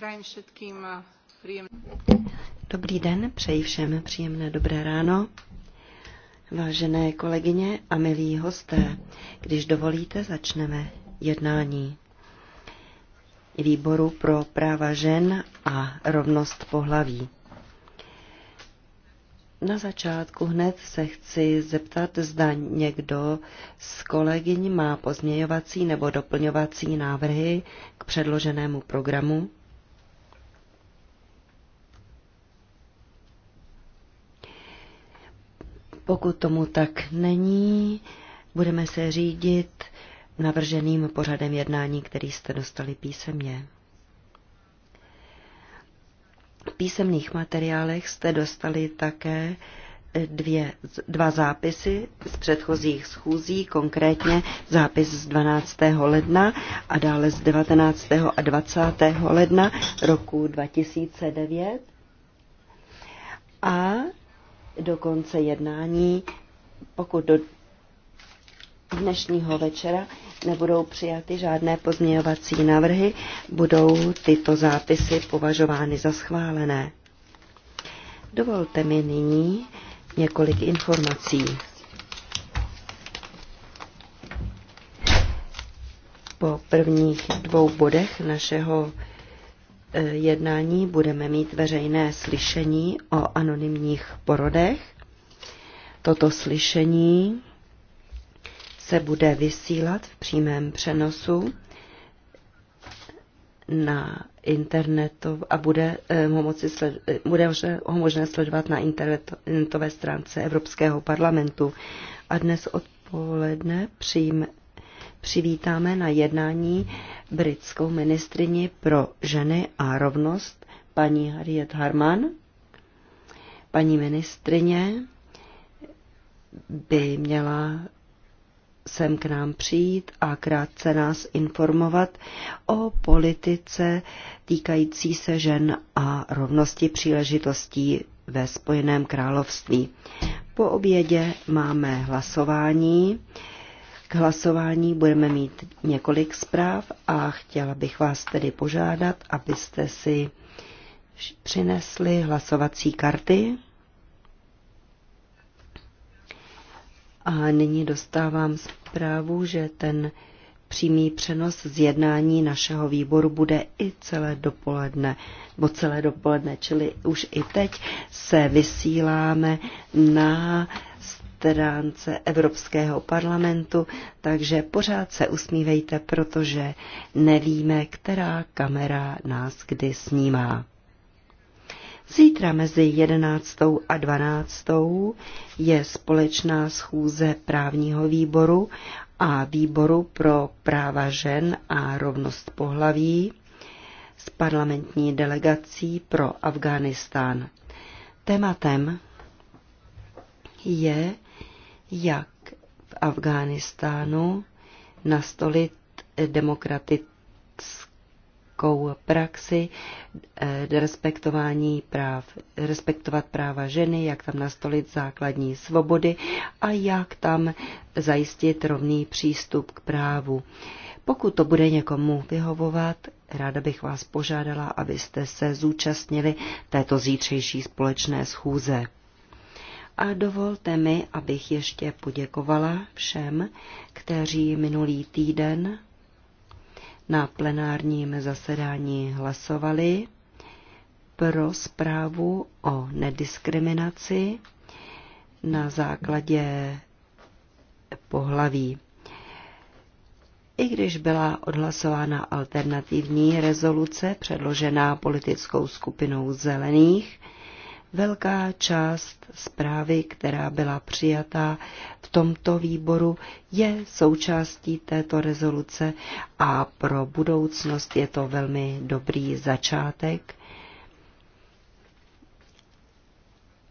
Prajem všetkým eh, Dobrý den, přeji všem příjemné dobré ráno. Vážené kolegyně a milí hosté, když dovolíte, začneme jednání výboru pro práva žen a rovnost pohlaví. Na začátku hned se chci zeptat, zda někdo z kolegyň má pozměňovací nebo doplňovací návrhy k předloženému programu. Pokud tomu tak není, budeme se řídit navrženým pořadem jednání, který jste dostali písemně. V písemných materiálech jste dostali také dvě, dva zápisy z předchozích schůzí, konkrétně zápis z 12. ledna a dále z 19. a 20. ledna roku 2009. A do konce jednání, pokud do dnešního večera nebudou přijaty žádné pozměňovací návrhy, budou tyto zápisy považovány za schválené. Dovolte mi nyní několik informací. Po prvních dvou bodech našeho Eh, jednání budeme mít veřejné slyšení o anonymních porodech. Toto slyšení se bude vysílat v přímém přenosu na internetu a bude eh, ho, moci sled, bude ho možné sledovat na internetové stránce Evropského parlamentu. A dnes odpoledne přijme, přivítáme na jednání britskou ministrini pro ženy a rovnost, paní Harriet Harman. Paní ministrině by měla sem k nám přijít a krátce nás informovat o politice týkající se žen a rovnosti příležitostí ve Spojeném království. Po obědě máme hlasování. K hlasování budeme mít několik zpráv a chtěla bych vás tedy požádat, abyste si přinesli hlasovací karty. A nyní dostávám zprávu, že ten přímý přenos z jednání našeho výboru bude i celé dopoledne, bo celé dopoledne, čili už i teď se vysíláme na stránce Evropského parlamentu, takže pořád se usmívejte, protože nevíme, která kamera nás kdy snímá. Zítra mezi 11. a 12. je společná schůze právního výboru a výboru pro práva žen a rovnost pohlaví s parlamentní delegací pro Afghánistán. Tématem je jak v Afghánistánu nastolit demokratickou praxi, eh, respektování práv, respektovat práva ženy, jak tam nastolit základní svobody a jak tam zajistit rovný přístup k právu. Pokud to bude někomu vyhovovat, ráda bych vás požádala, abyste se zúčastnili této zítřejší společné schůze. A dovolte mi, abych ještě poděkovala všem, kteří minulý týden na plenárním zasedání hlasovali pro zprávu o nediskriminaci na základě pohlaví. I když byla odhlasována alternativní rezoluce předložená politickou skupinou zelených, Velká část zprávy, která byla přijatá v tomto výboru, je součástí této rezoluce a pro budoucnost je to velmi dobrý začátek,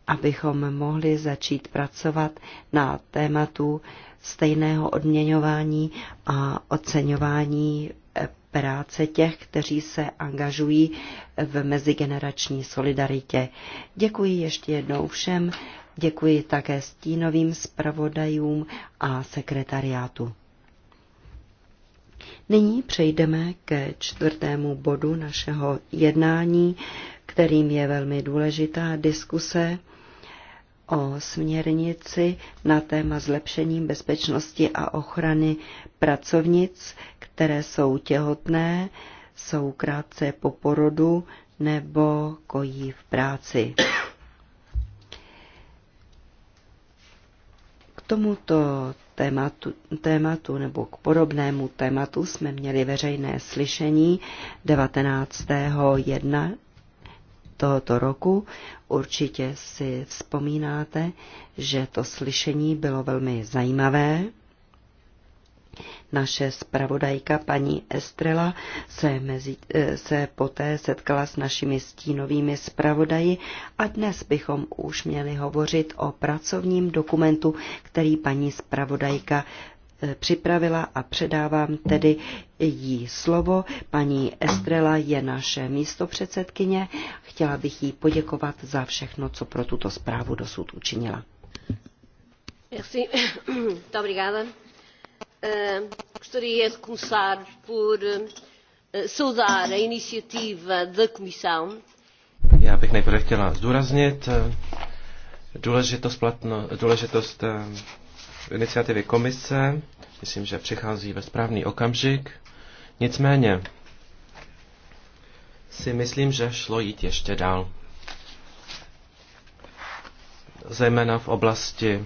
abychom mohli začít pracovat na tématu stejného odměňování a oceňování práce těch, kteří se angažují v mezigenerační solidaritě. Děkuji ještě jednou všem, děkuji také stínovým zpravodajům a sekretariátu. Nyní přejdeme ke čtvrtému bodu našeho jednání, kterým je velmi důležitá diskuse o směrnici na téma zlepšení bezpečnosti a ochrany pracovnic, které jsou těhotné, jsou krátce po porodu nebo kojí v práci. K tomuto tématu, tématu nebo k podobnému tématu jsme měli veřejné slyšení 19.1 tohoto roku. Určitě si vzpomínáte, že to slyšení bylo velmi zajímavé. Naše zpravodajka paní Estrela se, mezi, eh, se poté setkala s našimi stínovými zpravodaji a dnes bychom už měli hovořit o pracovním dokumentu, který paní zpravodajka eh, připravila a předávám tedy jí slovo. Paní Estrela je naše místopředsedkyně. Chtěla bych jí poděkovat za všechno, co pro tuto zprávu dosud učinila. Merci. Dobrý den gostaria eh, eh, de começar por saudar a iniciativa da Comissão. Já bych nejprve chtěla zdůraznit eh, důležitost, platno, důležitost iniciativy komise. Myslím, že přichází ve správný okamžik. Nicméně si myslím, že šlo jít ještě dál. Zejména v oblasti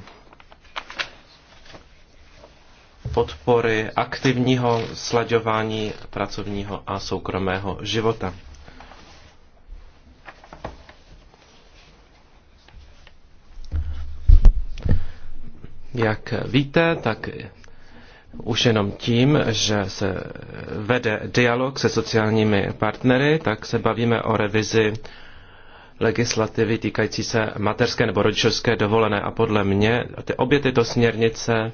podpory aktivního slaďování pracovního a soukromého života. Jak víte, tak už jenom tím, že se vede dialog se sociálními partnery, tak se bavíme o revizi legislativy týkající se materské nebo rodičovské dovolené. A podle mě ty, obě tyto směrnice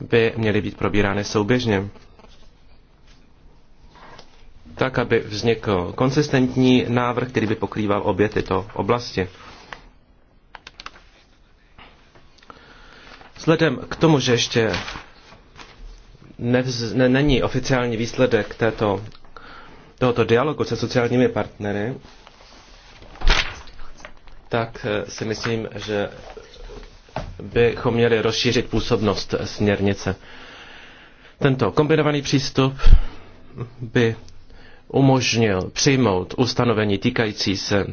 by měly být probírány souběžně. Tak, aby vznikl konsistentní návrh, který by pokrýval obě tyto oblasti. Vzhledem k tomu, že ještě nevz, ne, není oficiální výsledek této, tohoto dialogu se sociálními partnery, tak eh, si myslím, že bychom měli rozšířit působnost směrnice. Tento kombinovaný přístup by umožnil přijmout ustanovení týkající se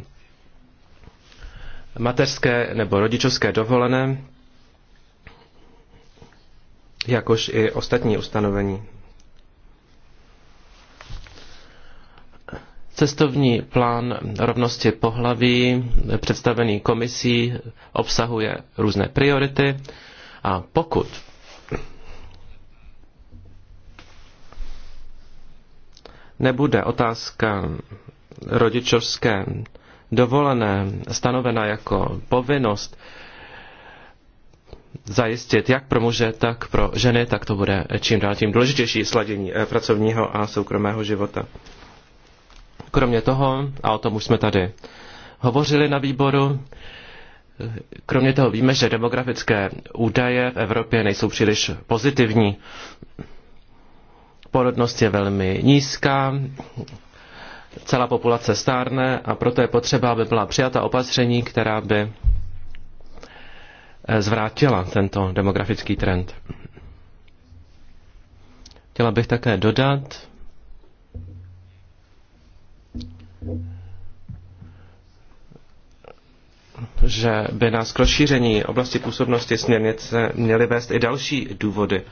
mateřské nebo rodičovské dovolené, jakož i ostatní ustanovení Cestovní plán rovnosti pohlaví představený komisí obsahuje různé priority a pokud nebude otázka rodičovské dovolené stanovena jako povinnost zajistit jak pro muže, tak pro ženy, tak to bude čím dál tím důležitější sladění eh, pracovního a soukromého života. Kromě toho, a o tom už jsme tady hovořili na výboru, kromě toho víme, že demografické údaje v Evropě nejsou příliš pozitivní. Porodnost je velmi nízká, celá populace stárne a proto je potřeba, aby byla přijata opatření, která by zvrátila tento demografický trend. Chtěla bych také dodat, že by nás k rozšíření oblasti působnosti směrnice měly vést i další důvody.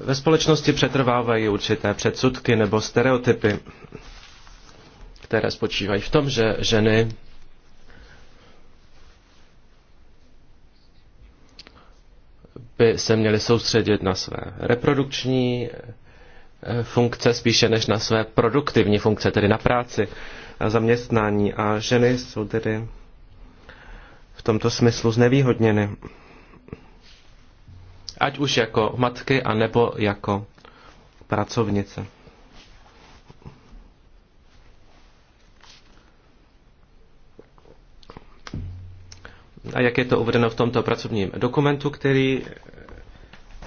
Ve společnosti přetrvávají určité předsudky nebo stereotypy, které spočívají v tom, že ženy by se měli soustředit na své reprodukční eh, funkce spíše než na své produktivní funkce, tedy na práci a zaměstnání. A ženy jsou tedy v tomto smyslu znevýhodněny. Ať už jako matky, anebo jako pracovnice. a jak je to uvedeno v tomto pracovním dokumentu, který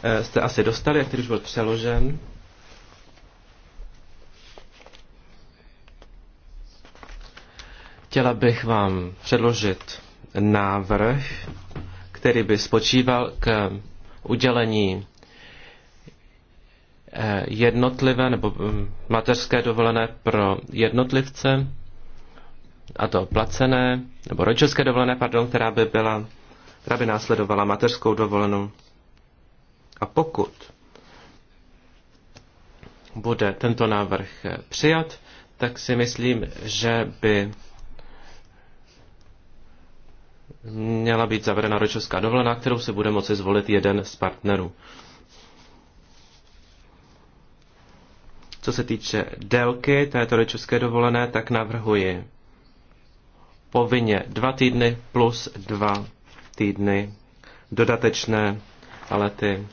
eh, jste asi dostali a který už byl přeložen. Chtěla bych vám předložit návrh, který by spočíval k udělení eh, jednotlivé nebo mm, mateřské dovolené pro jednotlivce a to placené, nebo rodičovské dovolené, pardon, která by, byla, která by následovala mateřskou dovolenou. A pokud bude tento návrh eh, přijat, tak si myslím, že by měla být zavedena ročovská dovolená, kterou se bude moci zvolit jeden z partnerů. Co se týče délky této ročovské dovolené, tak navrhuji povinně dva týdny plus dva týdny dodatečné, ale ty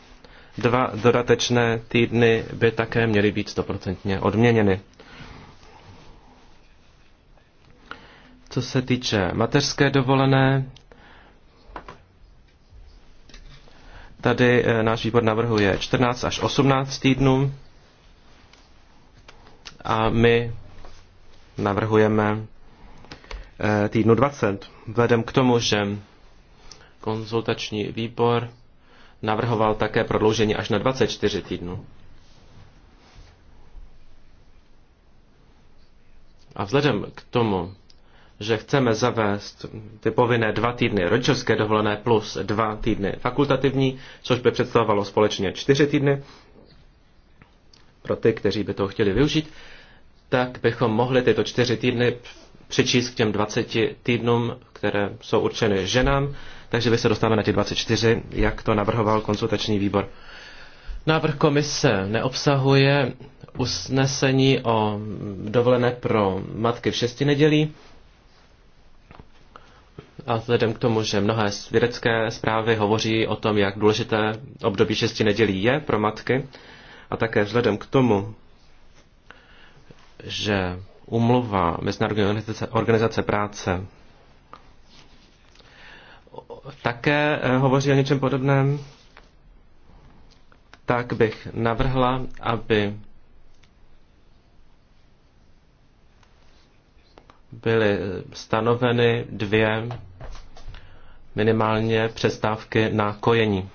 dva dodatečné týdny by také měly být stoprocentně odměněny. Co se týče mateřské dovolené, tady eh, náš výbor navrhuje 14 až 18 týdnů a my navrhujeme Eh, týdnu 20. Vedem k tomu, že konzultační výbor navrhoval také prodloužení až na 24 týdnů. A vzhledem k tomu, že chceme zavést ty povinné dva týdny rodičovské dovolené plus dva týdny fakultativní, což by představovalo společně čtyři týdny pro ty, kteří by to chtěli využít, tak bychom mohli tyto čtyři týdny přičíst k těm 20 týdnům, které jsou určeny ženám, takže by se dostáváme na těch 24, jak to navrhoval konzultační výbor. Návrh komise neobsahuje usnesení o dovolené pro matky v šesti nedělí. A vzhledem k tomu, že mnohé vědecké zprávy hovoří o tom, jak důležité období šesti nedělí je pro matky, a také vzhledem k tomu, že umluva Mezinárodní organizace práce také eh, hovoří o něčem podobném, tak bych navrhla, aby byly stanoveny dvě minimálně přestávky na kojení.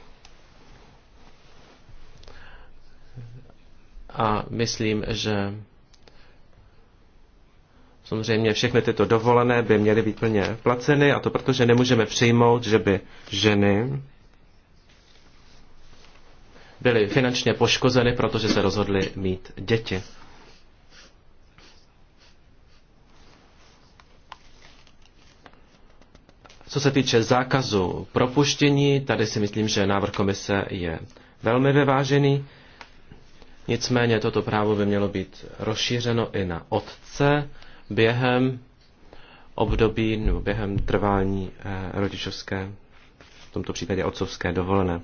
A myslím, že Samozřejmě všechny tyto dovolené by měly být plně placeny a to proto, že nemůžeme přijmout, že by ženy byly finančně poškozeny, protože se rozhodly mít děti. Co se týče zákazu propuštění, tady si myslím, že návrh komise je velmi vyvážený. Nicméně toto právo by mělo být rozšířeno i na otce, během období nebo během trvání eh, rodičovské, v tomto případě otcovské dovolené.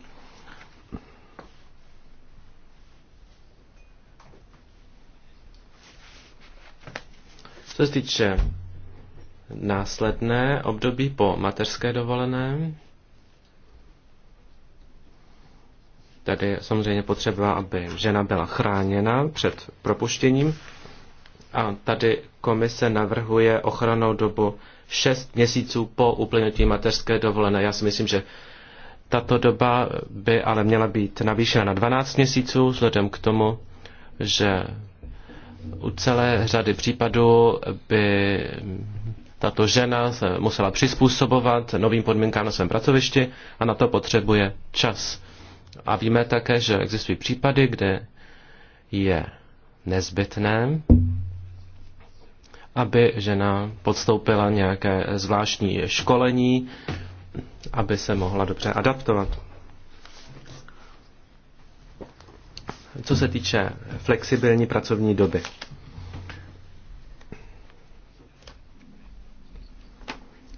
Co se týče následné období po mateřské dovolené, tady je samozřejmě potřeba, aby žena byla chráněna před propuštěním a tady komise navrhuje ochranou dobu šest měsíců po uplynutí mateřské dovolené. Já si myslím, že tato doba by ale měla být navýšena na 12 měsíců, vzhledem k tomu, že u celé řady případů by tato žena se musela přizpůsobovat novým podmínkám na svém pracovišti a na to potřebuje čas. A víme také, že existují případy, kde je nezbytné aby žena podstoupila nějaké zvláštní školení, aby se mohla dobře adaptovat. Co se týče flexibilní pracovní doby.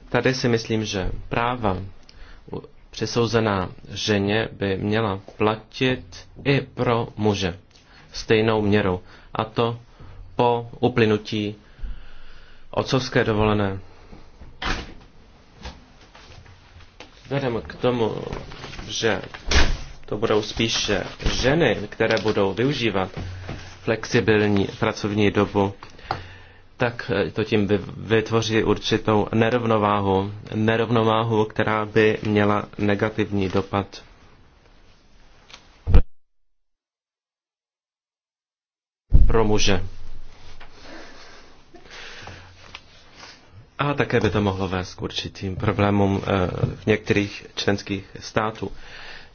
Tady si myslím, že práva přisouzená ženě by měla platit i pro muže stejnou měrou. A to po uplynutí otcovské dovolené. Vzhledem k tomu, že to budou spíše ženy, které budou využívat flexibilní pracovní dobu, tak eh, to tím vytvoří určitou nerovnováhu, nerovnováhu, která by měla negativní dopad. pro muže. A také by to mohlo vést k určitým problémům eh, v některých členských států.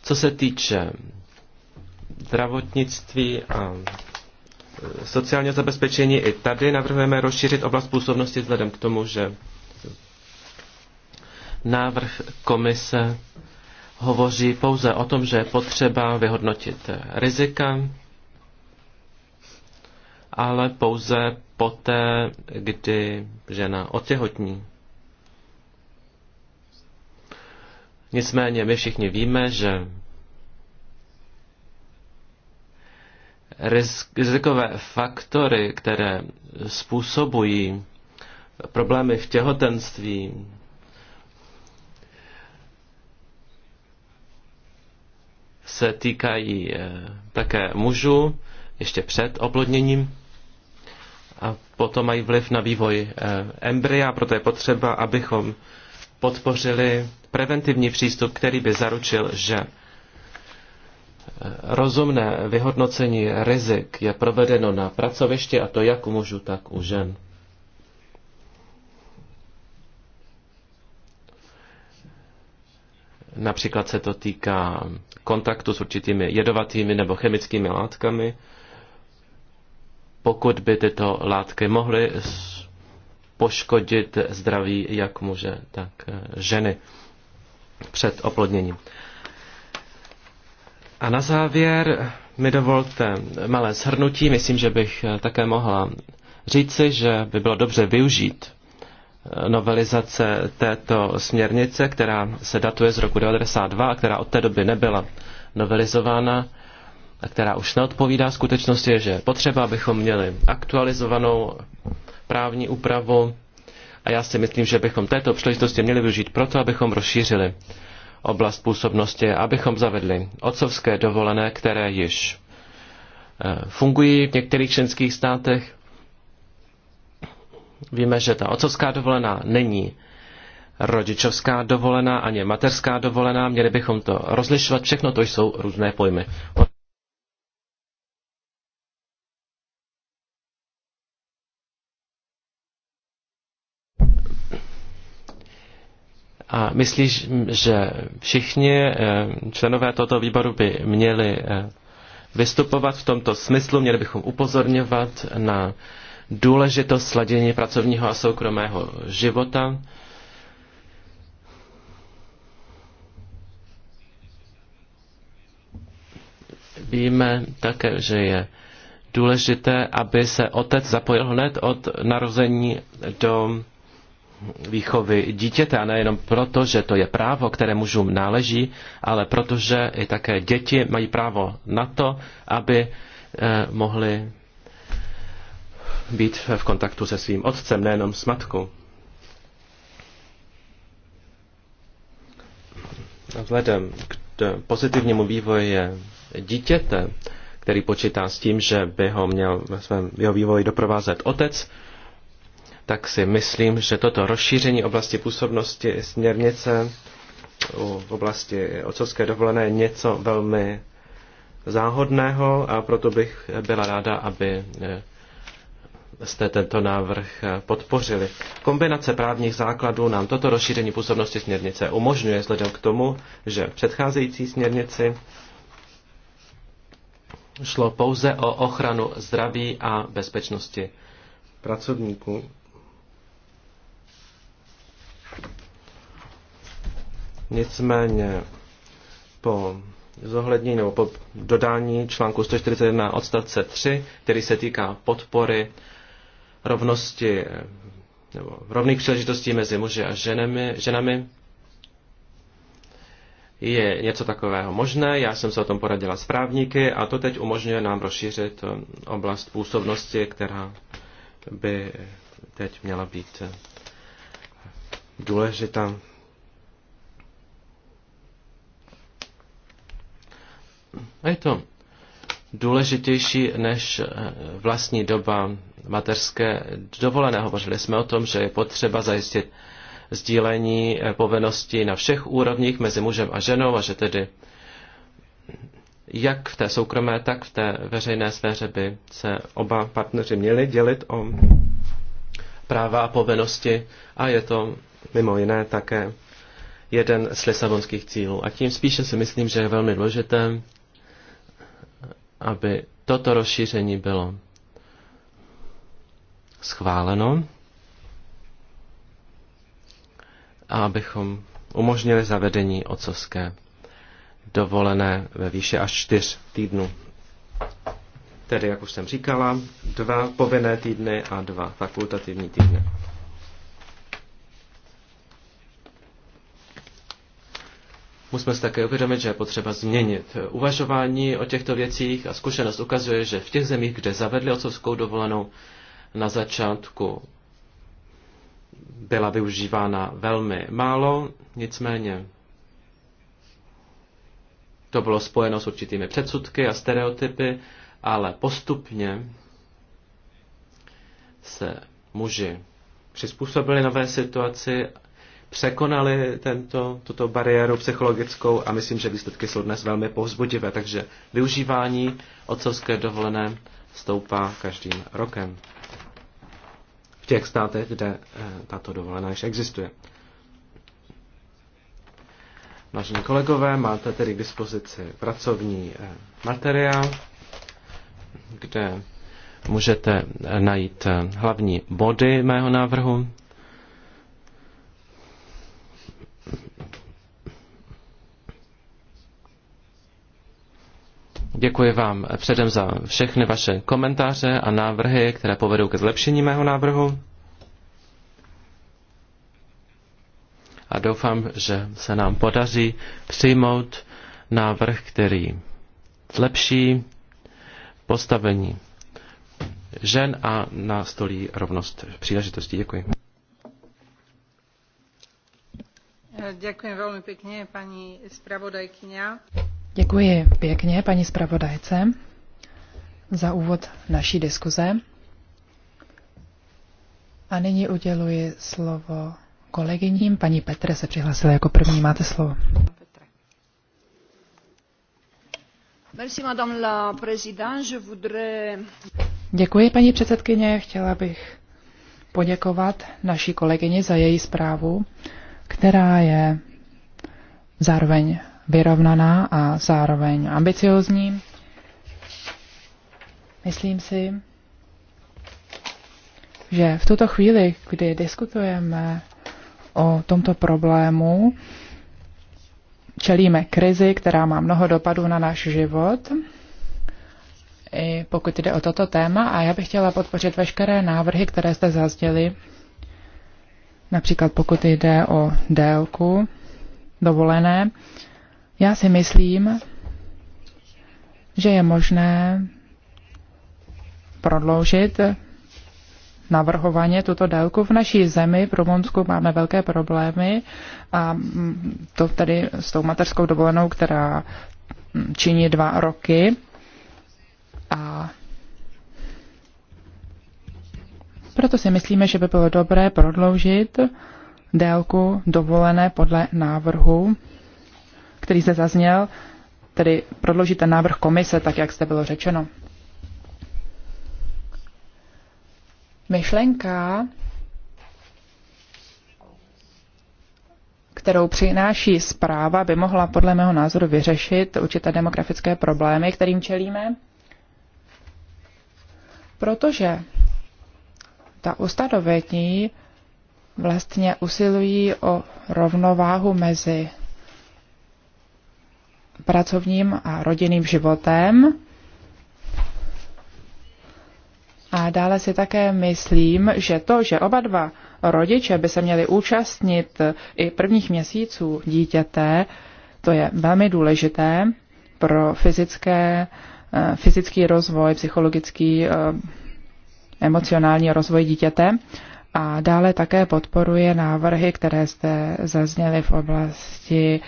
Co se týče zdravotnictví a eh, sociálního zabezpečení, i tady navrhujeme rozšířit oblast působnosti vzhledem k tomu, že návrh komise hovoří pouze o tom, že je potřeba vyhodnotit rizika, ale pouze poté, kdy žena otěhotní. Nicméně my všichni víme, že rizikové faktory, které způsobují problémy v těhotenství, se týkají eh, také mužů ještě před oplodněním a potom mají vliv na vývoj eh, embrya, proto je potřeba, abychom podpořili preventivní přístup, který by zaručil, že eh, rozumné vyhodnocení rizik je provedeno na pracovišti a to jak u mužů, tak u žen. Například se to týká kontaktu s určitými jedovatými nebo chemickými látkami, pokud by tyto látky mohly poškodit zdraví jak muže, tak eh, ženy před oplodněním. A na závěr mi dovolte malé shrnutí. Myslím, že bych eh, také mohla říci, že by bylo dobře využít eh, novelizace této směrnice, která se datuje z roku 1992 a která od té doby nebyla novelizována která už neodpovídá skutečnosti, je, že potřeba, abychom měli aktualizovanou právní úpravu a já si myslím, že bychom této příležitosti měli využít proto, abychom rozšířili oblast působnosti, abychom zavedli otcovské dovolené, které již eh, fungují v některých členských státech. Víme, že ta otcovská dovolená není rodičovská dovolená ani mateřská dovolená. Měli bychom to rozlišovat. Všechno to jsou různé pojmy. A myslíš, že všichni eh, členové tohoto výboru by měli eh, vystupovat v tomto smyslu, měli bychom upozorňovat na důležitost sladění pracovního a soukromého života. Víme také, že je důležité, aby se otec zapojil hned od narození do výchovy dítěte a nejenom proto, že to je právo, které mužům náleží, ale protože i také děti mají právo na to, aby eh, mohly být v kontaktu se svým otcem, nejenom s matkou. Vzhledem k eh, pozitivnímu vývoji dítěte, který počítá s tím, že by ho měl ve svém jeho vývoji doprovázet otec, tak si myslím, že toto rozšíření oblasti působnosti směrnice v oblasti otcovské dovolené je něco velmi záhodného a proto bych byla ráda, aby eh, jste tento návrh eh, podpořili. Kombinace právních základů nám toto rozšíření působnosti směrnice umožňuje vzhledem k tomu, že v předcházející směrnici šlo pouze o ochranu zdraví a bezpečnosti pracovníků. Nicméně po zohlednění nebo po dodání článku 141 odstavce 3, který se týká podpory rovnosti nebo rovných příležitostí mezi muži a ženami, ženami, je něco takového možné. Já jsem se o tom poradila s právníky a to teď umožňuje nám rozšířit oblast působnosti, která by teď měla být důležitá. A je to důležitější než eh, vlastní doba mateřské dovolené. Hovořili jsme o tom, že je potřeba zajistit sdílení eh, povinností na všech úrovních mezi mužem a ženou a že tedy jak v té soukromé, tak v té veřejné sféře by se oba partneři měli dělit o práva a povinnosti a je to mimo jiné také jeden z lisabonských cílů. A tím spíše si myslím, že je velmi důležité aby toto rozšíření bylo schváleno a abychom umožnili zavedení ocovské dovolené ve výše až čtyř týdnů. Tedy, jak už jsem říkala, dva povinné týdny a dva fakultativní týdny. Musíme si také uvědomit, že je potřeba změnit uvažování o těchto věcích a zkušenost ukazuje, že v těch zemích, kde zavedli otcovskou dovolenou na začátku, byla využívána velmi málo, nicméně to bylo spojeno s určitými předsudky a stereotypy, ale postupně se muži přizpůsobili nové situaci překonali tento, tuto bariéru psychologickou a myslím, že výsledky jsou dnes velmi povzbudivé, takže využívání otcovské dovolené stoupá každým rokem v těch státech, kde eh, tato dovolená již existuje. Vážení kolegové, máte tedy k dispozici pracovní eh, materiál, kde můžete eh, najít hlavní body mého návrhu. Děkuji vám předem za všechny vaše komentáře a návrhy, které povedou ke zlepšení mého návrhu. A doufám, že se nám podaří přijmout návrh, který zlepší postavení žen a nastolí rovnost příležitostí. Děkuji. Děkuji velmi pěkně, paní zpravodajkyně. Děkuji pěkně paní zpravodajce za úvod naší diskuze. A nyní uděluji slovo kolegyním. Paní Petre se přihlásila jako první. Máte slovo. Děkuji, paní předsedkyně. Chtěla bych poděkovat naší kolegyni za její zprávu, která je zároveň vyrovnaná a zároveň ambiciozní. Myslím si, že v tuto chvíli, kdy diskutujeme o tomto problému, čelíme krizi, která má mnoho dopadů na náš život, i pokud jde o toto téma. A já bych chtěla podpořit veškeré návrhy, které jste zazděli, například pokud jde o délku dovolené, já si myslím, že je možné prodloužit navrhovaně tuto délku. V naší zemi, v Rumunsku, máme velké problémy a to tedy s tou mateřskou dovolenou, která činí dva roky. A proto si myslíme, že by bylo dobré prodloužit délku dovolené podle návrhu který zde zazněl, tedy prodloužit ten návrh komise, tak jak zde bylo řečeno. Myšlenka, kterou přináší zpráva, by mohla podle mého názoru vyřešit určité demografické problémy, kterým čelíme, protože ta ustanovení vlastně usilují o rovnováhu mezi pracovním a rodinným životem. A dále si také myslím, že to, že oba dva rodiče by se měli účastnit i prvních měsíců dítěte, to je velmi důležité pro fyzické, eh, fyzický rozvoj, psychologický, eh, emocionální rozvoj dítěte. A dále také podporuje návrhy, které jste zazněly v oblasti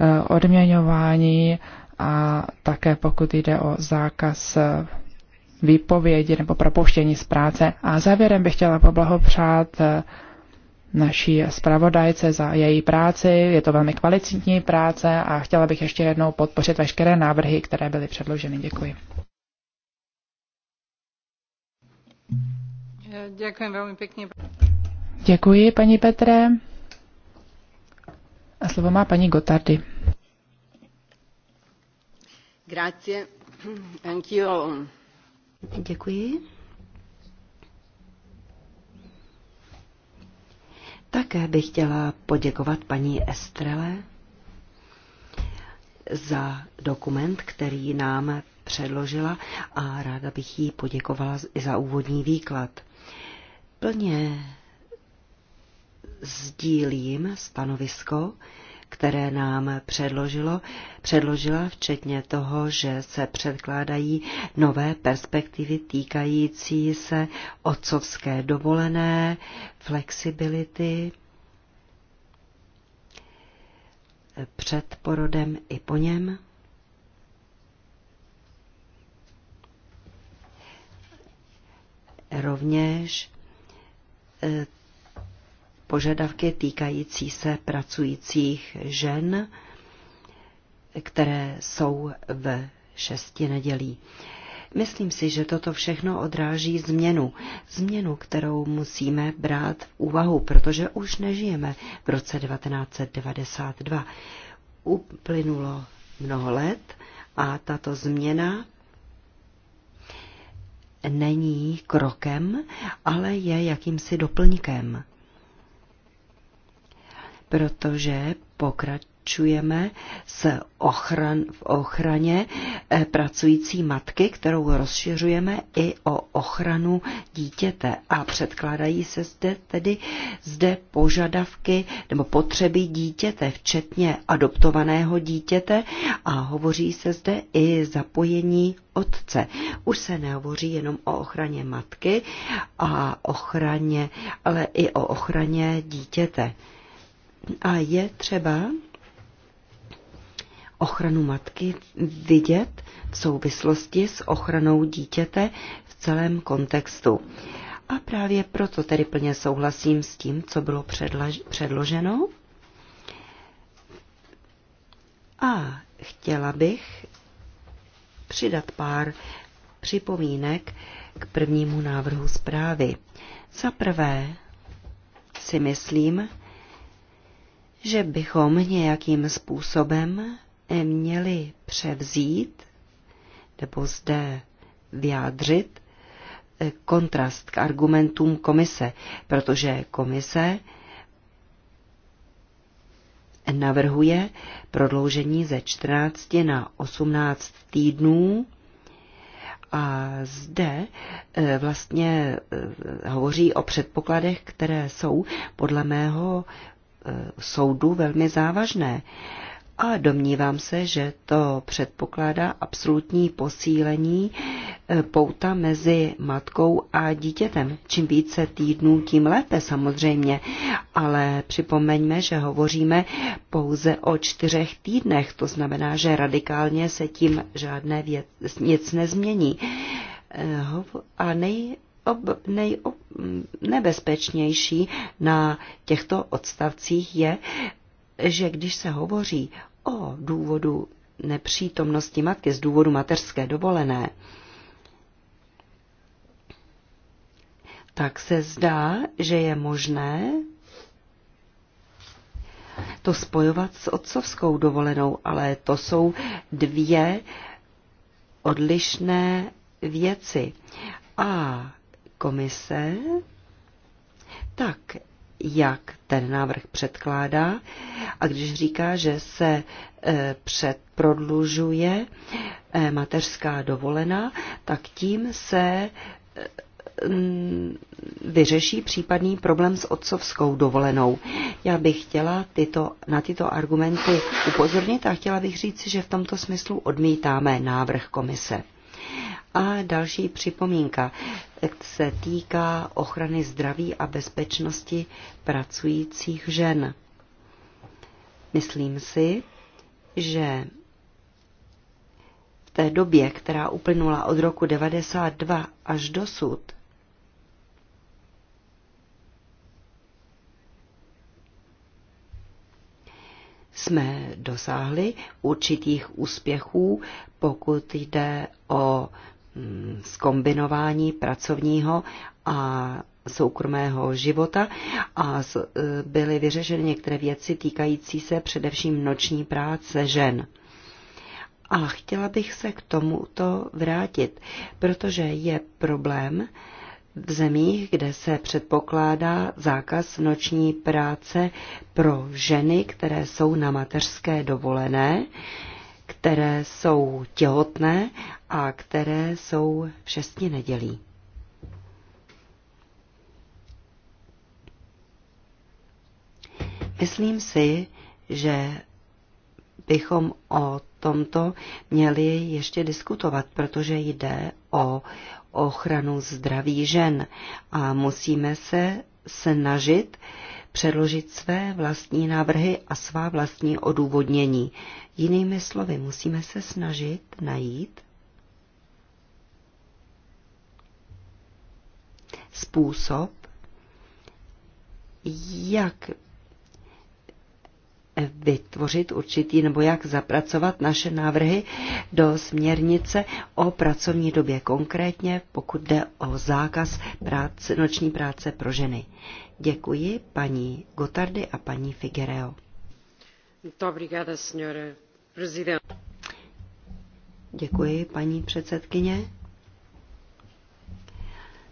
Eh, odměňování a také pokud jde o zákaz eh, výpovědi nebo propuštění z práce. A závěrem bych chtěla poblahopřát eh, naší zpravodajce za její práci. Je to velmi kvalitní práce a chtěla bych ještě jednou podpořit veškeré návrhy, které byly předloženy. Děkuji. Děkuji velmi pěkně. Děkuji, paní Petre. A slovo má paní Gotardy. Grazie. Anch'io. Děkuji. Také bych chtěla poděkovat paní Estrele za dokument, který nám předložila a ráda bych jí poděkovala i za úvodní výklad. Plně sdílím stanovisko, které nám předložilo, předložila včetně toho, že se předkládají nové perspektivy týkající se otcovské dovolené, flexibility před porodem i po něm. Rovněž eh, požadavky týkající se pracujících žen, které jsou v šesti nedělí. Myslím si, že toto všechno odráží změnu. Změnu, kterou musíme brát v úvahu, protože už nežijeme v roce 1992. Uplynulo mnoho let a tato změna není krokem, ale je jakýmsi doplňkem protože pokračujeme s ochran, v ochraně eh, pracující matky, kterou rozšiřujeme i o ochranu dítěte. A předkládají se zde tedy zde požadavky nebo potřeby dítěte, včetně adoptovaného dítěte a hovoří se zde i zapojení otce. Už se nehovoří jenom o ochraně matky a ochraně, ale i o ochraně dítěte. A je třeba ochranu matky vidět v souvislosti s ochranou dítěte v celém kontextu. A právě proto tedy plně souhlasím s tím, co bylo předloženo. A chtěla bych přidat pár připomínek k prvnímu návrhu zprávy. Za prvé si myslím, že bychom nějakým způsobem měli převzít nebo zde vyjádřit eh, kontrast k argumentům komise, protože komise navrhuje prodloužení ze 14 na 18 týdnů a zde eh, vlastně eh, hovoří o předpokladech, které jsou podle mého Eh, soudu velmi závažné. A domnívám se, že to předpokládá absolutní posílení eh, pouta mezi matkou a dítětem. Čím více týdnů, tím lépe samozřejmě. Ale připomeňme, že hovoříme pouze o čtyřech týdnech. To znamená, že radikálně se tím žádné věc, nic nezmění. Eh, a nej, ob, nejob, nebezpečnější na těchto odstavcích je, že když se hovoří o důvodu nepřítomnosti matky z důvodu mateřské dovolené, tak se zdá, že je možné to spojovat s otcovskou dovolenou, ale to jsou dvě odlišné věci. A komise, tak jak ten návrh předkládá a když říká, že se eh, předprodlužuje eh, mateřská dovolená, tak tím se eh, mm, vyřeší případný problém s otcovskou dovolenou. Já bych chtěla tyto, na tyto argumenty upozornit a chtěla bych říct, že v tomto smyslu odmítáme návrh komise. A další připomínka se týká ochrany zdraví a bezpečnosti pracujících žen. Myslím si, že v té době, která uplynula od roku 92 až dosud, jsme dosáhli určitých úspěchů, pokud jde o skombinování pracovního a soukromého života a e, byly vyřešeny některé věci týkající se především noční práce žen. A chtěla bych se k tomuto vrátit, protože je problém v zemích, kde se předpokládá zákaz noční práce pro ženy, které jsou na mateřské dovolené, které jsou těhotné a které jsou v šestní nedělí. Myslím si, že bychom o tomto měli ještě diskutovat, protože jde o ochranu zdraví žen a musíme se snažit uh, předložit své vlastní návrhy a svá vlastní odůvodnění. Jinými slovy, musíme se snažit najít způsob, jak vytvořit určitý nebo jak zapracovat naše návrhy do směrnice o pracovní době, konkrétně pokud jde o zákaz práce, noční práce pro ženy. Děkuji paní Gotardy a paní Figuereo. Děkuji, paní předsedkyně.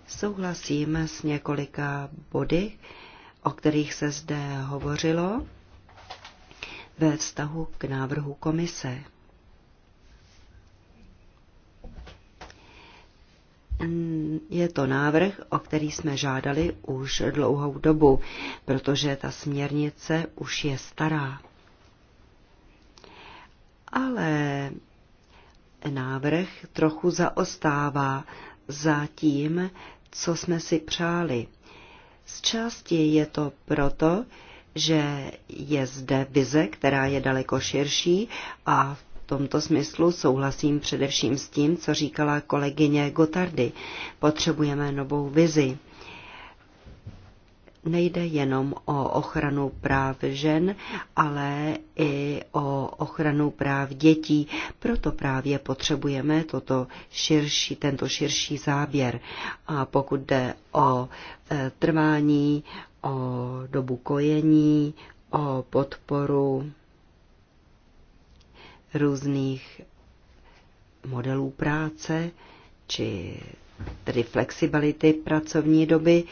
Souhlasím s několika body, o kterých se zde hovořilo ve vztahu k návrhu komise. Mm, je to návrh, o který jsme žádali už dlouhou dobu, protože ta směrnice už je stará. Ale návrh trochu zaostává za tím, co jsme si přáli. Z části je to proto, že je zde vize, která je daleko širší a v v tomto smyslu souhlasím především s tím, co říkala kolegyně Gotardy. Potřebujeme novou vizi. Nejde jenom o ochranu práv žen, ale i o ochranu práv dětí. Proto právě potřebujeme toto širší, tento širší záběr. A pokud jde o e, trvání, o dobu kojení, o podporu různých modelů práce, či tedy flexibility pracovní doby.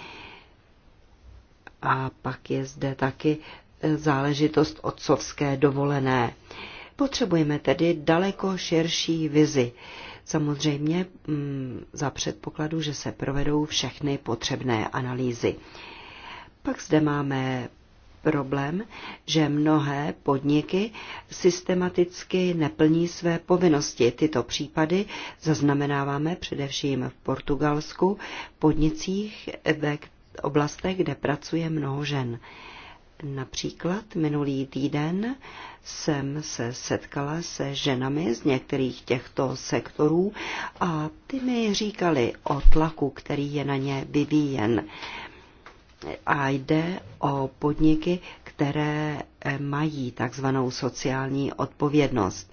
A pak je zde taky e, záležitost otcovské dovolené. Potřebujeme tedy daleko širší vizi. Samozřejmě mm, za předpokladu, že se provedou všechny potřebné analýzy. Pak zde máme problém, že mnohé podniky systematicky neplní své povinnosti. Tyto případy zaznamenáváme především v Portugalsku, podnicích ve oblastech, kde pracuje mnoho žen. Například minulý týden jsem se setkala se ženami z některých těchto sektorů a ty mi říkali o tlaku, který je na ně vyvíjen a jde o podniky, které eh, mají takzvanou sociální odpovědnost.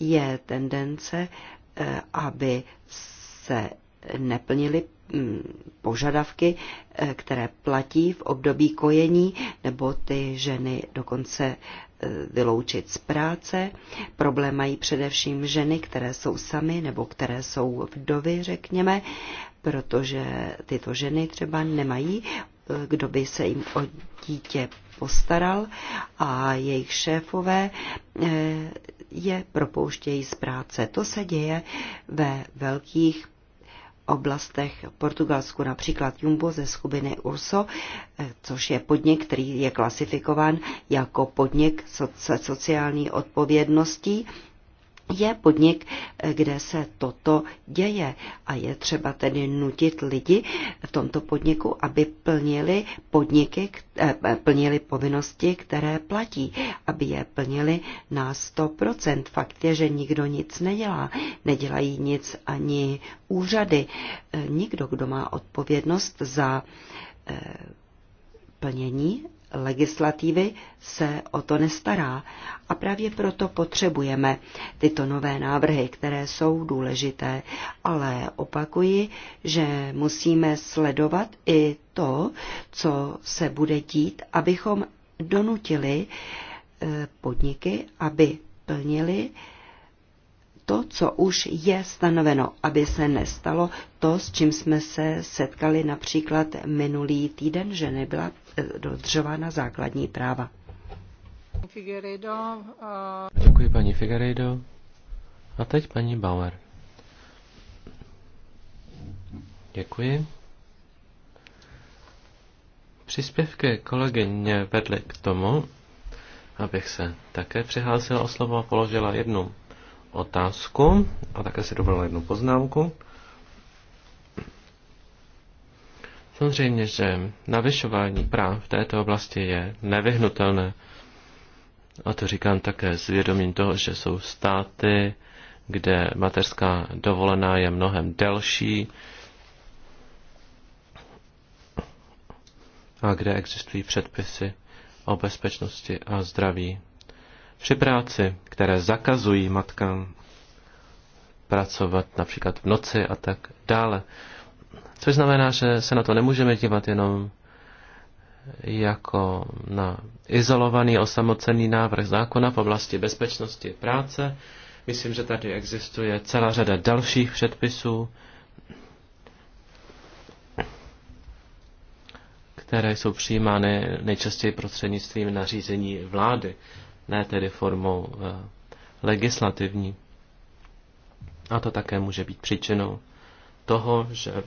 Je tendence, eh, aby se neplnily hm, požadavky, eh, které platí v období kojení, nebo ty ženy dokonce vyloučit z práce. Problém mají především ženy, které jsou samy nebo které jsou vdovy, řekněme, protože tyto ženy třeba nemají, eh, kdo by se jim o dítě postaral a jejich šéfové eh, je propouštějí z práce. To se děje ve velkých oblastech Portugalsku, například Jumbo ze skupiny Urso, eh, což je podnik, který je klasifikován jako podnik sociální odpovědností je podnik, kde se toto děje a je třeba tedy nutit lidi v tomto podniku, aby plnili podniky, eh, plnili povinnosti, které platí, aby je plnili na 100%. Fakt je, že nikdo nic nedělá. Nedělají nic ani úřady. Eh, nikdo, kdo má odpovědnost za eh, plnění legislativy se o to nestará. A právě proto potřebujeme tyto nové návrhy, které jsou důležité. Ale opakuji, že musíme sledovat i to, co se bude dít, abychom donutili eh, podniky, aby plnili to, co už je stanoveno, aby se nestalo to, s čím jsme se setkali například minulý týden, že nebyla eh, dodržována základní práva. Eh, Děkuji paní Figueiredo. A teď paní Bauer. Děkuji. Příspěvky kolegyně vedly k tomu, abych se také přihlásila o slovo a položila jednu otázku a také si dovolil jednu poznámku. Samozřejmě, že navyšování práv v této oblasti je nevyhnutelné. A to říkám také s vědomím toho, že jsou státy, kde mateřská dovolená je mnohem delší a kde existují předpisy o bezpečnosti a zdraví při práci, které zakazují matkám pracovat například v noci a tak dále. Což znamená, že se na to nemůžeme dívat jenom jako na izolovaný, osamocený návrh zákona v oblasti bezpečnosti práce. Myslím, že tady existuje celá řada dalších předpisů, které jsou přijímány nejčastěji prostřednictvím nařízení vlády ne tedy formou eh, legislativní. A to také může být příčinou toho, že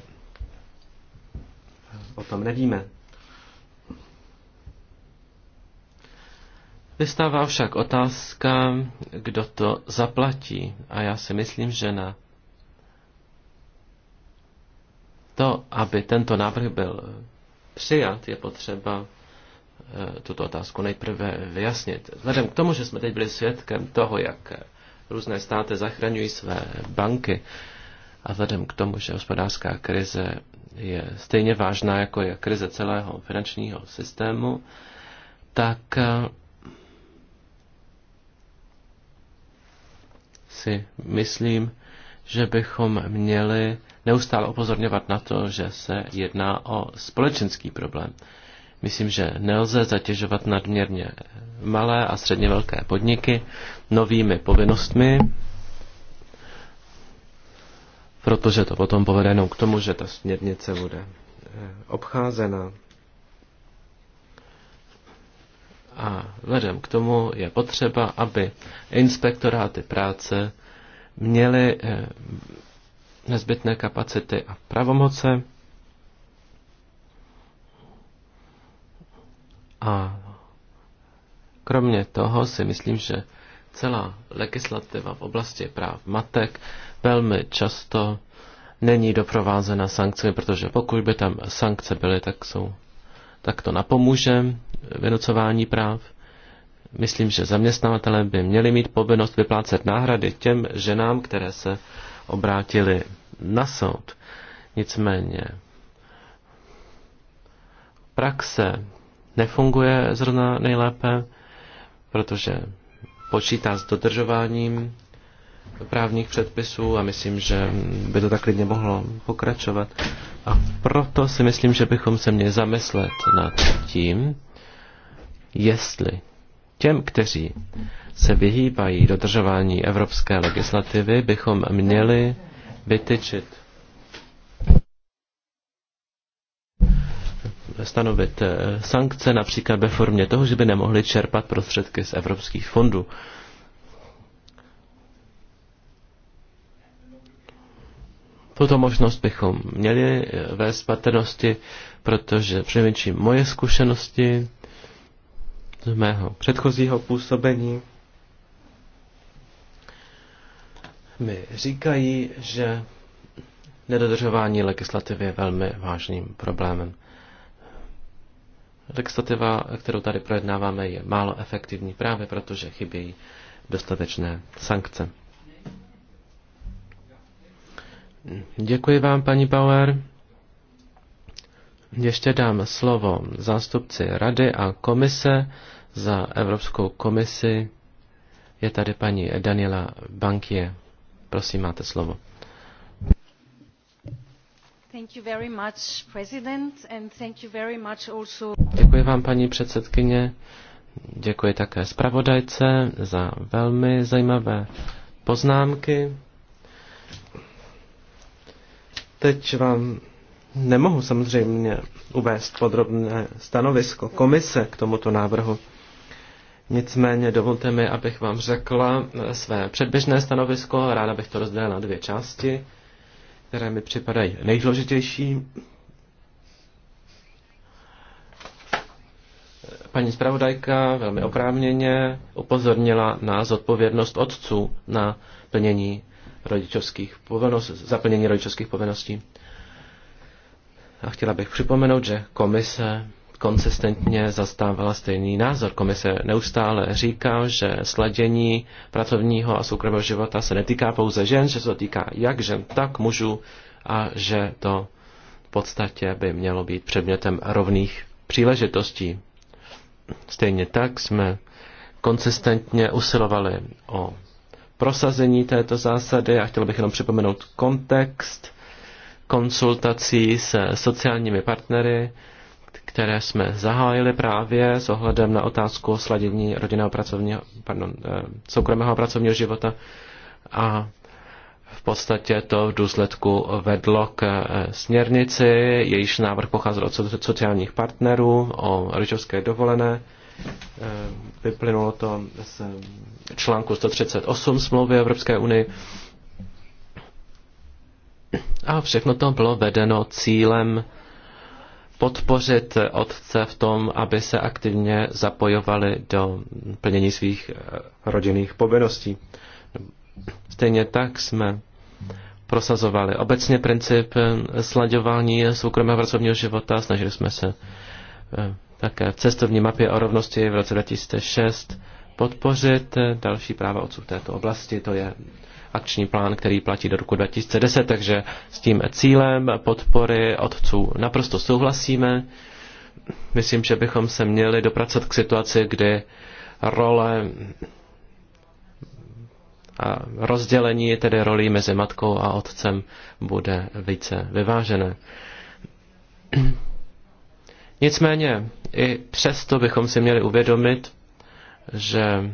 o tom nevíme. Vystává však otázka, kdo to zaplatí. A já si myslím, že na to, aby tento návrh byl přijat, je potřeba Eh, tuto otázku nejprve vyjasnit. Vzhledem k tomu, že jsme teď byli svědkem toho, jak eh, různé státy zachraňují své banky a vzhledem k tomu, že hospodářská krize je stejně vážná, jako je krize celého finančního systému, tak eh, si myslím, že bychom měli neustále upozorňovat na to, že se jedná o společenský problém. Myslím, že nelze zatěžovat nadměrně malé a středně velké podniky novými povinnostmi, protože to potom povede jenom k tomu, že ta směrnice bude eh, obcházena. A vzhledem k tomu je potřeba, aby inspektoráty práce měly eh, nezbytné kapacity a pravomoce A kromě toho si myslím, že celá legislativa v oblasti práv matek velmi často není doprovázena sankcemi, protože pokud by tam sankce byly, tak, jsou, tak to napomůže vynucování práv. Myslím, že zaměstnavatele by měli mít povinnost vyplácet náhrady těm ženám, které se obrátili na soud. Nicméně praxe nefunguje zrovna nejlépe, protože počítá s dodržováním právních předpisů a myslím, že by to tak klidně mohlo pokračovat. A proto si myslím, že bychom se měli zamyslet nad tím, jestli těm, kteří se vyhýbají dodržování evropské legislativy, bychom měli vytyčit stanovit eh, sankce, například ve formě toho, že by nemohli čerpat prostředky z evropských fondů. Tuto možnost bychom měli eh, vést patrnosti, protože přinejmenším moje zkušenosti z mého předchozího působení mi říkají, že nedodržování legislativy je velmi vážným problémem. Legislativa, kterou tady projednáváme, je málo efektivní právě proto, že chybějí dostatečné sankce. Děkuji vám, paní Bauer. Ještě dám slovo zástupci Rady a komise za Evropskou komisi. Je tady paní Daniela Bankie. Prosím, máte slovo. Děkuji vám, paní předsedkyně. Děkuji také zpravodajce za velmi zajímavé poznámky. Teď vám nemohu samozřejmě uvést podrobné stanovisko komise k tomuto návrhu. Nicméně dovolte mi, abych vám řekla své předběžné stanovisko. Ráda bych to rozdělila na dvě části které mi připadají nejdůležitější. Paní zpravodajka velmi oprávněně upozornila na zodpovědnost otců na plnění rodičovských povinností, zaplnění rodičovských povinností. A chtěla bych připomenout, že komise konsistentně zastávala stejný názor. Komise neustále říká, že sladění pracovního a soukromého života se netýká pouze žen, že se to týká jak žen, tak mužů a že to v podstatě by mělo být předmětem rovných příležitostí. Stejně tak jsme konsistentně usilovali o prosazení této zásady a chtěl bych jenom připomenout kontext konsultací se sociálními partnery které jsme zahájili právě s ohledem na otázku sladění rodinného pracovního, pardon, eh, soukromého pracovního života a v podstatě to v důsledku vedlo k eh, směrnici, jejíž návrh pocházel od sociálních partnerů o rodičovské dovolené. Eh, vyplynulo to z článku 138 smlouvy Evropské unii. A všechno to bylo vedeno cílem podpořit otce v tom, aby se aktivně zapojovali do plnění svých eh, rodinných povinností. Stejně tak jsme prosazovali obecně princip eh, slaďování soukromého pracovního života. Snažili jsme se eh, také v cestovní mapě o rovnosti v roce 2006 podpořit další práva otců v této oblasti. To je akční plán, který platí do roku 2010, takže s tím cílem podpory otců naprosto souhlasíme. Myslím, že bychom se měli dopracovat k situaci, kdy role a rozdělení tedy rolí mezi matkou a otcem bude více vyvážené. Nicméně i přesto bychom si měli uvědomit, že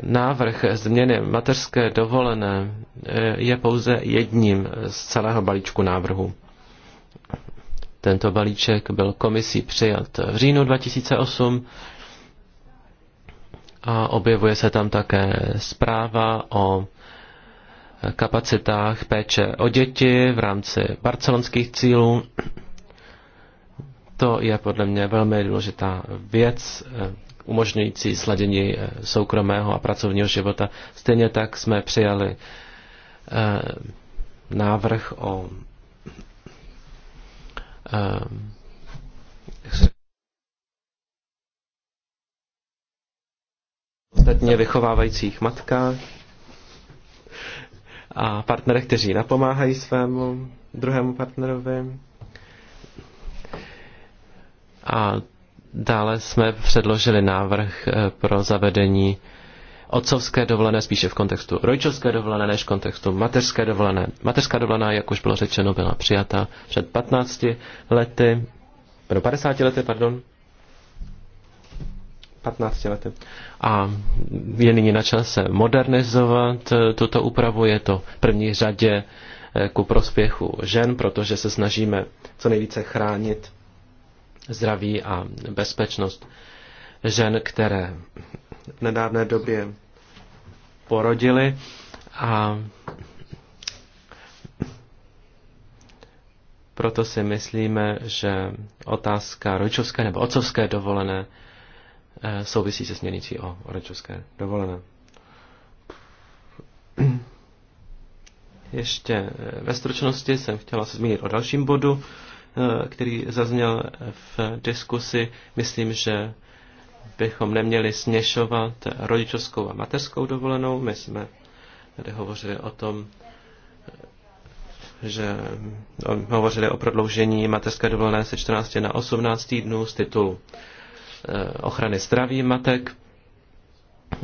Návrh změny mateřské dovolené eh, je pouze jedním z celého balíčku návrhu. Tento balíček byl komisí přijat v říjnu 2008 a objevuje se tam také zpráva o kapacitách péče o děti v rámci barcelonských cílů. To je podle mě velmi důležitá věc eh, umožňující sladění eh, soukromého a pracovního života. Stejně tak jsme přijali eh, návrh o eh, ostatně vychovávajících matkách a partnerech, kteří napomáhají svému druhému partnerovi. A Dále jsme předložili návrh eh, pro zavedení otcovské dovolené spíše v kontextu rodičovské dovolené, než v kontextu mateřské dovolené. Mateřská dovolená, jak už bylo řečeno, byla přijata před 15 lety, pro 50 lety, pardon, 15 lety. A je nyní na čase modernizovat eh, tuto úpravu. Je to v první řadě eh, ku prospěchu žen, protože se snažíme co nejvíce chránit zdraví a bezpečnost žen, které v nedávné době porodili a proto si myslíme, že otázka rodičovské nebo otcovské dovolené eh, souvisí se směrnicí o rodičovské dovolené. Ještě eh, ve stručnosti jsem chtěla se zmínit o dalším bodu, Eh, který zazněl v diskusi, myslím, že bychom neměli směšovat rodičovskou a mateřskou dovolenou. My jsme tady hovořili o tom, eh, že eh, hovořili o prodloužení mateřské dovolené se 14 na 18 týdnů z titulu ochrany zdraví matek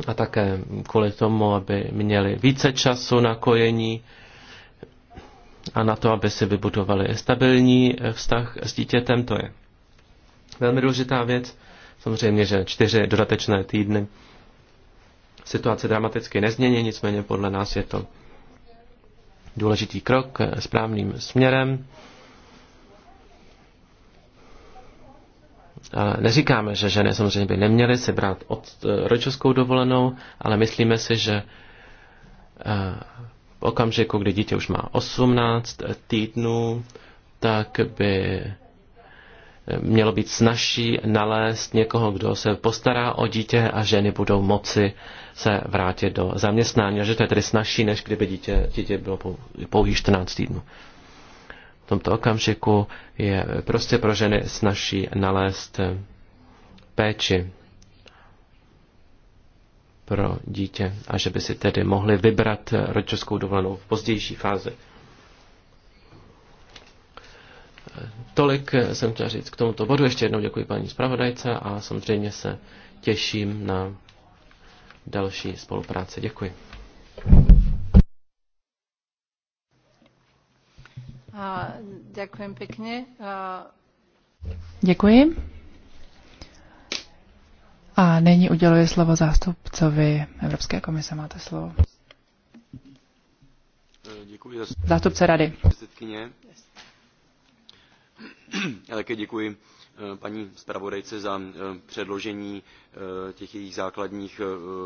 a také kvůli tomu, aby měli více času na kojení a na to, aby si vybudovali stabilní eh, vztah s dítětem, to je velmi důležitá věc. Samozřejmě, že čtyři dodatečné týdny situace dramaticky nezmění, nicméně podle nás je to důležitý krok eh, správným směrem. neříkáme, že ženy samozřejmě by neměly si brát od, eh, rodičovskou dovolenou, ale myslíme si, že v okamžiku, kdy dítě už má 18 týdnů, tak by eh, mělo být snažší nalézt někoho, kdo se postará o dítě a ženy budou moci se vrátit do zaměstnání. A že to je tedy snažší, než kdyby dítě, dítě bylo pouhých 14 týdnů. V tomto okamžiku je prostě pro ženy snažší nalézt eh, péči pro dítě a že by si tedy mohli vybrat eh, rodičovskou dovolenou v pozdější fázi. Eh, tolik eh, jsem chtěl říct k tomuto bodu. Ještě jednou děkuji paní zpravodajce a samozřejmě se těším na další spolupráci. Děkuji. Hm, děkuji pěkně. Děkuji. A nyní uděluji slovo zástupcovi Evropské komise. Máte slovo. Děkuji za Zástupce rady. Já také děkuji eh, paní zpravodajce za eh, předložení eh, těch jejich základních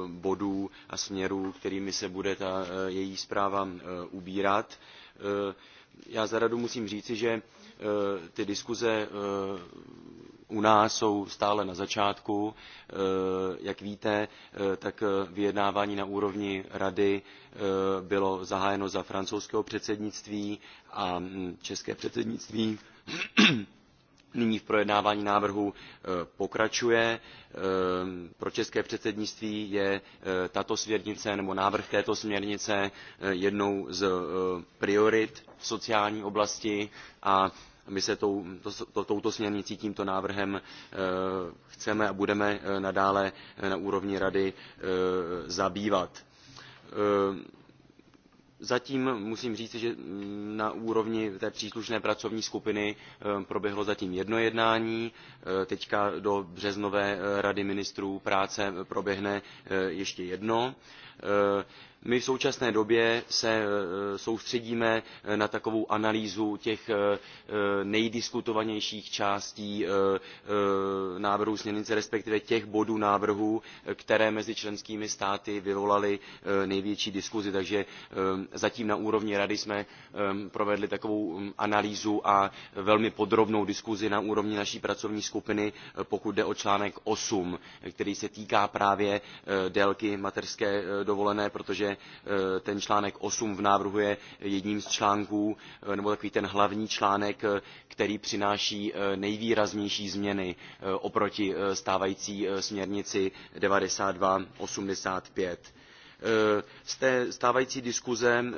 bodů a směrů, kterými se bude ta její zpráva ubírat. Já za radu musím říci, že ty diskuze u nás jsou stále na začátku. Eh, jak víte, eh, tak eh, vyjednávání na úrovni rady bylo zahájeno za francouzského předsednictví a mm, české předsednictví nyní v projednávání návrhu pokračuje. pro české předsednictví je tato směrnice nebo návrh této směrnice jednou z priorit v sociální oblasti a my se touto směrnicí tímto návrhem eh, chceme a budeme eh, nadále eh, na úrovni rady zabývat zatím musím říci že na úrovni té příslušné pracovní skupiny proběhlo zatím jedno jednání teď do březnové rady ministrů práce proběhne ještě jedno jednání my v současné době se e, soustředíme e, na takovou analýzu těch e, nejdiskutovanějších částí návrhu směrnice respektive těch bodů návrhu které mezi členskými státy vyvolaly největší diskusi takže zatím na úrovni rady jsme provedli takovou analýzu a velmi podrobnou diskusi na úrovni naší pracovní skupiny pokud jde o článek eight který se týká právě délky mateřské dovolené protože Eh, ten článek 8 v návrhu je jedním z článků, eh, nebo takový ten hlavní článek, eh, který přináší nejvýraznější změny oproti stávající směrnici 92 85 Eh, z té stávající diskuze eh,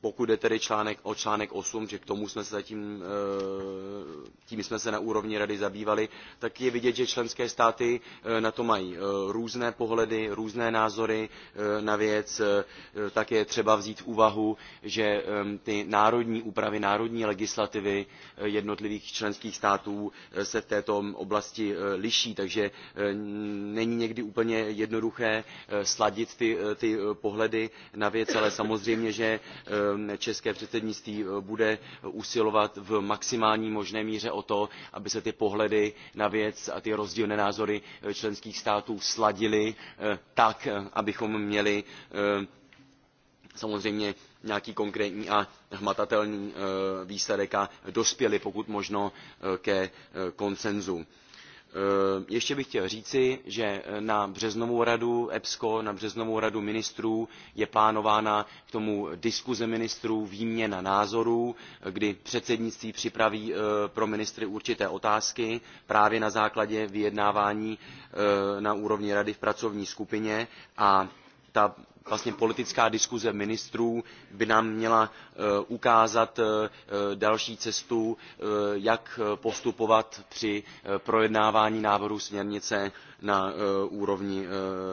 pokud jde tedy článek, o článek eight že k tomu jsme se zatím eh, tím jsme se na úrovni rady zabývali tak je vidět že členské státy na to mají různé pohledy různé názory na věc také je třeba vzít v úvahu že ty národní úpravy národní legislativy jednotlivých členských států se v této oblasti liší takže není někdy úplně jednoduché sladit ty ty eh, pohledy na věc ale samozřejmě že eh, české předsednictví eh, bude usilovat v maximální možné míře o to aby se ty pohledy na věc a ty rozdílné názory členských států sladily tak abychom měli samozřejmě nějaký konkrétní a hmatatelný výsledek a dospěli pokud možno ke konsensu. Eh, ještě bych chtěl říci že eh, na březnovou radu epsco na březnovou radu ministrů je plánována k tomu diskuze ministrů výměna názorů eh, kdy předsednictví připraví pro ministry určité otázky právě na základě vyjednávání na úrovni rady v pracovní skupině a ta vlastně politická diskuze ministrů by nám měla eh, ukázat eh, eh, další cestu jak postupovat při projednávání návrhu směrnice na úrovni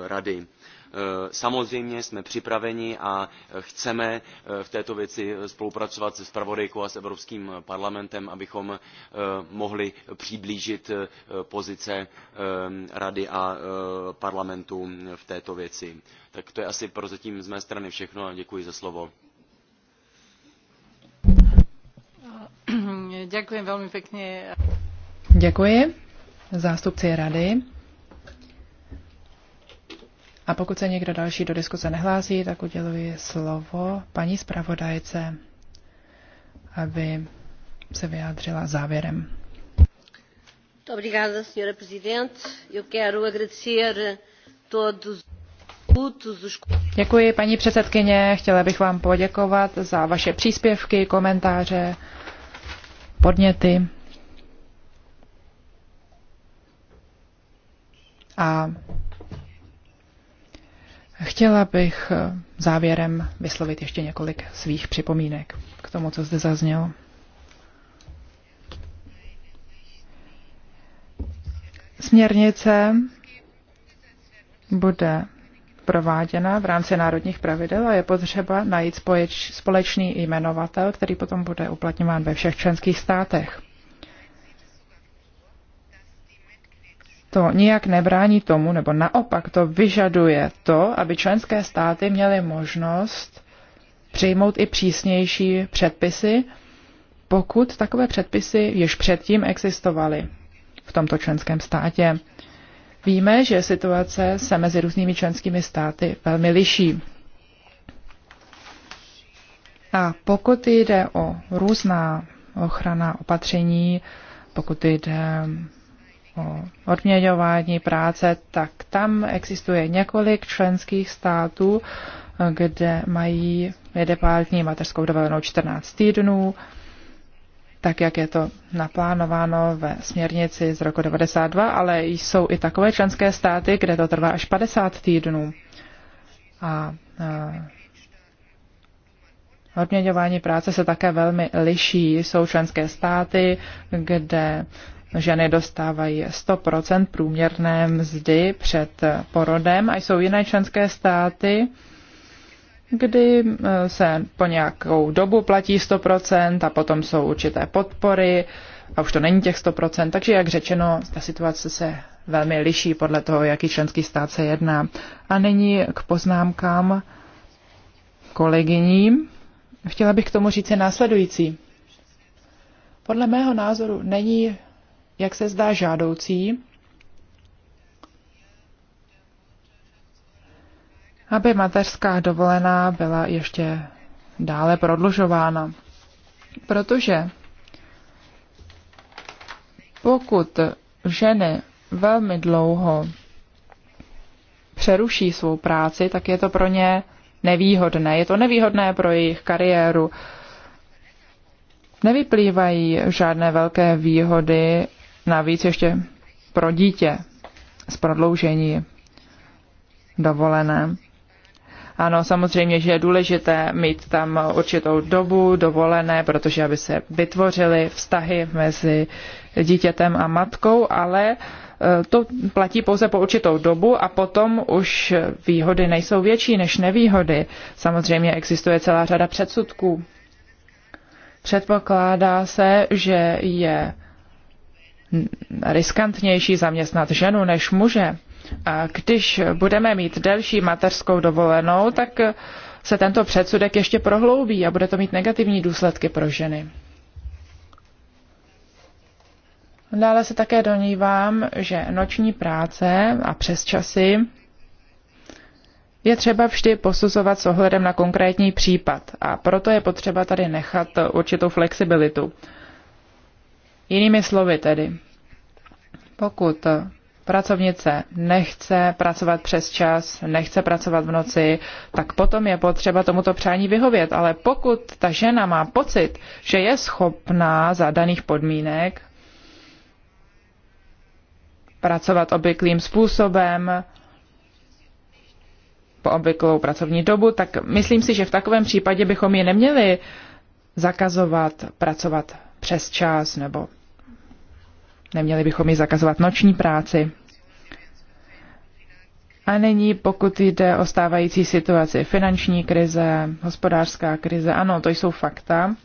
rady. Eh, samozřejmě jsme připraveni a eh, chceme eh, v této věci spolupracovat se zpravodajkou a s evropským parlamentem abychom mohli přiblížit pozice rady a parlamentu v této věci. tak to je asi prozatím z mé strany všechno a děkuji za slovo. Děkuji velmi pěkně. Děkuji zástupci rady. A pokud se někdo další do diskuse nehlásí, tak uděluji slovo paní zpravodajce, aby se vyjádřila závěrem. Obrigada, senhora presidente. Eu quero agradecer todos Děkuji, paní předsedkyně. Chtěla bych vám poděkovat za vaše příspěvky, komentáře, podněty. A Chtěla bych eh, závěrem vyslovit ještě několik svých připomínek k tomu, co zde zaznělo. Směrnice bude prováděna v rámci národních pravidel a je potřeba najít společný jmenovatel, který potom bude uplatňován ve všech členských státech. to nijak nebrání tomu, nebo naopak to vyžaduje to, aby členské státy měly možnost přijmout i přísnější předpisy, pokud takové předpisy již předtím existovaly v tomto členském státě. Víme, že situace se mezi různými členskými státy velmi liší. A pokud jde o různá ochrana opatření, pokud jde odměňování práce, tak tam existuje několik členských států, kde mají jedepátní mateřskou dovolenou 14 týdnů, tak jak je to naplánováno ve směrnici z roku 92, ale jsou i takové členské státy, kde to trvá až 50 týdnů. A, a odměňování práce se také velmi liší. Jsou členské státy, kde ženy dostávají 100% průměrné mzdy před porodem a jsou jiné členské státy, kdy eh, se po nějakou dobu platí 100% a potom jsou určité podpory a už to není těch 100%. Takže, jak řečeno, ta situace se velmi liší podle toho, jaký členský stát se jedná. A nyní k poznámkám kolegyním. Chtěla bych k tomu říct následující. Podle mého názoru není jak se zdá žádoucí, aby mateřská dovolená byla ještě dále prodlužována. Protože pokud ženy velmi dlouho přeruší svou práci, tak je to pro ně nevýhodné. Je to nevýhodné pro jejich kariéru. Nevyplývají žádné velké výhody navíc ještě pro dítě s prodloužení dovolené. Ano, samozřejmě, že je důležité mít tam určitou dobu dovolené, protože aby se vytvořily vztahy mezi dítětem a matkou, ale e, to platí pouze po určitou dobu a potom už výhody nejsou větší než nevýhody. Samozřejmě existuje celá řada předsudků. Předpokládá se, že je riskantnější zaměstnat ženu než muže. A když budeme mít delší mateřskou dovolenou, tak se tento předsudek ještě prohloubí a bude to mít negativní důsledky pro ženy. Dále se také donívám, že noční práce a přesčasy je třeba vždy posuzovat s ohledem na konkrétní případ a proto je potřeba tady nechat určitou flexibilitu. Jinými slovy tedy, pokud pracovnice nechce pracovat přes čas, nechce pracovat v noci, tak potom je potřeba tomuto přání vyhovět. Ale pokud ta žena má pocit, že je schopná za daných podmínek pracovat obvyklým způsobem, po obvyklou pracovní dobu, tak myslím si, že v takovém případě bychom ji neměli zakazovat pracovat přes čas nebo Neměli bychom ji zakazovat noční práci. A nyní, pokud jde o stávající situaci, finanční krize, hospodářská krize, ano, to jsou fakta.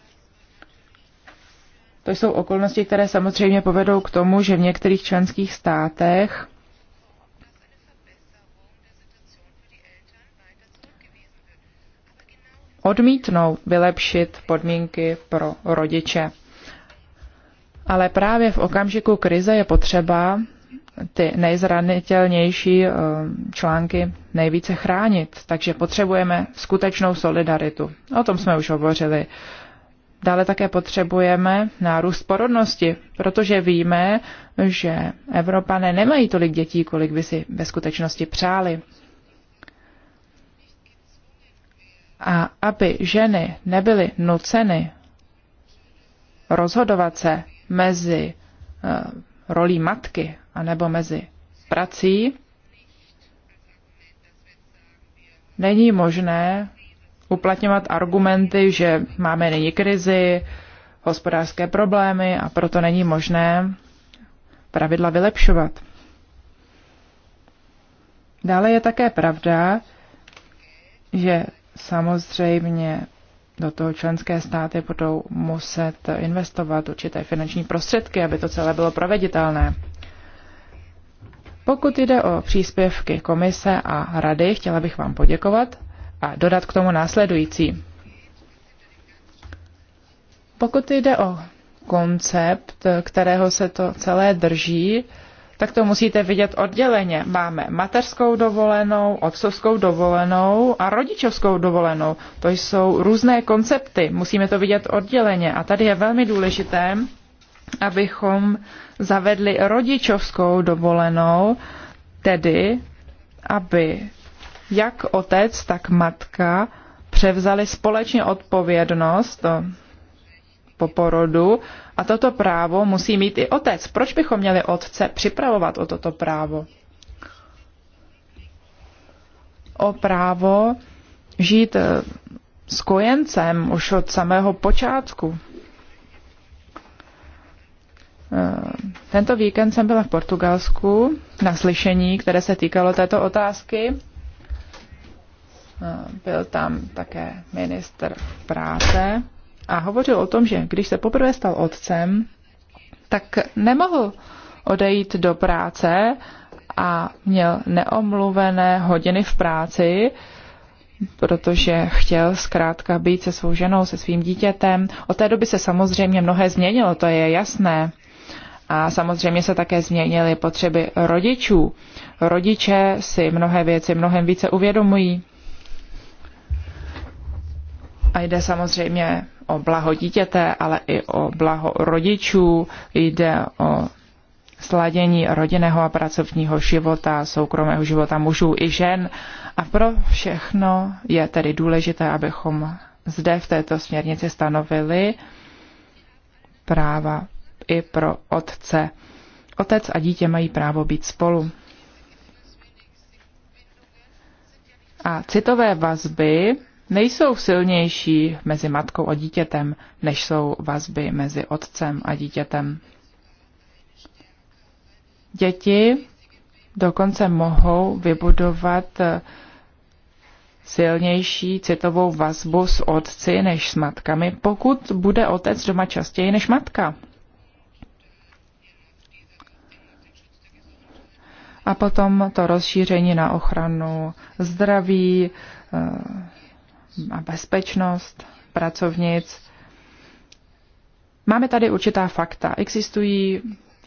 To jsou okolnosti, které samozřejmě povedou k tomu, že v některých členských státech odmítnou vylepšit podmínky pro rodiče ale právě v okamžiku krize je potřeba ty nejzranitelnější eh, články nejvíce chránit, takže potřebujeme skutečnou solidaritu. O tom jsme už hovořili. Dále také potřebujeme nárůst porodnosti, protože víme, že Evropané nemají tolik dětí, kolik by si ve skutečnosti přáli. A aby ženy nebyly nuceny rozhodovat se mezi eh, rolí matky a nebo mezi prací, není možné uplatňovat argumenty, že máme nyní krizi, hospodářské problémy a proto není možné pravidla vylepšovat. Dále je také pravda, že samozřejmě do toho členské státy budou muset investovat určité finanční prostředky, aby to celé bylo proveditelné. Pokud jde o příspěvky komise a rady, chtěla bych vám poděkovat a dodat k tomu následující. Pokud jde o koncept, kterého se to celé drží, tak to musíte vidět odděleně. Máme mateřskou dovolenou, otcovskou dovolenou a rodičovskou dovolenou. To jsou různé koncepty, musíme to vidět odděleně. A tady je velmi důležité, abychom zavedli rodičovskou dovolenou, tedy aby jak otec, tak matka převzali společně odpovědnost po porodu a toto právo musí mít i otec. Proč bychom měli otce připravovat o toto právo? O právo žít eh, s kojencem už od samého počátku. Eh, tento víkend jsem byla v Portugalsku na slyšení, které se týkalo této otázky. Eh, byl tam také minister práce a hovořil o tom, že když se poprvé stal otcem, tak nemohl odejít do práce a měl neomluvené hodiny v práci, protože chtěl zkrátka být se svou ženou, se svým dítětem. Od té doby se samozřejmě mnohé změnilo, to je jasné. A samozřejmě se také změnily potřeby rodičů. Rodiče si mnohé věci mnohem více uvědomují. A jde samozřejmě o blaho dítěte, ale i o blaho rodičů, jde o sladění rodinného a pracovního života, soukromého života mužů i žen. A pro všechno je tedy důležité, abychom zde v této směrnici stanovili práva i pro otce. Otec a dítě mají právo být spolu. A citové vazby nejsou silnější mezi matkou a dítětem, než jsou vazby mezi otcem a dítětem. Děti dokonce mohou vybudovat eh, silnější citovou vazbu s otci než s matkami, pokud bude otec doma častěji než matka. A potom to rozšíření na ochranu zdraví, eh, a bezpečnost pracovnic. Máme tady určitá fakta. Existují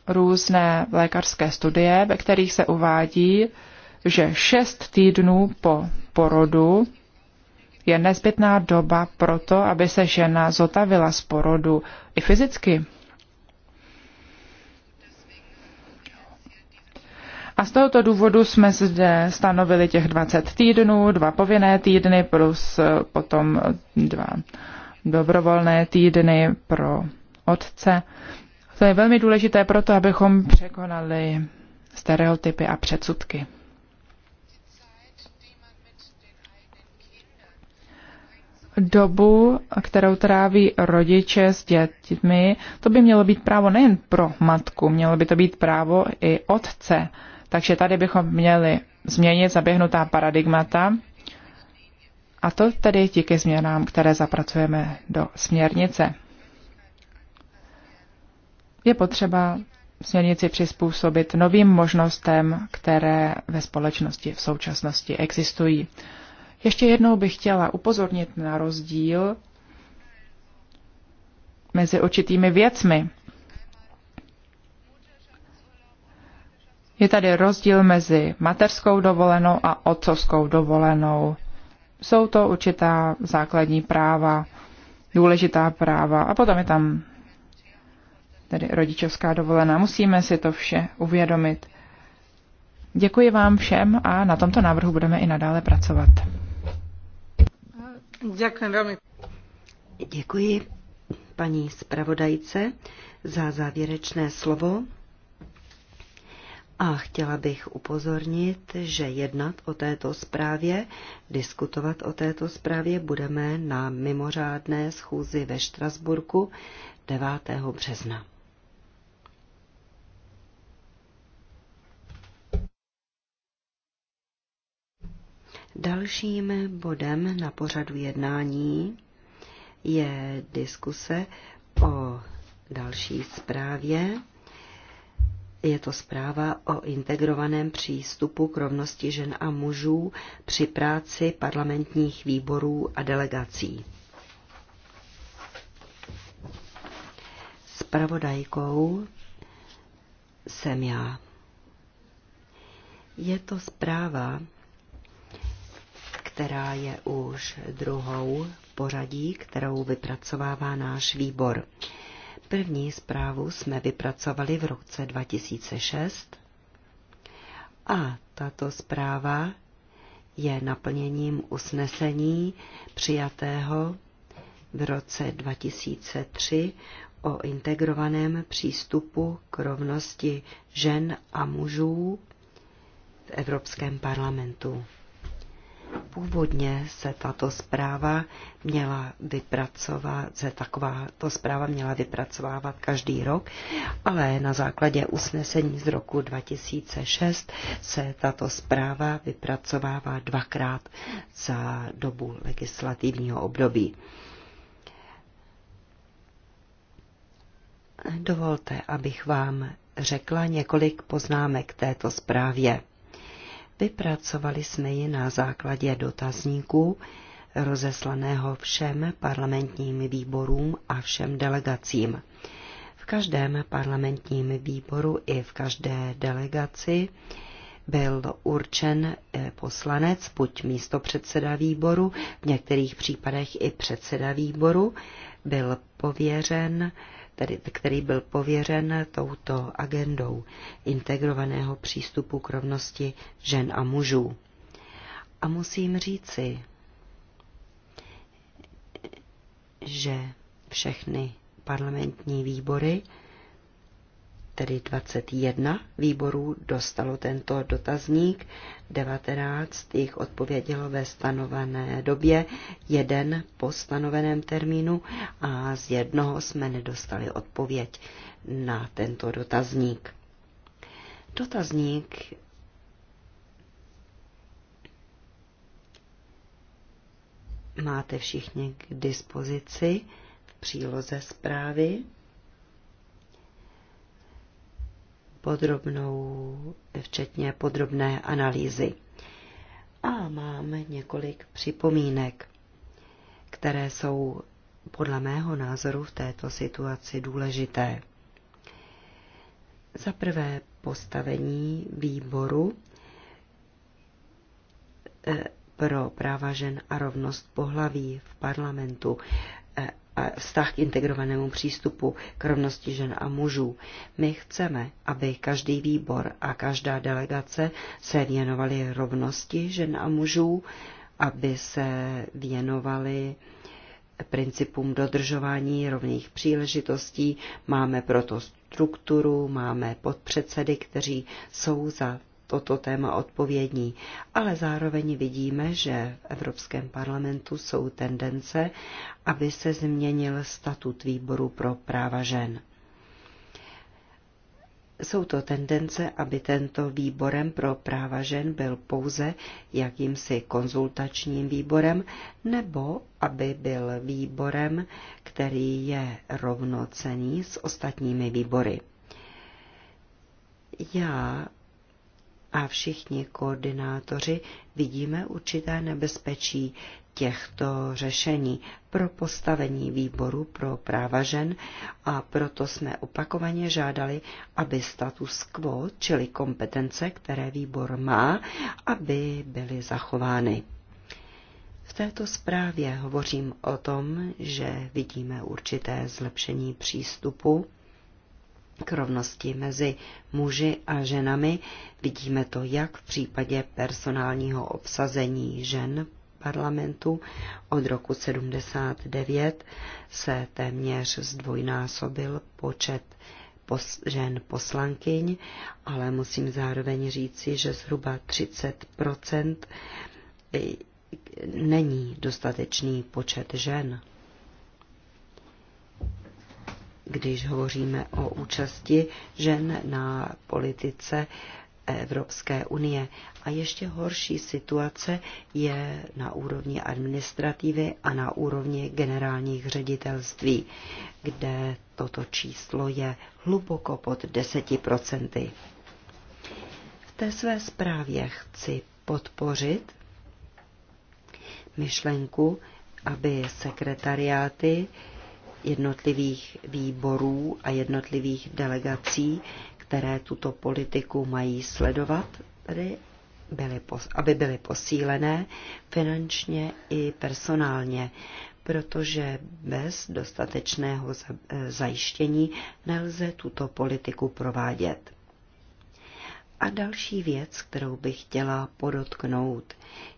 různé lékařské studie, ve kterých se uvádí, že šest týdnů po porodu je nezbytná doba pro to, aby se žena zotavila z porodu i fyzicky A z tohoto důvodu jsme zde stanovili těch 20 týdnů, dva povinné týdny plus eh, potom dva dobrovolné týdny pro otce. To je velmi důležité proto, abychom překonali stereotypy a předsudky. dobu, kterou tráví rodiče s dětmi, to by mělo být právo nejen pro matku, mělo by to být právo i otce. Takže tady bychom měli změnit zaběhnutá paradigmata a to tedy díky změnám, které zapracujeme do směrnice. Je potřeba směrnici přizpůsobit novým možnostem, které ve společnosti v současnosti existují. Ještě jednou bych chtěla upozornit na rozdíl mezi určitými věcmi. Je tady rozdíl mezi mateřskou dovolenou a otcovskou dovolenou. Jsou to určitá základní práva, důležitá práva a potom je tam tedy rodičovská dovolená. Musíme si to vše uvědomit. Děkuji vám všem a na tomto návrhu budeme i nadále pracovat. Děkuji velmi. Děkuji paní zpravodajce za závěrečné slovo. A chtěla bych upozornit, že jednat o této zprávě, diskutovat o této zprávě budeme na mimořádné schůzi ve Štrasburku 9. března. Dalším bodem na pořadu jednání je diskuse o další zprávě je to zpráva o integrovaném přístupu k rovnosti žen a mužů při práci parlamentních výborů a delegací. Spravodajkou jsem já. Je to zpráva, která je už druhou pořadí, kterou vypracovává náš výbor. První zprávu jsme vypracovali v roce 2006 a tato zpráva je naplněním usnesení přijatého v roce 2003 o integrovaném přístupu k rovnosti žen a mužů v Evropském parlamentu. Původně se tato zpráva měla vypracovat, se taková to zpráva měla vypracovávat každý rok, ale na základě usnesení z roku 2006 se tato zpráva vypracovává dvakrát za dobu legislativního období. Dovolte, abych vám řekla několik poznámek k této zprávě. Vypracovali jsme ji na základě dotazníků, rozeslaného všem parlamentním výborům a všem delegacím. V každém parlamentním výboru i v každé delegaci byl určen eh, poslanec, buď místo předseda výboru, v některých případech i předseda výboru, byl pověřen tedy, který byl pověřen touto agendou integrovaného přístupu k rovnosti žen a mužů. A musím říci, že všechny parlamentní výbory tedy 21 výborů dostalo tento dotazník, 19 jich odpovědělo ve stanovené době, jeden po stanoveném termínu a z jednoho jsme nedostali odpověď na tento dotazník. Dotazník máte všichni k dispozici v příloze zprávy. podrobnou, včetně podrobné analýzy. A mám několik připomínek, které jsou podle mého názoru v této situaci důležité. Za prvé postavení výboru eh, pro práva žen a rovnost pohlaví v parlamentu vztah k integrovanému přístupu k rovnosti žen a mužů. My chceme, aby každý výbor a každá delegace se věnovali rovnosti žen a mužů, aby se věnovali principům dodržování rovných příležitostí. Máme proto strukturu, máme podpředsedy, kteří jsou za toto téma odpovědní. Ale zároveň vidíme, že v Evropském parlamentu jsou tendence, aby se změnil statut výboru pro práva žen. Jsou to tendence, aby tento výborem pro práva žen byl pouze jakýmsi konzultačním výborem, nebo aby byl výborem, který je rovnocený s ostatními výbory. Já a všichni koordinátoři vidíme určité nebezpečí těchto řešení pro postavení výboru pro práva žen a proto jsme opakovaně žádali, aby status quo, čili kompetence, které výbor má, aby byly zachovány. V této zprávě hovořím o tom, že vidíme určité zlepšení přístupu k rovnosti mezi muži a ženami. Vidíme to jak v případě personálního obsazení žen parlamentu. Od roku 79 se téměř zdvojnásobil počet pos- žen poslankyň, ale musím zároveň říci, že zhruba 30 e, není dostatečný počet žen když hovoříme o účasti žen na politice Evropské unie. A ještě horší situace je na úrovni administrativy a na úrovni generálních ředitelství, kde toto číslo je hluboko pod 10%. V té své zprávě chci podpořit myšlenku, aby sekretariáty jednotlivých výborů a jednotlivých delegací, které tuto politiku mají sledovat, tedy byly, aby byly posílené finančně i personálně, protože bez dostatečného e, zajištění nelze tuto politiku provádět. A další věc, kterou bych chtěla podotknout,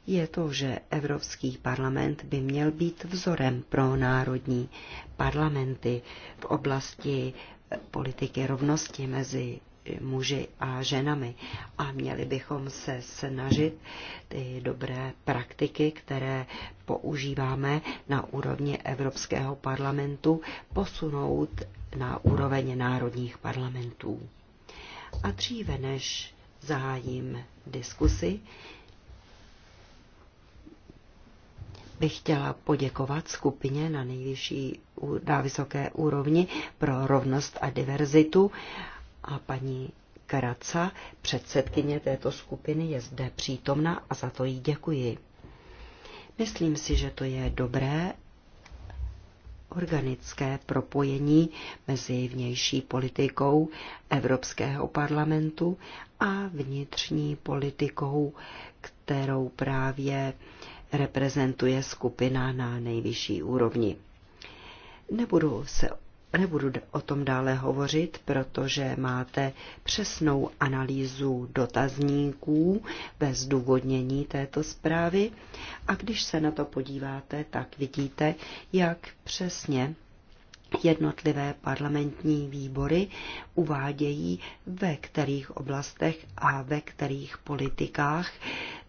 je to, že Evropský parlament by měl být vzorem pro národní parlamenty v oblasti eh, politiky rovnosti mezi eh, muži a ženami. A měli bychom se snažit ty dobré praktiky, které používáme na úrovni Evropského parlamentu, posunout na úroveň národních parlamentů. A dříve než zahájím diskusi, bych chtěla poděkovat skupině na nejvyšší, na vysoké úrovni pro rovnost a diverzitu a paní Kraca, předsedkyně této skupiny, je zde přítomna a za to jí děkuji. Myslím si, že to je dobré organické propojení mezi vnější politikou Evropského parlamentu a vnitřní politikou, kterou právě reprezentuje skupina na nejvyšší úrovni. Nebudu se Nebudu o tom dále hovořit, protože máte přesnou analýzu dotazníků ve zdůvodnění této zprávy a když se na to podíváte, tak vidíte, jak přesně jednotlivé parlamentní výbory uvádějí, ve kterých oblastech a ve kterých politikách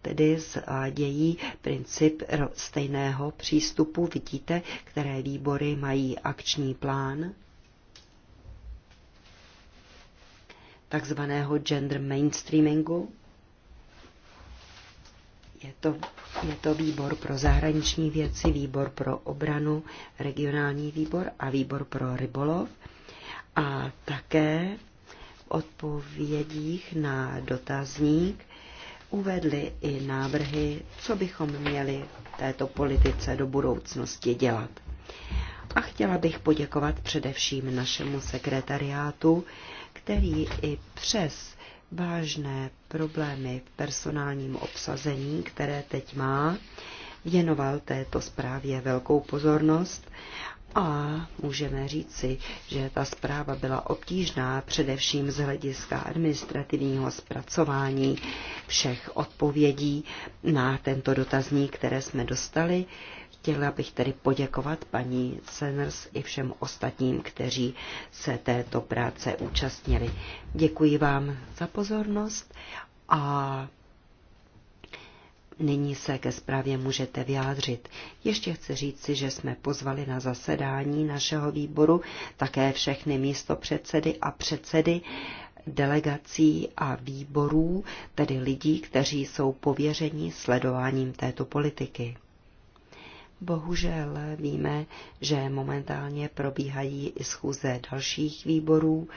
tedy zadějí princip stejného přístupu. Vidíte, které výbory mají akční plán takzvaného gender mainstreamingu. Je to, je to výbor pro zahraniční věci, výbor pro obranu, regionální výbor a výbor pro rybolov. A také v odpovědích na dotazník uvedli i návrhy, co bychom měli v této politice do budoucnosti dělat. A chtěla bych poděkovat především našemu sekretariátu, který i přes vážné problémy v personálním obsazení, které teď má, věnoval této zprávě velkou pozornost a můžeme říci, že ta zpráva byla obtížná především z hlediska administrativního zpracování všech odpovědí na tento dotazník, které jsme dostali. Chtěla bych tedy poděkovat paní Seners i všem ostatním, kteří se této práce účastnili. Děkuji vám za pozornost a Nyní se ke zprávě můžete vyjádřit. Ještě chci říci, že jsme pozvali na zasedání našeho výboru také všechny místopředsedy a předsedy delegací a výborů, tedy lidí, kteří jsou pověřeni sledováním této politiky. Bohužel víme, že momentálně probíhají i schůze dalších výborů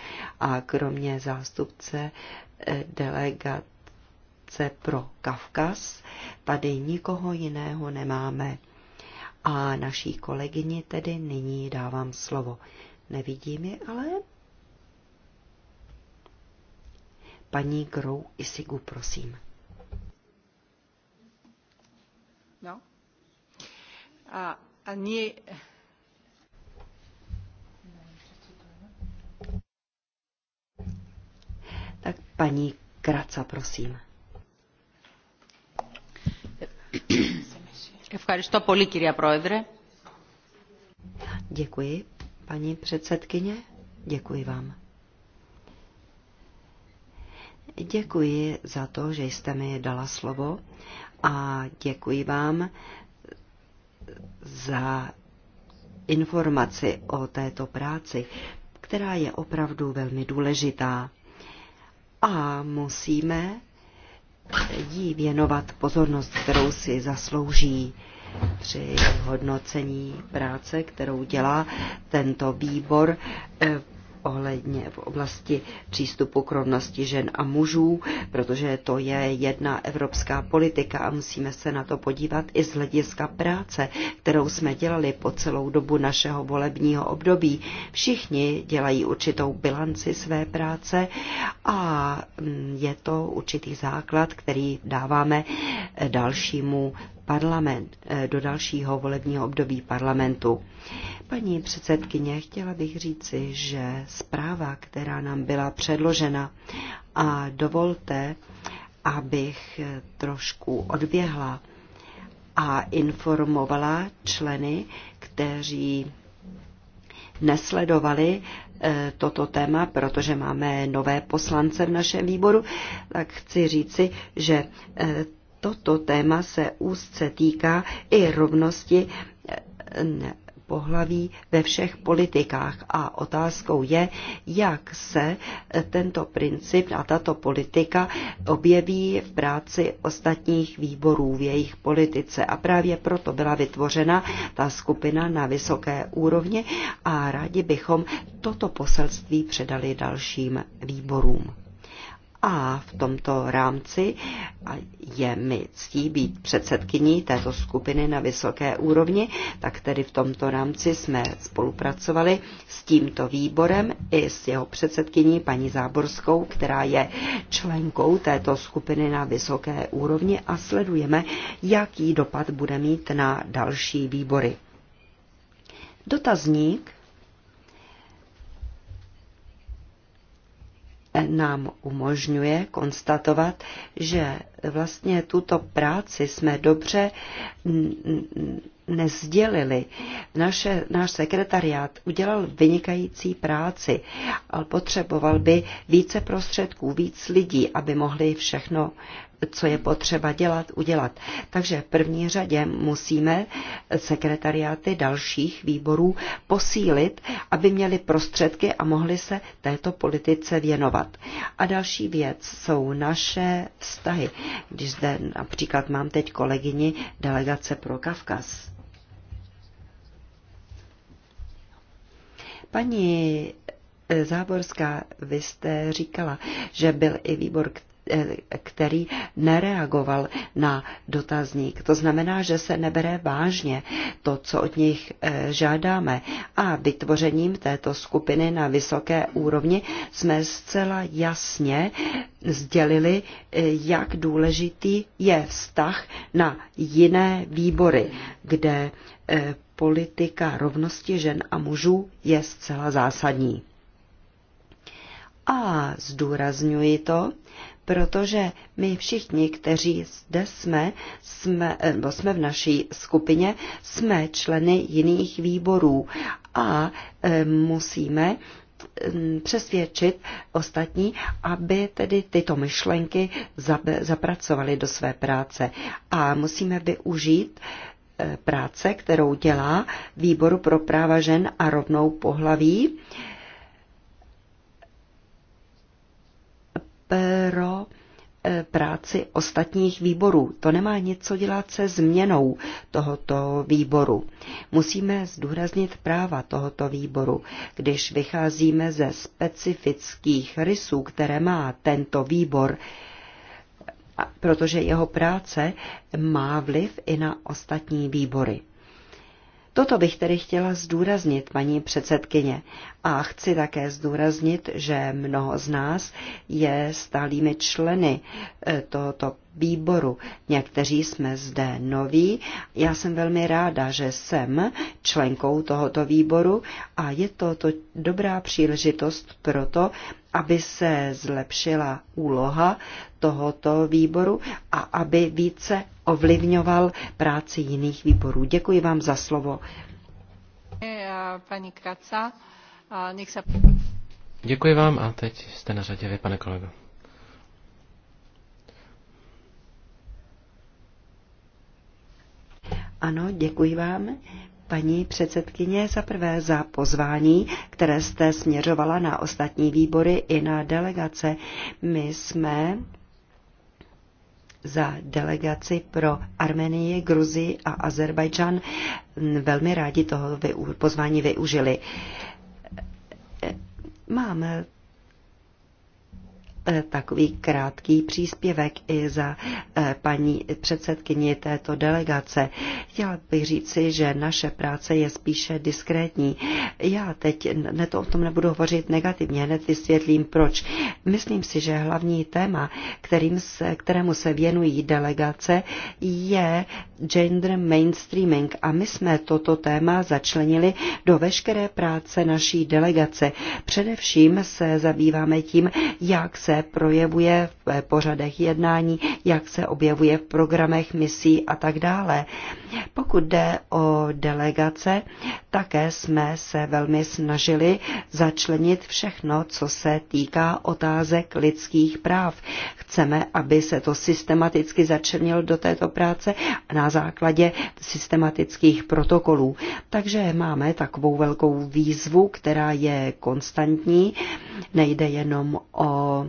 a kromě zástupce eh, delegat zástupce pro Kavkaz. Tady nikoho jiného nemáme. A naší kolegyni tedy nyní dávám slovo. Nevidím je, ale... Paní Grou Isigu, prosím. No. A ani... Tak paní Kraca, prosím. Děkuji, paní předsedkyně. Děkuji vám. Děkuji za to, že jste mi dala slovo a děkuji vám za informaci o této práci, která je opravdu velmi důležitá. A musíme jí věnovat pozornost, kterou si zaslouží při hodnocení práce, kterou dělá tento výbor eh, ohledně v oblasti přístupu k rovnosti žen a mužů, protože to je jedna evropská politika a musíme se na to podívat i z hlediska práce, kterou jsme dělali po celou dobu našeho volebního období. Všichni dělají určitou bilanci své práce a mm, je to určitý základ, který dáváme eh, dalšímu parlament, eh, do dalšího volebního období parlamentu. Paní předsedkyně, chtěla bych říci, že zpráva, která nám byla předložena, a dovolte, abych trošku odběhla a informovala členy, kteří nesledovali e, toto téma, protože máme nové poslance v našem výboru, tak chci říci, že e, toto téma se úzce týká i rovnosti e, pohlaví ve všech politikách a otázkou je, jak se tento princip a tato politika objeví v práci ostatních výborů v jejich politice. A právě proto byla vytvořena ta skupina na vysoké úrovni a rádi bychom toto poselství předali dalším výborům a v tomto rámci je mi ctí být předsedkyní této skupiny na vysoké úrovni, tak tedy v tomto rámci jsme spolupracovali s tímto výborem i s jeho předsedkyní paní Záborskou, která je členkou této skupiny na vysoké úrovni a sledujeme, jaký dopad bude mít na další výbory. Dotazník nám umožňuje konstatovat, že vlastně tuto práci jsme dobře nezdělili. Naše, náš sekretariát udělal vynikající práci, ale potřeboval by více prostředků, víc lidí, aby mohli všechno co je potřeba dělat, udělat. Takže v první řadě musíme sekretariáty dalších výborů posílit, aby měli prostředky a mohli se této politice věnovat. A další věc jsou naše vztahy. Když zde například mám teď kolegyni delegace pro Kavkaz. Paní Záborská, vy jste říkala, že byl i výbor, který nereagoval na dotazník. To znamená, že se nebere vážně to, co od nich eh, žádáme. A vytvořením této skupiny na vysoké úrovni jsme zcela jasně sdělili, eh, jak důležitý je vztah na jiné výbory, kde eh, politika rovnosti žen a mužů je zcela zásadní. A zdůrazňuji to, protože my všichni, kteří zde jsme, jsme, eh, nebo jsme v naší skupině, jsme členy jiných výborů a eh, musíme mm, přesvědčit ostatní, aby tedy tyto myšlenky zapracovali do své práce. A musíme využít eh, práce, kterou dělá Výboru pro práva žen a rovnou pohlaví, pro eh, práci ostatních výborů. To nemá něco dělat se změnou tohoto výboru. Musíme zdůraznit práva tohoto výboru. Když vycházíme ze specifických rysů, které má tento výbor, protože jeho práce má vliv i na ostatní výbory. Toto bych tedy chtěla zdůraznit, paní předsedkyně. A chci také zdůraznit, že mnoho z nás je stálými členy eh, tohoto výboru. Někteří jsme zde noví. Já jsem velmi ráda, že jsem členkou tohoto výboru a je to, to dobrá příležitost pro to, aby se zlepšila úloha tohoto výboru a aby více ovlivňoval práci jiných výborů. Děkuji vám za slovo. Paní Kraca, nech se... Děkuji vám a teď jste na řadě vy, pane kolego. Ano, děkuji vám, paní předsedkyně, za prvé za pozvání, které jste směřovala na ostatní výbory i na delegace. My jsme za delegaci pro Armenii, Gruzii a Azerbajdžan. Velmi rádi toho pozvání využili. Mám E, takový krátký příspěvek i za e, paní předsedkyni této delegace. Chtěla bych říci, že naše práce je spíše diskrétní. Já teď ne to o tom nebudu hovořit negativně, hned vysvětlím proč. Myslím si, že hlavní téma, kterým se, kterému se věnují delegace, je gender mainstreaming a my jsme toto téma začlenili do veškeré práce naší delegace. Především se zabýváme tím, jak se projevuje v pořadech jednání, jak se objevuje v programech misí a tak dále. Pokud jde o delegace, také jsme se velmi snažili začlenit všechno, co se týká otázek lidských práv. Chceme, aby se to systematicky začlenilo do této práce na základě systematických protokolů. Takže máme takovou velkou výzvu, která je konstantní. Nejde jenom o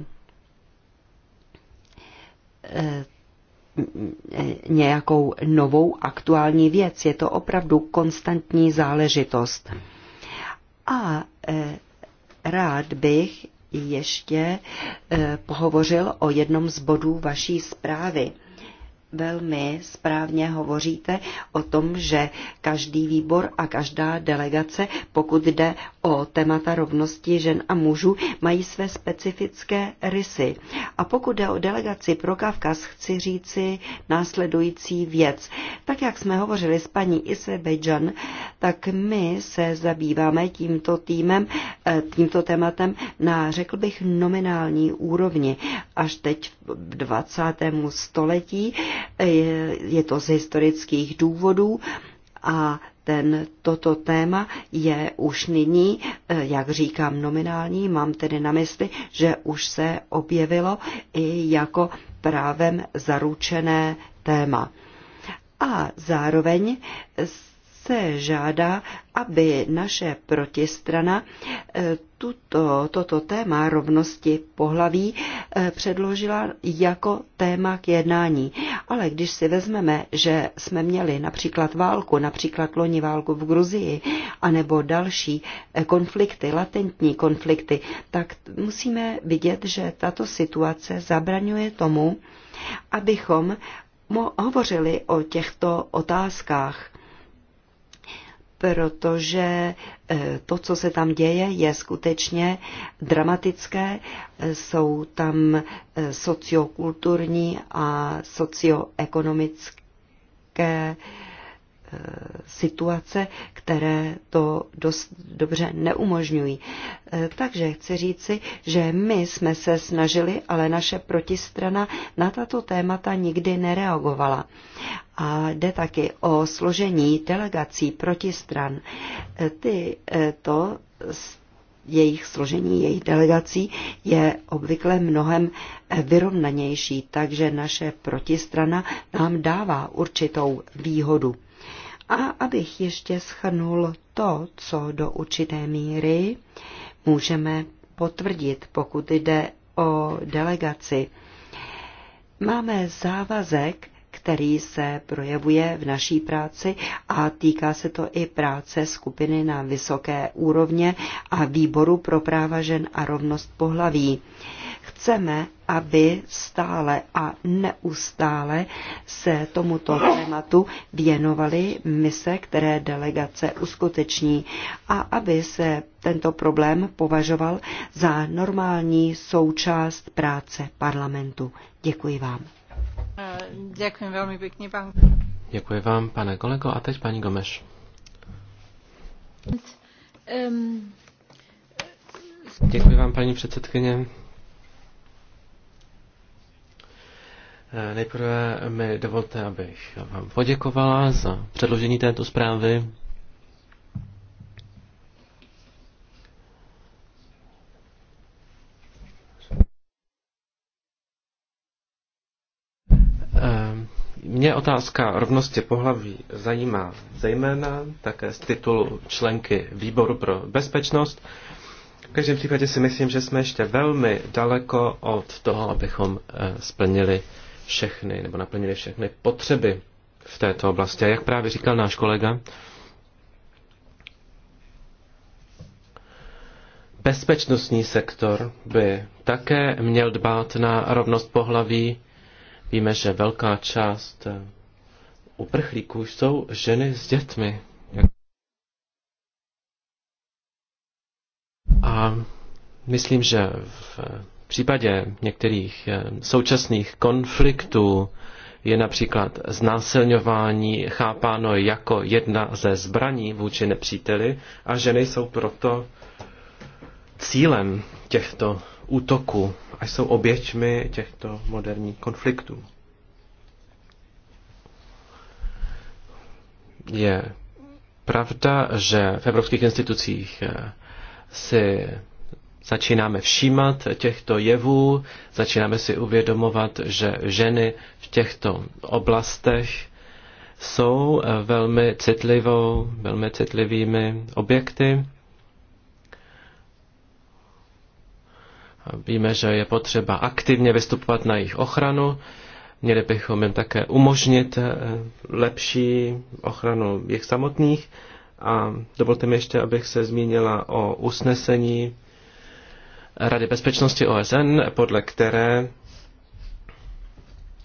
Eh, nějakou novou aktuální věc. Je to opravdu konstantní záležitost. A eh, rád bych ještě eh, pohovořil o jednom z bodů vaší zprávy – velmi správně hovoříte o tom, že každý výbor a každá delegace, pokud jde o témata rovnosti žen a mužů, mají své specifické rysy. A pokud jde o delegaci pro Kavkaz, chci říci následující věc. Tak jak jsme hovořili s paní Isebejan, tak my se zabýváme tímto týmem, eh, tímto tématem na, řekl bych, nominální úrovni. Až teď v 20. století je to z historických důvodů a ten, toto téma je už nyní, eh, jak říkám, nominální, mám tedy na mysli, že už se objevilo i jako právem zaručené téma. A zároveň žádá, aby naše protistrana eh, tuto, toto téma rovnosti pohlaví eh, předložila jako téma k jednání. Ale když si vezmeme, že jsme měli například válku, například loni válku v Gruzii, anebo další eh, konflikty, latentní konflikty, tak musíme vidět, že tato situace zabraňuje tomu, abychom hovořili o těchto otázkách protože eh, to, co se tam děje, je skutečně dramatické. Jsou tam eh, sociokulturní a socioekonomické situace, které to dost dobře neumožňují. E, takže chci říci, že my jsme se snažili, ale naše protistrana na tato témata nikdy nereagovala. A jde taky o složení delegací protistran. E, ty e, to jejich složení, jejich delegací je obvykle mnohem vyrovnanější, takže naše protistrana nám dává určitou výhodu. A abych ještě schrnul to, co do určité míry můžeme potvrdit, pokud jde o delegaci. Máme závazek, který se projevuje v naší práci a týká se to i práce skupiny na vysoké úrovně a výboru pro práva žen a rovnost pohlaví. Chceme, aby stále a neustále se tomuto tématu věnovaly mise, které delegace uskuteční a aby se tento problém považoval za normální součást práce parlamentu. Děkuji vám. Děkuji velmi pěkně, pan. Děkuji vám, pane kolego. A teď paní Gomeš. Děkuji vám, paní předsedkyně. Eh, nejprve mi dovolte, abych vám poděkovala za předložení této zprávy. Eh, mě otázka rovnosti pohlaví zajímá zejména také z titulu členky výboru pro bezpečnost. V každém případě si myslím, že jsme ještě velmi daleko od toho, abychom eh, splnili všechny, nebo naplnili všechny potřeby v této oblasti. A jak právě říkal náš kolega, bezpečnostní sektor by také měl dbát na rovnost pohlaví. Víme, že velká část uprchlíků jsou ženy s dětmi. A myslím, že v v případě některých eh, současných konfliktů je například znásilňování chápáno jako jedna ze zbraní vůči nepříteli a ženy jsou proto cílem těchto útoků a jsou oběťmi těchto moderních konfliktů. Je pravda, že v evropských institucích eh, si začínáme všímat těchto jevů, začínáme si uvědomovat, že ženy v těchto oblastech jsou eh, velmi citlivou, velmi citlivými objekty. Víme, že je potřeba aktivně vystupovat na jejich ochranu. Měli bychom jim také umožnit eh, lepší ochranu jejich samotných. A dovolte mi ještě, abych se zmínila o usnesení Rady bezpečnosti OSN, podle které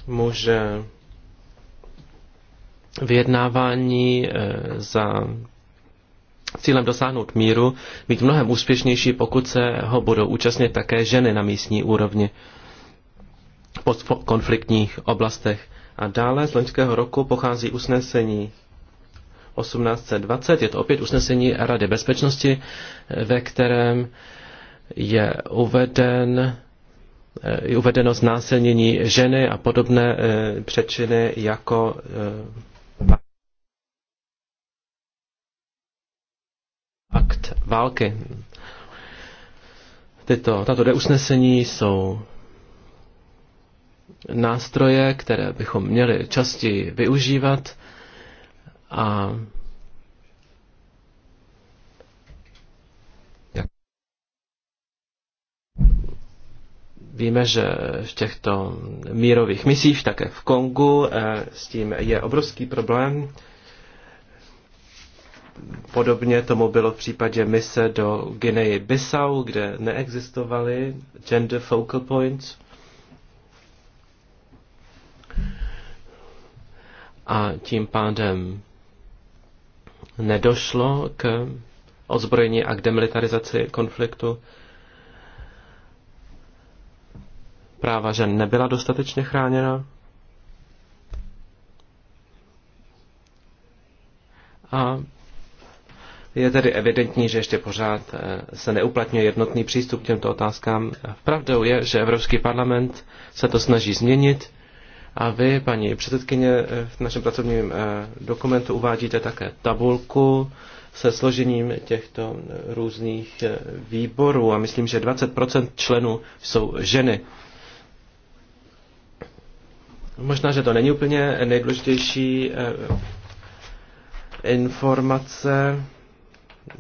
může vyjednávání eh, za cílem dosáhnout míru být mnohem úspěšnější, pokud se ho budou účastnit také ženy na místní úrovni v konfliktních oblastech. A dále z loňského roku pochází usnesení 1820, je to opět usnesení Rady bezpečnosti, eh, ve kterém je uveden je uvedeno znásilnění ženy a podobné eh, přečiny jako eh, akt války. Tyto, tato usnesení jsou nástroje, které bychom měli častěji využívat a Víme, že v těchto mírových misích, také v Kongu, eh, s tím je obrovský problém. Podobně tomu bylo v případě mise do Guineji Bissau, kde neexistovaly gender focal points. A tím pádem nedošlo k ozbrojení a k demilitarizaci konfliktu. práva žen nebyla dostatečně chráněna. A je tedy evidentní, že ještě pořád eh, se neuplatňuje jednotný přístup k těmto otázkám. Pravdou je, že Evropský parlament se to snaží změnit a vy, paní předsedkyně, eh, v našem pracovním eh, dokumentu uvádíte také tabulku se složením těchto různých výborů a myslím, že 20% členů jsou ženy. Možná, že to není úplně nejdůležitější eh, informace.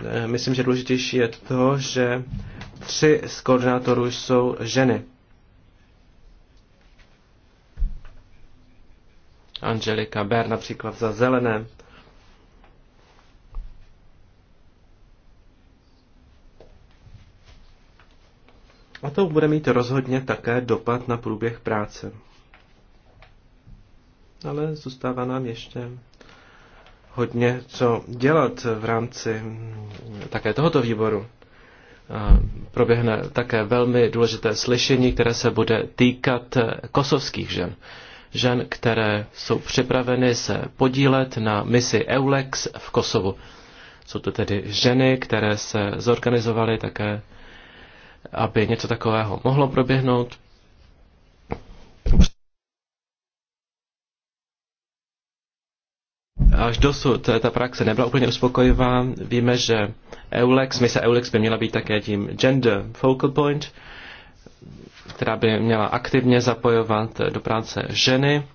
Eh, myslím, že důležitější je to, že tři z koordinátorů jsou ženy. Angelika Ber například za zelené. A to bude mít rozhodně také dopad na průběh práce ale zůstává nám ještě hodně co dělat v rámci také tohoto výboru. Proběhne také velmi důležité slyšení, které se bude týkat kosovských žen. Žen, které jsou připraveny se podílet na misi EULEX v Kosovu. Jsou to tedy ženy, které se zorganizovaly také, aby něco takového mohlo proběhnout. až dosud ta praxe nebyla úplně uspokojivá. Víme, že EULEX, mise EULEX by měla být také tím gender focal point, která by měla aktivně zapojovat do práce ženy.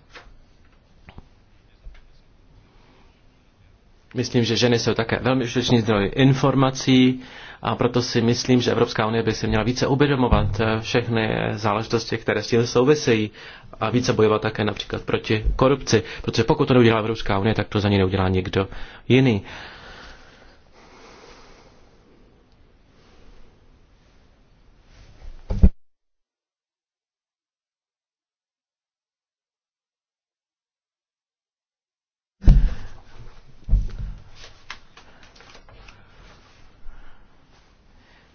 Myslím, že ženy jsou také velmi užitečný zdroj informací, a proto si myslím, že Evropská unie by si měla více uvědomovat eh, všechny záležitosti, které s tím souvisejí a více bojovat také například proti korupci, protože pokud to neudělá Evropská unie, tak to za ní neudělá nikdo jiný.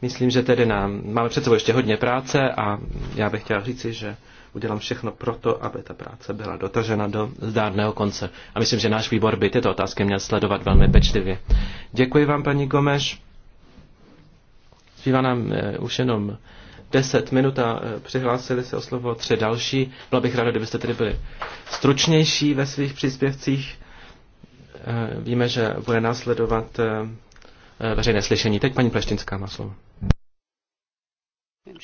Myslím, že tedy nám, máme před sebou ještě hodně práce a já bych chtěl říci, že udělám všechno proto, aby ta práce byla dotažena do zdárného konce. A myslím, že náš výbor by tyto otázky měl sledovat velmi pečlivě. Děkuji vám, paní Gomeš. Zbývá nám eh, už jenom deset minut a eh, přihlásili se o slovo tři další. Byla bych ráda, kdybyste tedy byli stručnější ve svých příspěvcích. Eh, víme, že bude následovat Eh, veřejné slyšení. Teď paní Pleštinská má slovo. Eh,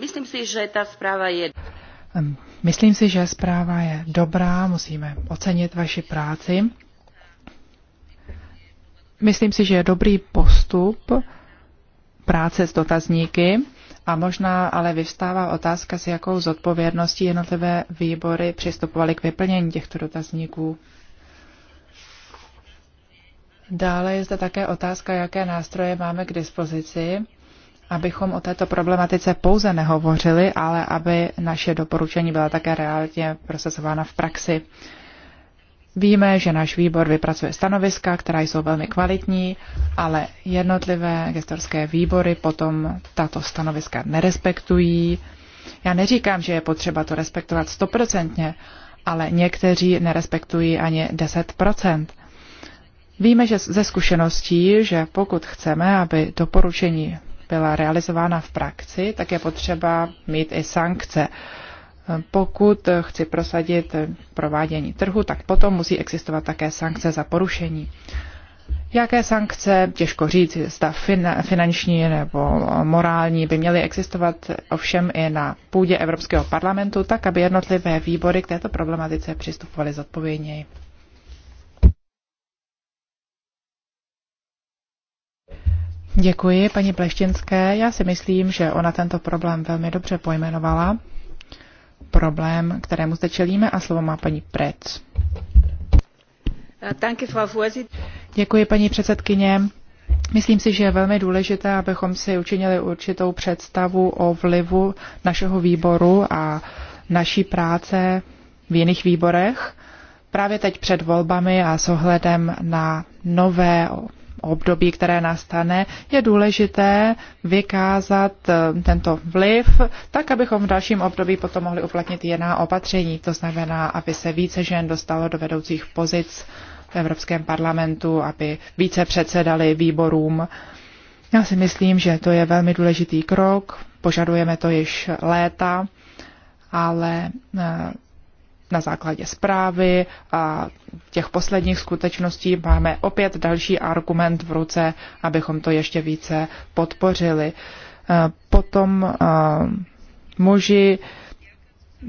myslím si, že ta zpráva je... Myslím si, že zpráva je dobrá, musíme ocenit vaši práci. Myslím si, že je dobrý postup práce s dotazníky a možná ale vyvstává otázka, s jakou zodpovědností jednotlivé výbory přistupovaly k vyplnění těchto dotazníků. Dále je zde také otázka, jaké nástroje máme k dispozici, abychom o této problematice pouze nehovořili, ale aby naše doporučení byla také reálně procesována v praxi. Víme, že náš výbor vypracuje stanoviska, která jsou velmi kvalitní, ale jednotlivé gestorské výbory potom tato stanoviska nerespektují. Já neříkám, že je potřeba to respektovat stoprocentně, ale někteří nerespektují ani 10 Víme že ze zkušeností, že pokud chceme, aby doporučení byla realizována v praxi, tak je potřeba mít i sankce. Pokud chci prosadit provádění trhu, tak potom musí existovat také sankce za porušení. Jaké sankce, těžko říct, zda finanční nebo morální, by měly existovat ovšem i na půdě Evropského parlamentu, tak aby jednotlivé výbory k této problematice přistupovaly zodpovědněji. Děkuji paní Pleštinské. Já si myslím, že ona tento problém velmi dobře pojmenovala. Problém, kterému zde čelíme a slovo má paní Prec. Děkuji paní předsedkyně. Myslím si, že je velmi důležité, abychom si učinili určitou představu o vlivu našeho výboru a naší práce v jiných výborech. Právě teď před volbami a s ohledem na nové období, které nastane, je důležité vykázat eh, tento vliv, tak abychom v dalším období potom mohli uplatnit jiná opatření. To znamená, aby se více žen dostalo do vedoucích pozic v Evropském parlamentu, aby více předsedali výborům. Já si myslím, že to je velmi důležitý krok, požadujeme to již léta, ale eh, na základě zprávy a těch posledních skutečností máme opět další argument v ruce, abychom to ještě více podpořili. Eh, potom eh, muži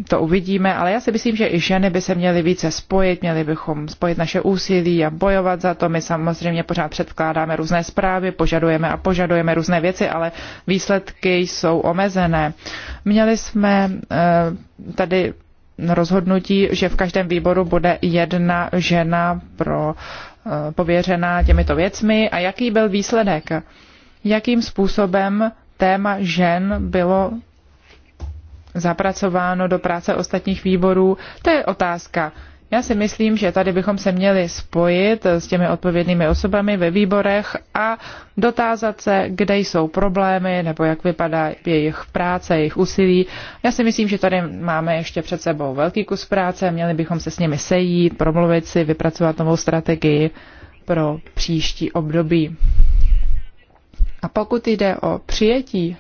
to uvidíme, ale já si myslím, že i ženy by se měly více spojit, měli bychom spojit naše úsilí a bojovat za to. My samozřejmě pořád předkládáme různé zprávy, požadujeme a požadujeme různé věci, ale výsledky jsou omezené. Měli jsme eh, tady rozhodnutí, že v každém výboru bude jedna žena pro eh, pověřená těmito věcmi a jaký byl výsledek? Jakým způsobem téma žen bylo zapracováno do práce ostatních výborů? To je otázka. Já si myslím, že tady bychom se měli spojit s těmi odpovědnými osobami ve výborech a dotázat se, kde jsou problémy nebo jak vypadá jejich práce, jejich úsilí. Já si myslím, že tady máme ještě před sebou velký kus práce, měli bychom se s nimi sejít, promluvit si, vypracovat novou strategii pro příští období. A pokud jde o přijetí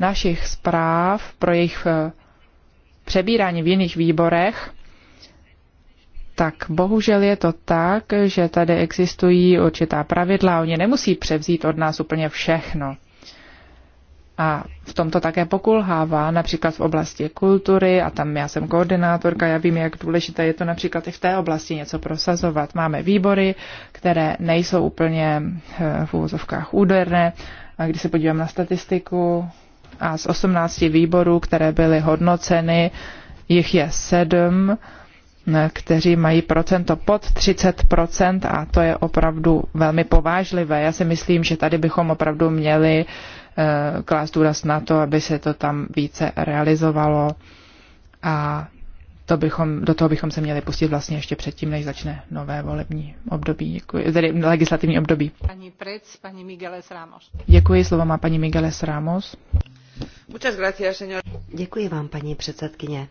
našich zpráv pro jejich eh, přebírání v jiných výborech, tak bohužel je to tak, že tady existují určitá pravidla, oni nemusí převzít od nás úplně všechno. A v tomto také pokulhává, například v oblasti kultury, a tam já jsem koordinátorka, já vím, jak důležité je to například i v té oblasti něco prosazovat. Máme výbory, které nejsou úplně eh, v úvozovkách úderné. A když se podívám na statistiku, a z 18 výborů, které byly hodnoceny, jich je sedm, kteří mají procento pod 30% a to je opravdu velmi povážlivé. Já si myslím, že tady bychom opravdu měli eh, klást důraz na to, aby se to tam více realizovalo a to bychom, do toho bychom se měli pustit vlastně ještě předtím, než začne nové volební období, děkuji, tedy legislativní období. Paní Prec, paní Migueles Ramos. Děkuji, slovo má paní Migueles Ramos. Děkuji vám, paní předsedkyně.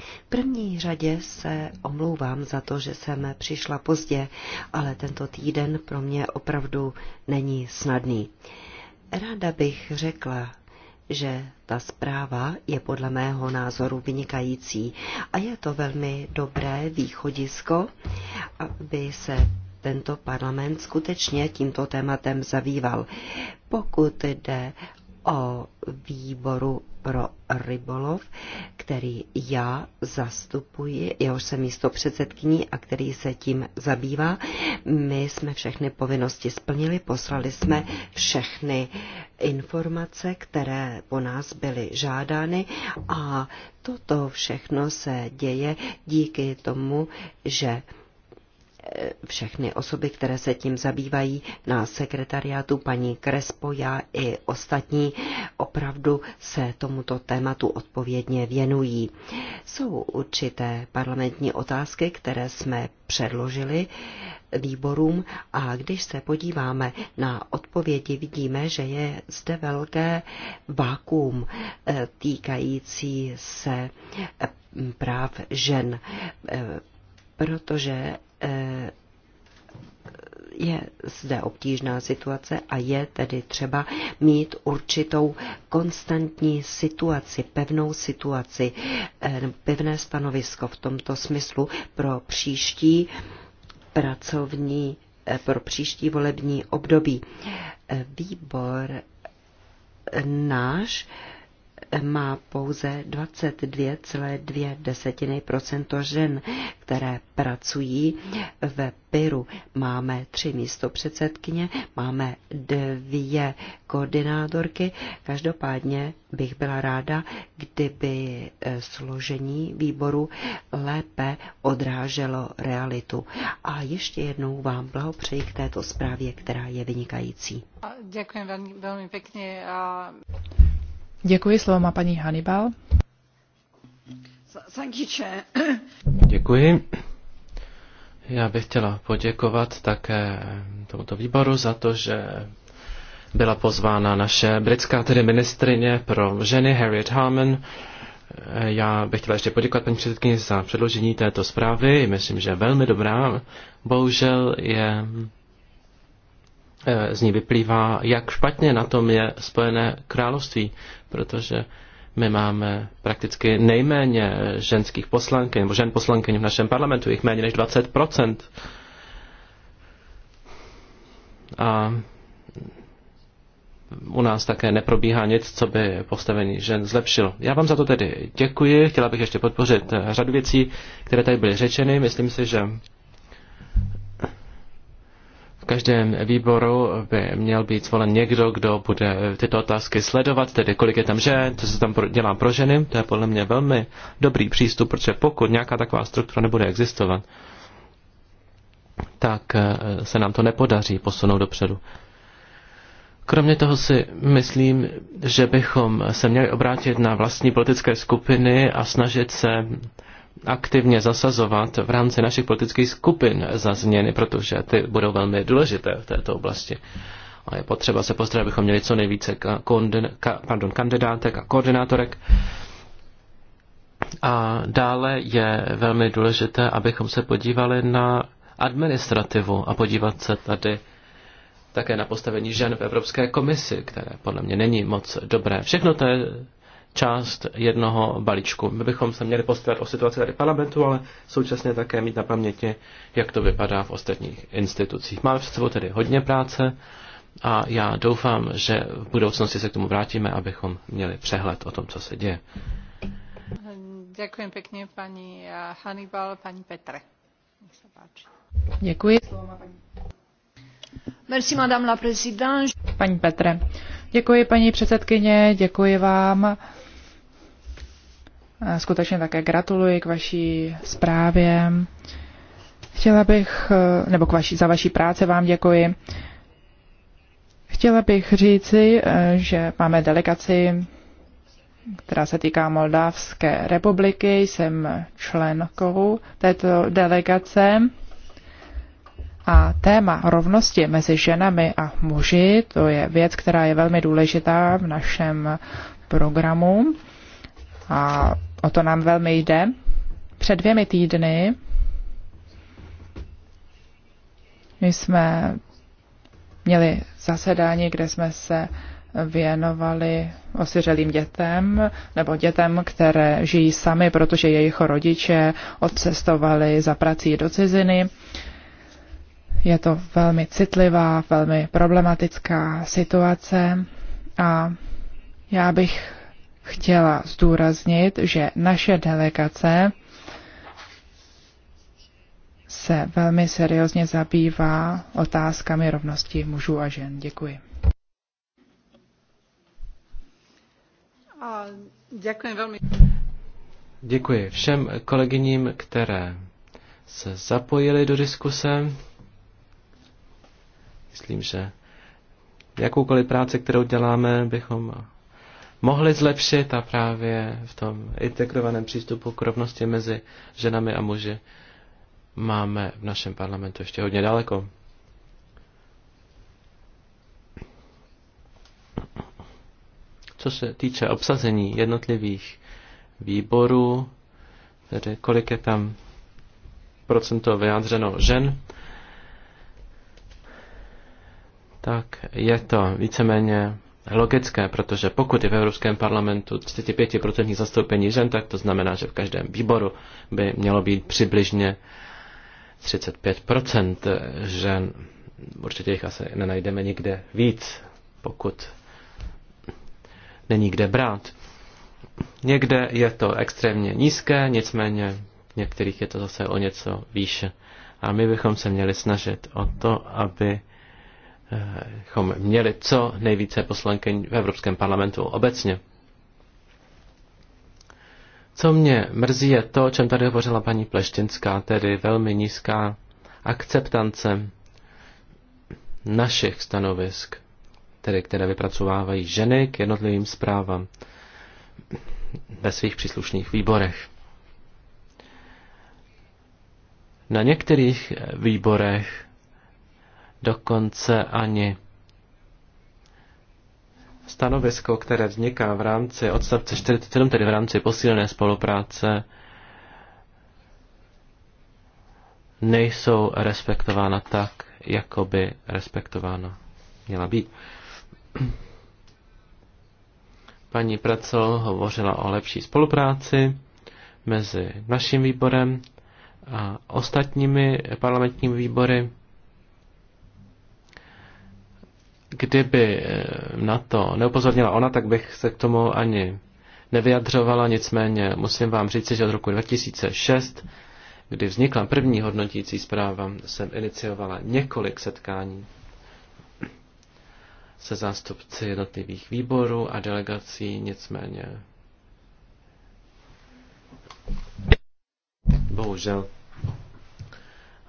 V první řadě se omlouvám za to, že jsem přišla pozdě, ale tento týden pro mě opravdu není snadný. Ráda bych řekla, že ta zpráva je podle mého názoru vynikající a je to velmi dobré východisko, aby se tento parlament skutečně tímto tématem zabýval. Pokud jde o výboru pro rybolov, který já zastupuji, už jsem místo předsedkyní a který se tím zabývá. My jsme všechny povinnosti splnili, poslali jsme všechny informace, které po nás byly žádány a toto všechno se děje díky tomu, že všechny osoby, které se tím zabývají na sekretariátu paní Krespo, já i ostatní opravdu se tomuto tématu odpovědně věnují. Jsou určité parlamentní otázky, které jsme předložili výborům a když se podíváme na odpovědi, vidíme, že je zde velké vákuum eh, týkající se eh, práv žen, eh, protože Eh, je zde obtížná situace a je tedy třeba mít určitou konstantní situaci, pevnou situaci, eh, pevné stanovisko v tomto smyslu pro příští pracovní, eh, pro příští volební období. Výbor náš má pouze 22,2% žen, které pracují ve Peru. Máme tři místo předsedkyně, máme dvě koordinátorky. Každopádně bych byla ráda, kdyby eh, složení výboru lépe odráželo realitu. A ještě jednou vám blahopřeji k této zprávě, která je vynikající. Děkuji velmi pěkně. A... Děkuji, slovo má paní Hannibal. Děkuji. Já bych chtěla poděkovat také tomuto výboru za to, že byla pozvána naše britská tedy ministrině pro ženy Harriet Harman. Já bych chtěla ještě poděkovat paní předsedkyni za předložení této zprávy. Myslím, že je velmi dobrá. Bohužel je, eh, z ní vyplývá, jak špatně na tom je Spojené království protože my máme prakticky nejméně ženských poslankyň, nebo žen poslankyň v našem parlamentu, jich méně než 20%. A u nás také neprobíhá nic, co by postavení žen zlepšilo. Já vám za to tedy děkuji. Chtěla bych ještě podpořit řadu věcí, které tady byly řečeny. Myslím si, že v každém výboru by měl být zvolen někdo, kdo bude tyto otázky sledovat, tedy kolik je tam žen, co se tam dělá pro ženy. To je podle mě velmi dobrý přístup, protože pokud nějaká taková struktura nebude existovat, tak eh, se nám to nepodaří posunout dopředu. Kromě toho si myslím, že bychom se měli obrátit na vlastní politické skupiny a snažit se aktivně zasazovat v rámci našich politických skupin za změny, protože ty budou velmi důležité v této oblasti. A je potřeba se postarat, abychom měli co nejvíce konden, ka, pardon, kandidátek a koordinátorek. A dále je velmi důležité, abychom se podívali na administrativu a podívat se tady také na postavení žen v Evropské komisi, které podle mě není moc dobré. Všechno to je část jednoho balíčku. My bychom se měli postarat o situaci tady parlamentu, ale současně také mít na paměti, jak to vypadá v ostatních institucích. Máme před sebou tedy hodně práce a já doufám, že v budoucnosti se k tomu vrátíme, abychom měli přehled o tom, co se děje. Děkuji pěkně paní eh, Hannibal, paní Petre. Děkuji. Merci, madame la présidente. Paní Petre. Děkuji, paní předsedkyně, děkuji vám skutečně také gratuluji k vaší zprávě. Chtěla bych, eh, nebo k vaší, za vaší práci vám děkuji. Chtěla bych říci, eh, že máme delegaci, která se týká Moldavské republiky. Jsem členkou této delegace. A téma rovnosti mezi ženami a muži, to je věc, která je velmi důležitá v našem programu. A o to nám velmi jde, před dvěmi týdny jsme měli zasedání, kde jsme se věnovali osiřelým dětem nebo dětem, které žijí sami, protože jejich rodiče odcestovali za prací do ciziny. Je to velmi citlivá, velmi problematická situace a já bych chtěla zdůraznit, že naše delegace se velmi seriózně zabývá otázkami rovnosti mužů a žen. Děkuji. A děkuji velmi. Děkuji všem kolegyním, které se zapojili do diskuse. Myslím, že jakoukoliv práci, kterou děláme, bychom mohli zlepšit a právě v tom integrovaném přístupu k rovnosti mezi ženami a muži máme v našem parlamentu ještě hodně daleko. Co se týče obsazení jednotlivých výborů, tedy kolik je tam procento vyjádřeno žen, tak je to víceméně logické, protože pokud je v Evropském parlamentu 35% zastoupení žen, tak to znamená, že v každém výboru by mělo být přibližně 35% žen. Určitě jich asi nenajdeme nikde víc, pokud není kde brát. Někde je to extrémně nízké, nicméně v některých je to zase o něco výše. A my bychom se měli snažit o to, aby měli co nejvíce poslankyň v Evropském parlamentu obecně. Co mě mrzí je to, o čem tady hovořila paní Pleštinská, tedy velmi nízká akceptance našich stanovisk, tedy které vypracovávají ženy k jednotlivým zprávám ve svých příslušných výborech. Na některých výborech dokonce ani stanovisko, které vzniká v rámci odstavce 47, tedy v rámci posílené spolupráce, nejsou respektována tak, jako by respektována měla být. Paní Praco hovořila o lepší spolupráci mezi naším výborem a ostatními parlamentními výbory. Kdyby eh, na to neupozornila ona, tak bych se k tomu ani nevyjadřovala, nicméně musím vám říct, že od roku 2006, kdy vznikla první hodnotící zpráva, jsem iniciovala několik setkání se zástupci jednotlivých výborů a delegací, nicméně bohužel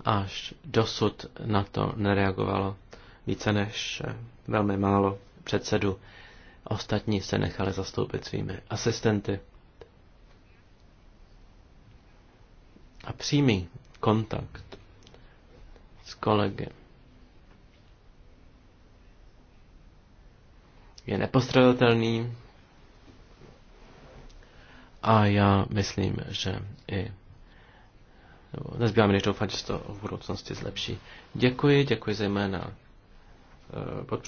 až dosud na to nereagovalo více než eh, velmi málo předsedu. Ostatní se nechali zastoupit svými asistenty. A přímý kontakt s kolegy je nepostradatelný a já myslím, že i nezbývá mi než doufat, že se to v budoucnosti zlepší. Děkuji, děkuji zejména Eh, pod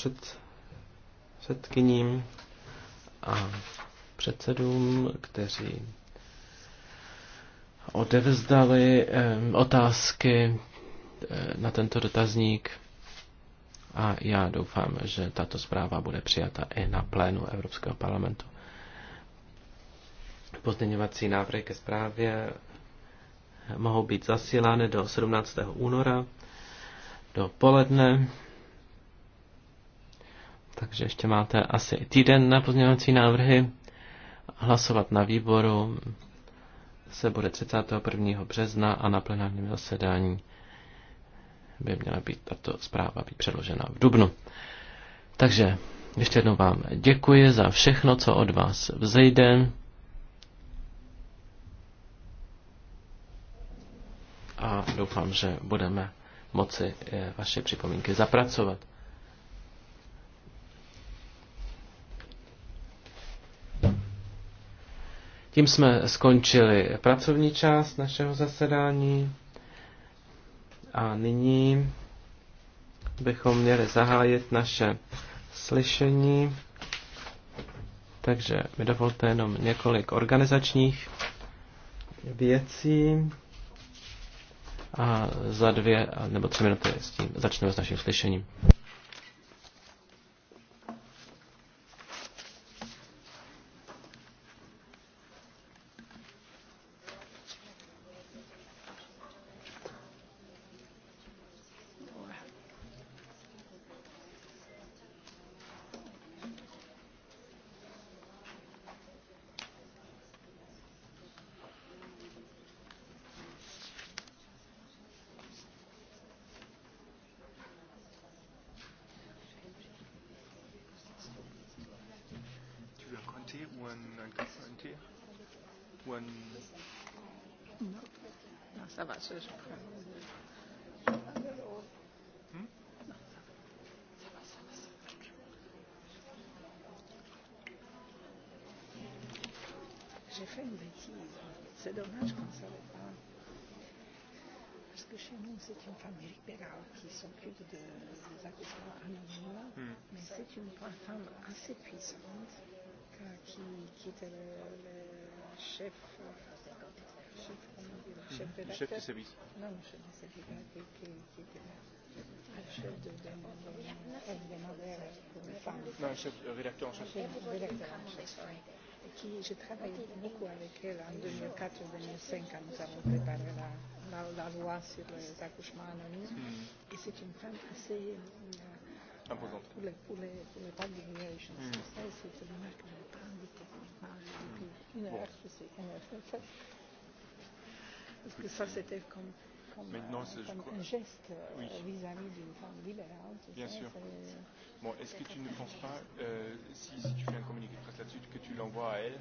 předsedkyním a předsedům, kteří odevzdali eh, otázky eh, na tento dotazník a já doufám, že tato zpráva bude přijata i na plénu Evropského parlamentu. Pozměňovací návrhy ke zprávě mohou být zasílány do 17. února do poledne. Takže ještě máte asi týden na pozměňovací návrhy. Hlasovat na výboru se bude 31. března a na plenárním zasedání by měla být tato zpráva být předložena v dubnu. Takže ještě jednou vám děkuji za všechno, co od vás vzejde. A doufám, že budeme moci eh, vaše připomínky zapracovat. Tím jsme skončili pracovní část našeho zasedání a nyní bychom měli zahájit naše slyšení. Takže mi dovolte jenom několik organizačních věcí a za dvě nebo tři minuty s tím začneme s naším slyšením. femmes Eric qui s'occupe de, des accouchements anonymes, mm. mais c'est une femme assez puissante qui, qui était le, le chef, chef, chef de chef du service. Non, le chef du service, qui, qui, qui était là. Le chef de, de, de, de, de, de, de, de, de, qui j'ai travaillé beaucoup avec elle en 2004-2005 quand nous avons préparé la, la, la loi sur les accouchements anonymes. Mm. Et c'est une femme assez euh, imposante pour les, pour les, pour les publications. Mm. Ça, c'est une marque de tant de témoignages depuis une heure. Bon. Je sais, une heure. Parce que ça, c'était comme comme, Maintenant, euh, comme crois... un geste euh, vis-à-vis oui. -vis d'une femme libérale. Tu Bien sais, sûr. Est... Bon, est-ce que tu ne penses pas, euh, si, si tu fais un communiqué de presse là-dessus, que tu l'envoies à elle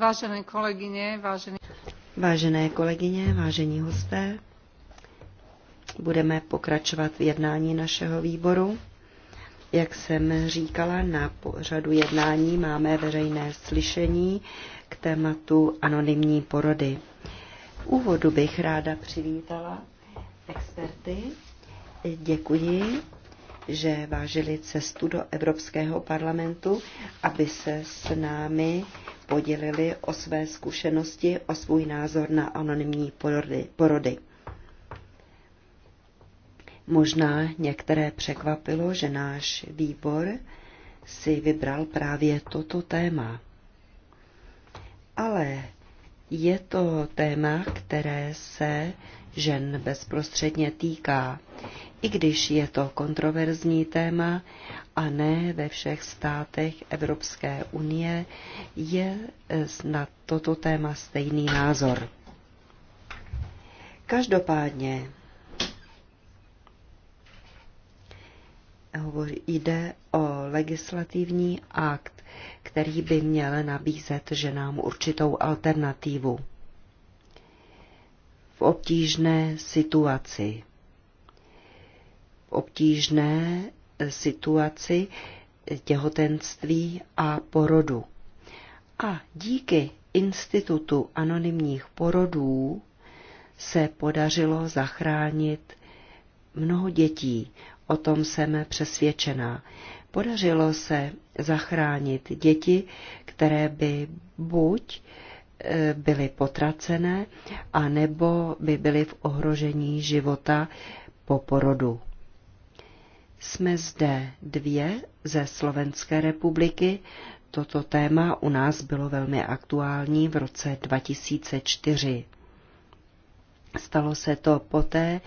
Vážené kolegyně, Vážené kolegyně, vážení hosté, budeme pokračovat v jednání našeho výboru. Jak jsem říkala, na pořadu jednání máme veřejné slyšení k tématu anonymní porody. V úvodu bych ráda přivítala experty. Děkuji, že vážili cestu do Evropského parlamentu, aby se s námi podělili o své zkušenosti, o svůj názor na anonymní porody. porody. Možná některé překvapilo, že náš výbor si vybral právě toto téma. Ale je to téma, které se žen bezprostředně týká, i když je to kontroverzní téma a ne ve všech státech Evropské unie je e, na toto téma stejný názor. Každopádně jde o legislativní akt, který by měl nabízet ženám určitou alternativu v obtížné situaci. V obtížné eh, situaci těhotenství a porodu. A díky institutu anonymních porodů se podařilo zachránit mnoho dětí. O tom jsem přesvědčená. Podařilo se zachránit děti, které by buď eh, Eh, byly potracené a nebo by byly v ohrožení života po porodu. Jsme zde dvě ze Slovenské republiky. Toto téma u nás bylo velmi aktuální v roce 2004. Stalo se to poté,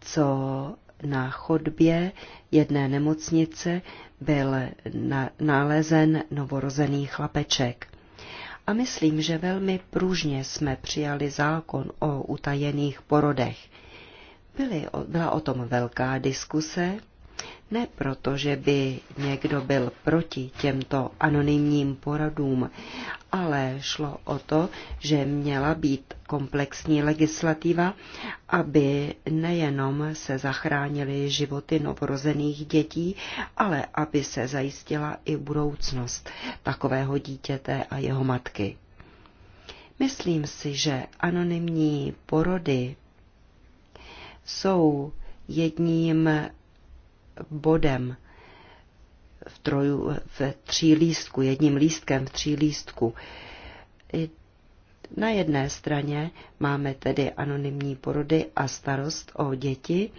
co na chodbě jedné nemocnice byl nalezen novorozený chlapeček a myslím, že velmi pružně jsme přijali zákon o utajených porodech. Byly, byla o tom velká diskuse, ne proto, že by někdo byl proti těmto anonymním poradům, ale šlo o to, že měla být komplexní legislativa, aby nejenom se zachránili životy novorozených dětí, ale aby se zajistila i budoucnost takového dítěte a jeho matky. Myslím si, že anonymní porody jsou jedním bodem v, troju, v tří lístku, jedním lístkem v tří lístku. Na jedné straně Máme tedy anonymní porody a starost o děti.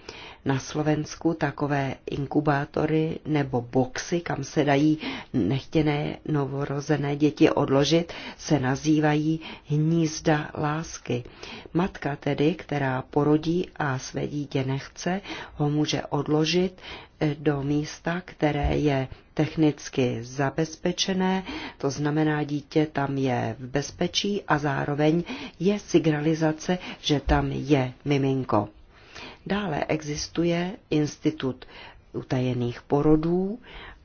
Na Slovensku takové inkubátory nebo boxy, kam se dají nechtěné novorozené děti odložit, se nazývají hnízda lásky. Matka tedy, která porodí a své dítě nechce, ho může odložit eh, do místa, které je technicky zabezpečené, to znamená dítě tam je v bezpečí a zároveň je signalizované realizace, že tam je miminko. Dále existuje institut utajených porodů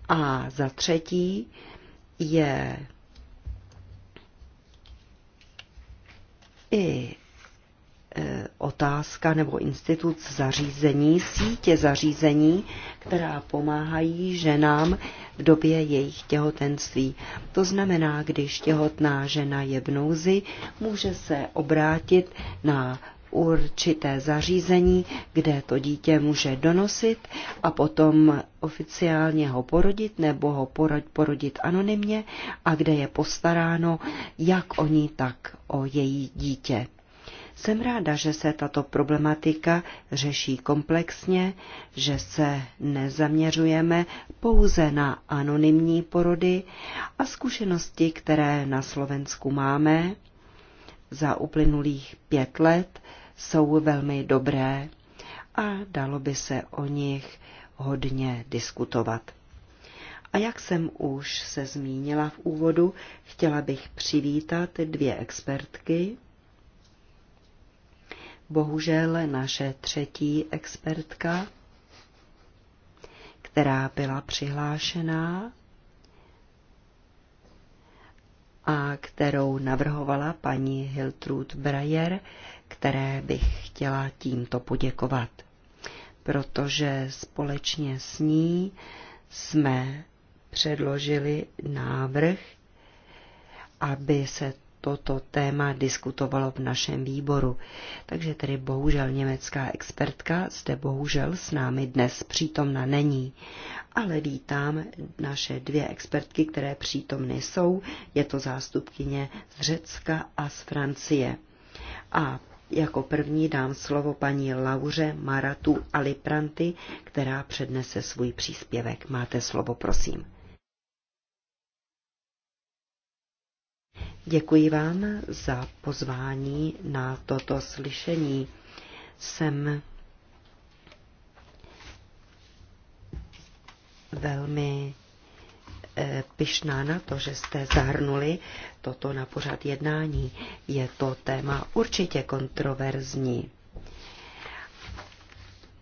a za třetí je i Eh, otázka nebo institut zařízení, sítě zařízení, která pomáhají ženám v době jejich těhotenství. To znamená, když těhotná žena je v nouzi, může se obrátit na určité zařízení, kde to dítě může donosit a potom oficiálně ho porodit nebo ho porodit anonymně a kde je postaráno jak o ní, tak o její dítě. Jsem ráda, že se tato problematika řeší komplexně, že se nezaměřujeme pouze na anonymní porody a zkušenosti, které na Slovensku máme za uplynulých pět let, jsou velmi dobré a dalo by se o nich hodně diskutovat. A jak jsem už se zmínila v úvodu, chtěla bych přivítat dvě expertky, Bohužel naše třetí expertka, která byla přihlášená a kterou navrhovala paní Hiltrud Brajer, které bych chtěla tímto poděkovat, protože společně s ní jsme předložili návrh, aby se toto téma diskutovalo v našem výboru. Takže tedy bohužel německá expertka zde bohužel s námi dnes přítomna není. Ale vítám naše dvě expertky, které přítomny jsou. Je to zástupkyně z Řecka a z Francie. A jako první dám slovo paní Lauře Maratu Alipranty, která přednese svůj příspěvek. Máte slovo, prosím. Děkuji vám za pozvání na toto slyšení. Jsem velmi eh, pyšná na to, že jste zahrnuli toto na pořad jednání. Je to téma určitě kontroverzní.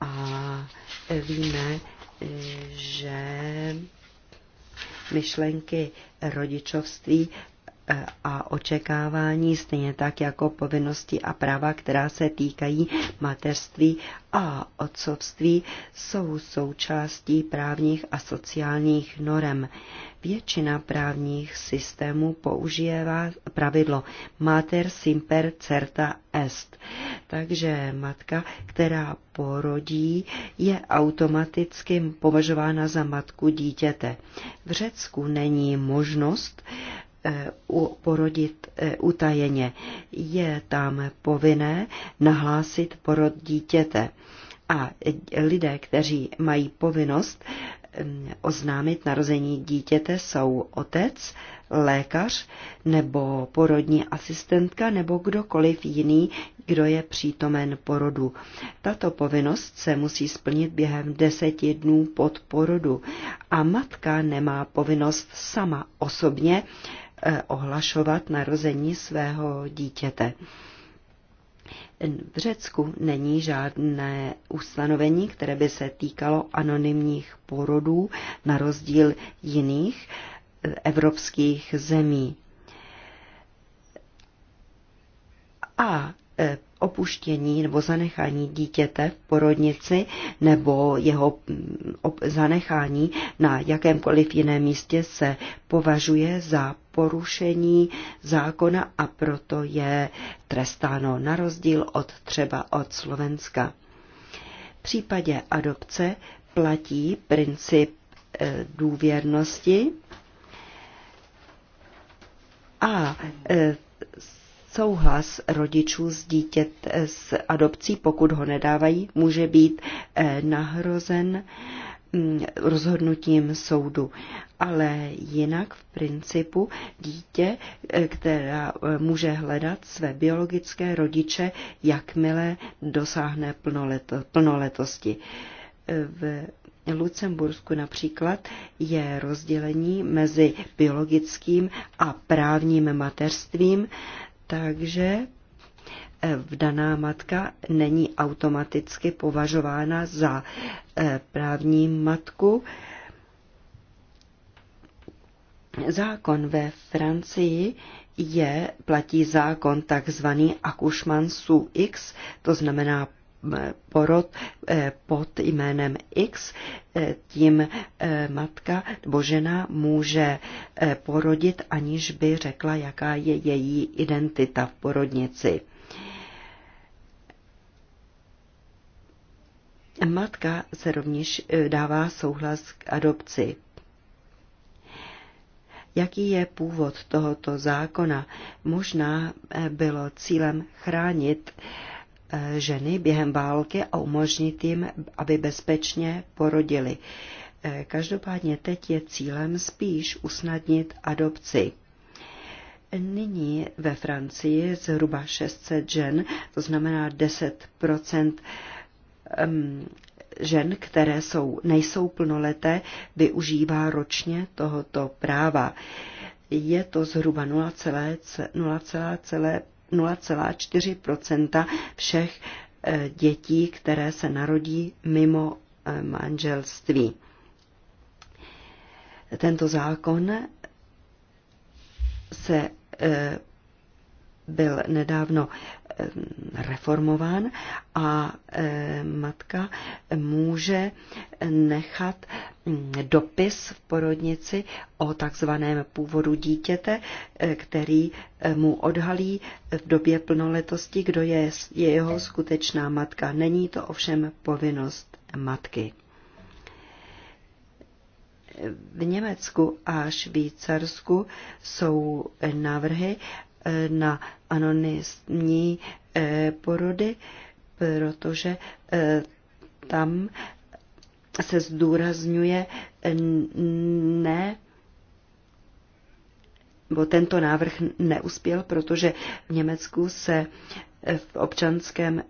A eh, víme, eh, že myšlenky rodičovství a očekávání, stejně tak jako povinnosti a práva, která se týkají mateřství a otcovství, jsou součástí právních a sociálních norem. Většina právních systémů používá pravidlo mater simper certa est, takže matka, která porodí, je automaticky považována za matku dítěte. V Řecku není možnost Eh, porodit eh, utajeně. Je tam povinné nahlásit porod dítěte. A lidé, kteří mají povinnost mm, oznámit narození dítěte, jsou otec, lékař nebo porodní asistentka nebo kdokoliv jiný, kdo je přítomen porodu. Tato povinnost se musí splnit během deseti dnů pod porodu a matka nemá povinnost sama osobně Eh, ohlašovat narození svého dítěte. V Řecku není žádné ustanovení, které by se týkalo anonymních porodů na rozdíl jiných eh, evropských zemí. A eh, opuštění nebo zanechání dítěte v porodnici nebo jeho mm, zanechání na jakémkoliv jiném místě se považuje za porušení zákona a proto je trestáno na rozdíl od třeba od Slovenska. V případě adopce platí princip e, důvěrnosti a e, souhlas rodičů s dítět s adopcí, pokud ho nedávají, může být eh, nahrozen mm, rozhodnutím soudu. Ale jinak v principu dítě, eh, která eh, může hledat své biologické rodiče, jakmile dosáhne plnoleto, plnoletosti. V Lucembursku například je rozdělení mezi biologickým a právním mateřstvím takže eh, vdaná matka není automaticky považována za eh, právní matku. Zákon ve Francii je, platí zákon takzvaný Akušman Su X, to znamená Eh, porod eh, pod jménem X, eh, tím matka nebo žena může porodit, aniž by řekla, jaká je její identita v porodnici. Matka se rovněž dává souhlas k adopci. Jaký je původ tohoto zákona? Možná bylo cílem chránit eh, Eh, ženy během války a umožnit jim, aby bezpečně porodili. Eh, každopádně teď je cílem spíš usnadnit adopci. Nyní ve Francii zhruba 600 žen, to znamená 10 žen, které jsou, nejsou plnoleté, využívá ročně tohoto práva. Je to zhruba 0,5 0,4 všech eh, dětí, které se narodí mimo eh, manželství. Tento zákon se eh, byl nedávno Eh, reformován a eh, matka může nechat mm, dopis v porodnici o takzvaném původu dítěte, eh, který mu odhalí v době plnoletosti, kdo je jeho skutečná matka. Není to ovšem povinnost matky v Německu a Švýcarsku jsou návrhy, na anonymní eh, porody, protože eh, tam se zdůrazňuje eh, ne bo tento návrh neuspěl, protože v Německu se v občanském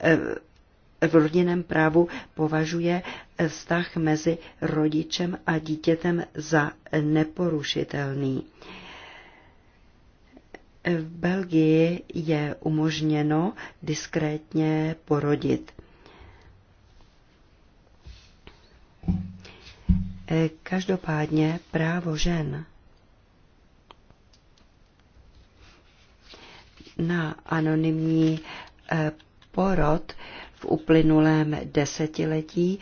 v rodinném právu považuje vztah mezi rodičem a dítětem za neporušitelný. V Belgii je umožněno diskrétně porodit. Každopádně právo žen na anonymní eh, porod v uplynulém desetiletí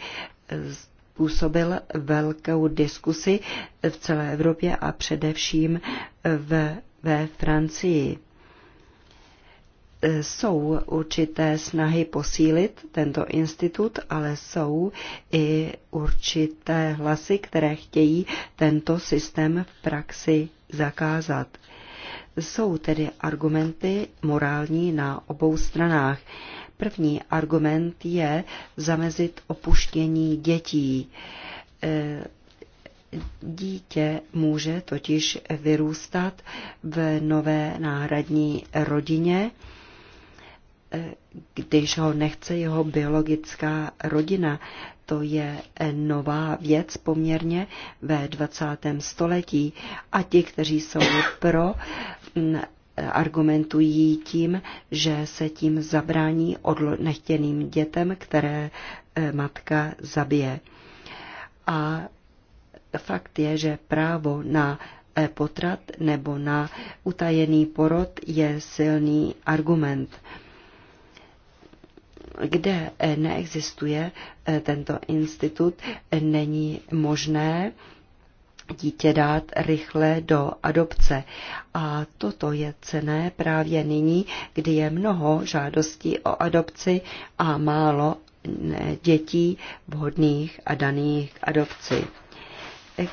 eh, způsobil velkou diskusi v celé Evropě a především v ve Francii. E, jsou určité snahy posílit tento institut, ale jsou i určité hlasy, které chtějí tento systém v praxi zakázat. Jsou tedy argumenty morální na obou stranách. První argument je zamezit opuštění dětí. E, Dítě může totiž vyrůstat v nové náhradní rodině, když ho nechce jeho biologická rodina. To je nová věc poměrně ve 20. století. A ti, kteří jsou pro, mm, argumentují tím, že se tím zabrání odlo- nechtěným dětem, které eh, matka zabije. A Fakt je, že právo na eh, potrat nebo na utajený porod je silný argument. Kde eh, neexistuje eh, tento institut, není možné dítě dát rychle do adopce. A toto je cené právě nyní, kdy je mnoho žádostí o adopci a málo dětí vhodných a daných k adopci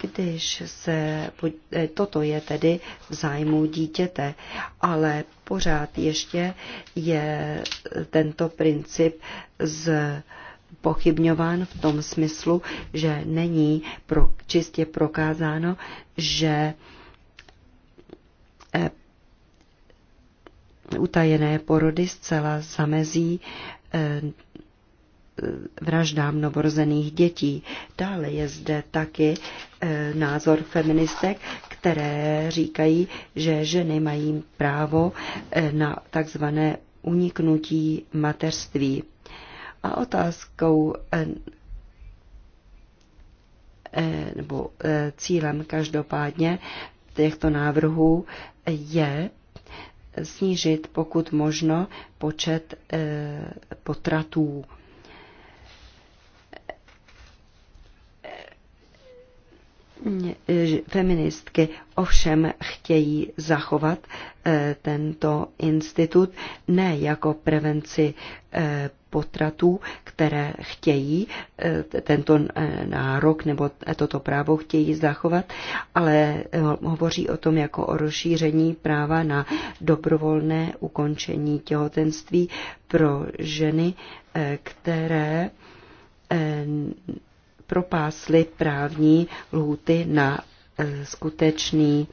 když se, eh, toto je tedy v zájmu dítěte, ale pořád ještě je tento princip z pochybňován v tom smyslu, že není pro, čistě prokázáno, že eh, utajené porody zcela zamezí eh, vraždám novorozených dětí. Dále je zde taky e, názor feministek, které říkají, že ženy mají právo e, na takzvané uniknutí mateřství. A otázkou e, nebo cílem každopádně těchto návrhů je snížit pokud možno počet potratů. E, feministky ovšem chtějí zachovat e, tento institut ne jako prevenci e, potratů, které chtějí tento nárok nebo toto právo chtějí zachovat, ale hovoří o tom jako o rozšíření práva na dobrovolné ukončení těhotenství pro ženy, které propásli právní lhuty na e, skutečný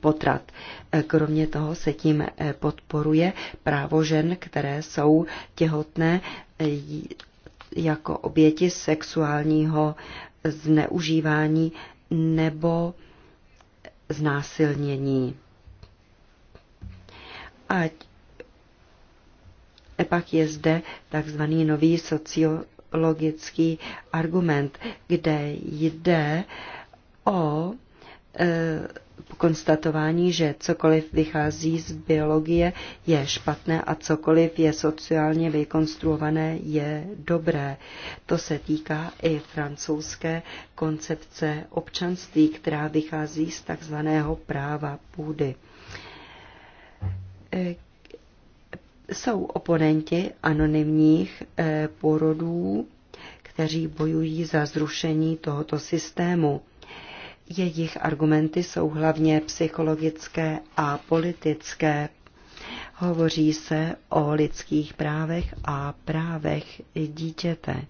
potrat. E, kromě toho se tím e, podporuje právo žen, které jsou těhotné jako oběti sexuálního zneužívání nebo znásilnění. Ať pak je zde takzvaný nový socio logický argument, kde jde o e, konstatování, že cokoliv vychází z biologie je špatné a cokoliv je sociálně vykonstruované je dobré. To se týká i francouzské koncepce občanství, která vychází z takzvaného práva půdy. E, jsou oponenti anonymních eh, porodů, kteří bojují za zrušení tohoto systému. Jejich argumenty jsou hlavně psychologické a politické. Hovoří se o lidských právech a právech dítěte.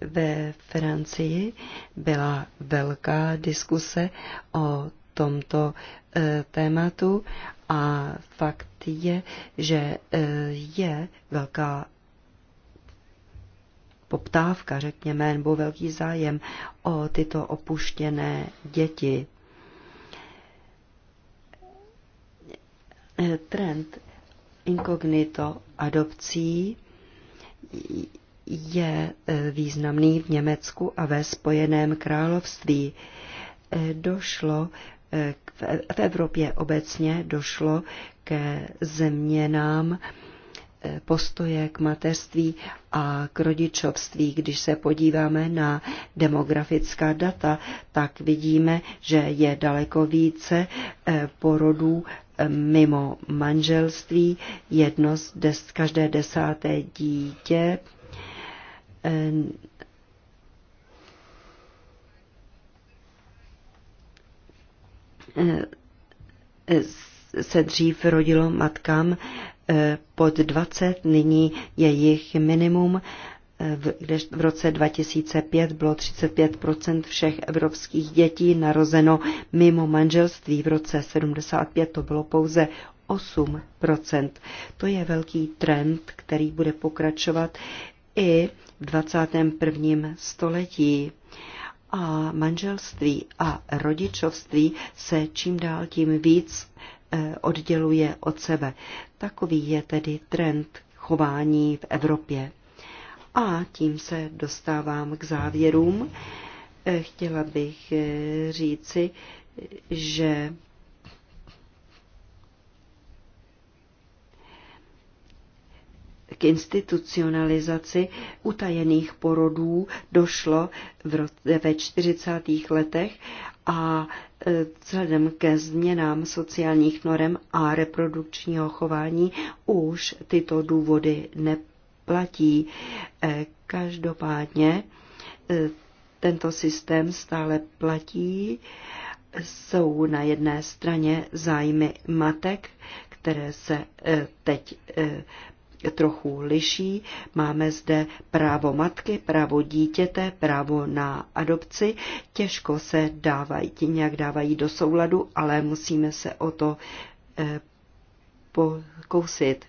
Ve Francii byla velká diskuse o tomto eh, tématu a fakt je, že eh, je velká poptávka, řekněme, nebo velký zájem o tyto opuštěné děti. Eh, trend inkognito adopcí je významný v Německu a ve Spojeném království. Došlo v Evropě obecně došlo ke změnám e, postoje k mateřství a k rodičovství. Když se podíváme na demografická data, tak vidíme, že je daleko více e, porodů e, mimo manželství. Jedno z des, každé desáté dítě Eh, se dřív rodilo matkám eh, pod 20, nyní je jich minimum. Eh, když kdež v roce 2005 bylo 35 všech evropských dětí narozeno mimo manželství, v roce 75 to bylo pouze 8 To je velký trend, který bude pokračovat i v 21. století a manželství a rodičovství se čím dál tím víc eh, odděluje od sebe. Takový je tedy trend chování v Evropě. A tím se dostávám k závěrům. Eh, chtěla bych eh, říci, že k institucionalizaci utajených porodů došlo v ro- ve 40. letech a e, vzhledem ke změnám sociálních norem a reprodukčního chování už tyto důvody neplatí. E, každopádně e, tento systém stále platí. Jsou na jedné straně zájmy matek, které se teď trochu liší. Máme zde právo matky, právo dítěte, právo na adopci. Těžko se dávají, ti nějak dávají do souladu, ale musíme se o to eh, pokousit.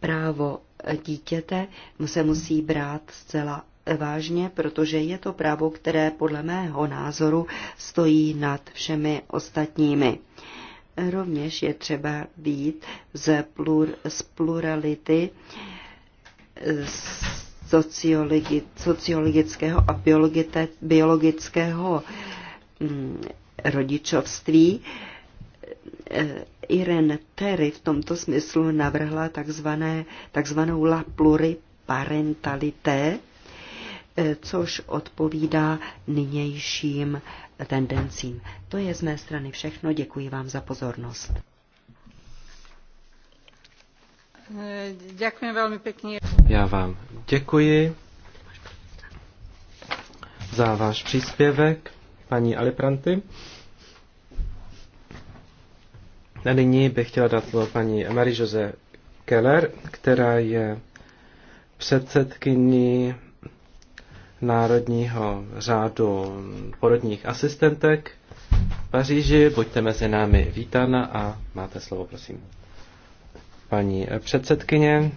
Právo dítěte se musí brát zcela vážně, protože je to právo, které podle mého názoru stojí nad všemi ostatními. Rovněž je třeba být z, plur, z plurality sociologického a biologického mm, rodičovství. Eh, Irene Terry v tomto smyslu navrhla takzvané, takzvanou la pluriparentalité, eh, což odpovídá nynějším tendencím. To je z mé strany všechno. Děkuji vám za pozornost. Děkuji velmi pěkně. Já vám děkuji za váš příspěvek, paní Alipranty. A nyní bych chtěla dát slovo paní marie jose Keller, která je předsedkyní Národního řádu porodních asistentek v Paříži. Buďte mezi námi vítána a máte slovo, prosím. Paní předsedkyně,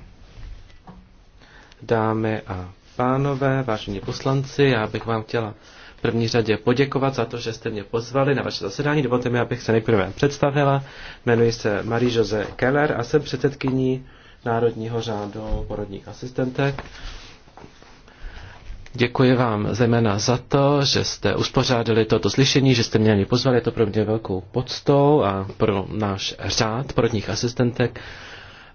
dámy a pánové, vážení poslanci, já bych vám chtěla v první řadě poděkovat za to, že jste mě pozvali na vaše zasedání. Dovolte mi, abych se nejprve představila. Jmenuji se Marie-José Keller a jsem předsedkyní Národního řádu porodních asistentek. Děkuji vám zejména za to, že jste uspořádali toto slyšení, že jste mě ani pozvali, je to pro mě velkou poctou a pro náš řád porodních asistentek.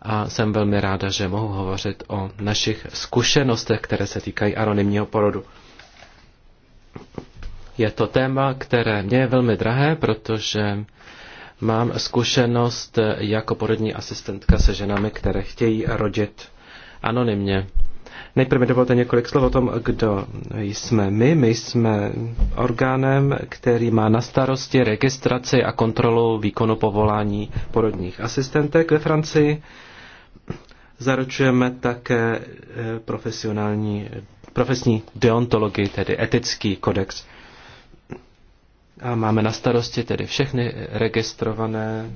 A jsem velmi ráda, že mohu hovořit o našich zkušenostech, které se týkají anonymního porodu. Je to téma, které mě je velmi drahé, protože mám zkušenost jako porodní asistentka se ženami, které chtějí rodit anonymně. Nejprve dovolte několik slov o tom, kdo jsme my. My jsme orgánem, který má na starosti registraci a kontrolu výkonu povolání porodních asistentek ve Francii. Zaručujeme také eh, profesionální, profesní deontologii, tedy etický kodex. A máme na starosti tedy všechny registrované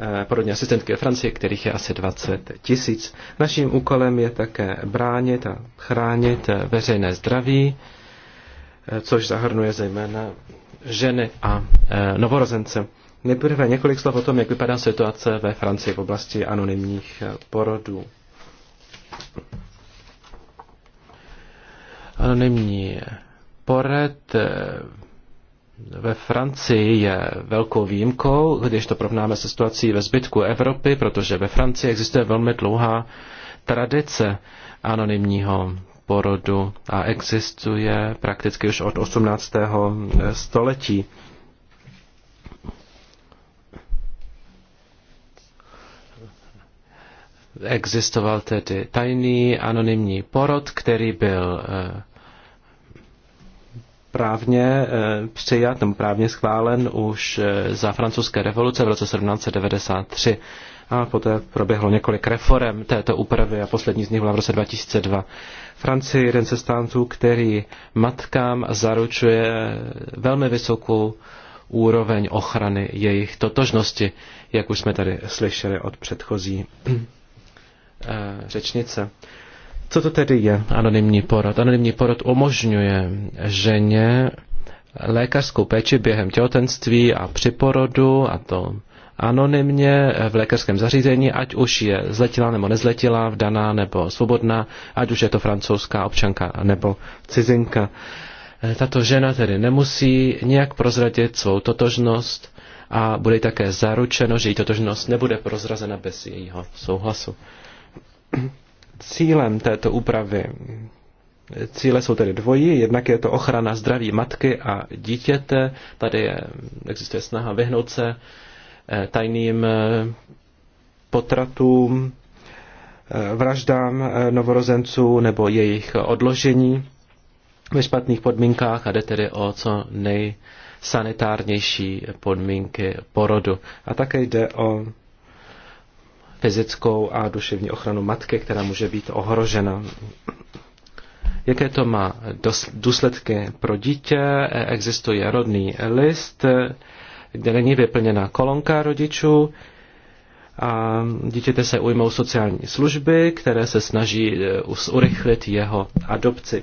Eh, porodní asistentky ve Francii, kterých je asi 20 tisíc. Naším úkolem je také bránit a chránit eh, veřejné zdraví, eh, což zahrnuje zejména ženy a novorozence. Nejprve několik slov o tom, jak vypadá situace ve Francii v oblasti anonymních porodů. Anonymní porod ve Francii je velkou výjimkou, když to porovnáme se situací ve zbytku Evropy, protože ve Francii existuje velmi dlouhá tradice anonymního porodu a existuje prakticky už od 18. století. Existoval tedy tajný anonymní porod, který byl eh, právně eh, přijat nebo právně schválen už eh, za francouzské revoluce v roce 1793 a poté proběhlo několik reform této úpravy a poslední z nich byla v roce 2002. Francie je jeden ze států, který matkám zaručuje velmi vysokou úroveň ochrany jejich totožnosti, jak už jsme tady slyšeli od předchozí eh, řečnice. Co to tedy je anonymní porod? Anonymní porod umožňuje ženě lékařskou péči během těhotenství a při porodu, a to anonymně v lékařském zařízení, ať už je zletila nebo nezletila, vdaná nebo svobodná, ať už je to francouzská občanka nebo cizinka. E, tato žena tedy nemusí nějak prozradit svou totožnost a bude také zaručeno, že její totožnost nebude prozrazena bez jejího souhlasu. Cílem této úpravy Cíle jsou tedy dvojí, jednak je to ochrana zdraví matky a dítěte, tady je, existuje snaha vyhnout se eh, tajným eh, potratům, eh, vraždám novorozenců nebo jejich odložení ve špatných podmínkách a jde tedy o co nejsanitárnější podmínky porodu. A také jde o fyzickou a duševní ochranu matky, která může být ohrožena. Jaké to má důsledky pro dítě? Existuje rodný list, kde není vyplněna kolonka rodičů a dítěte se ujmou sociální služby, které se snaží eh, urychlit jeho adopci.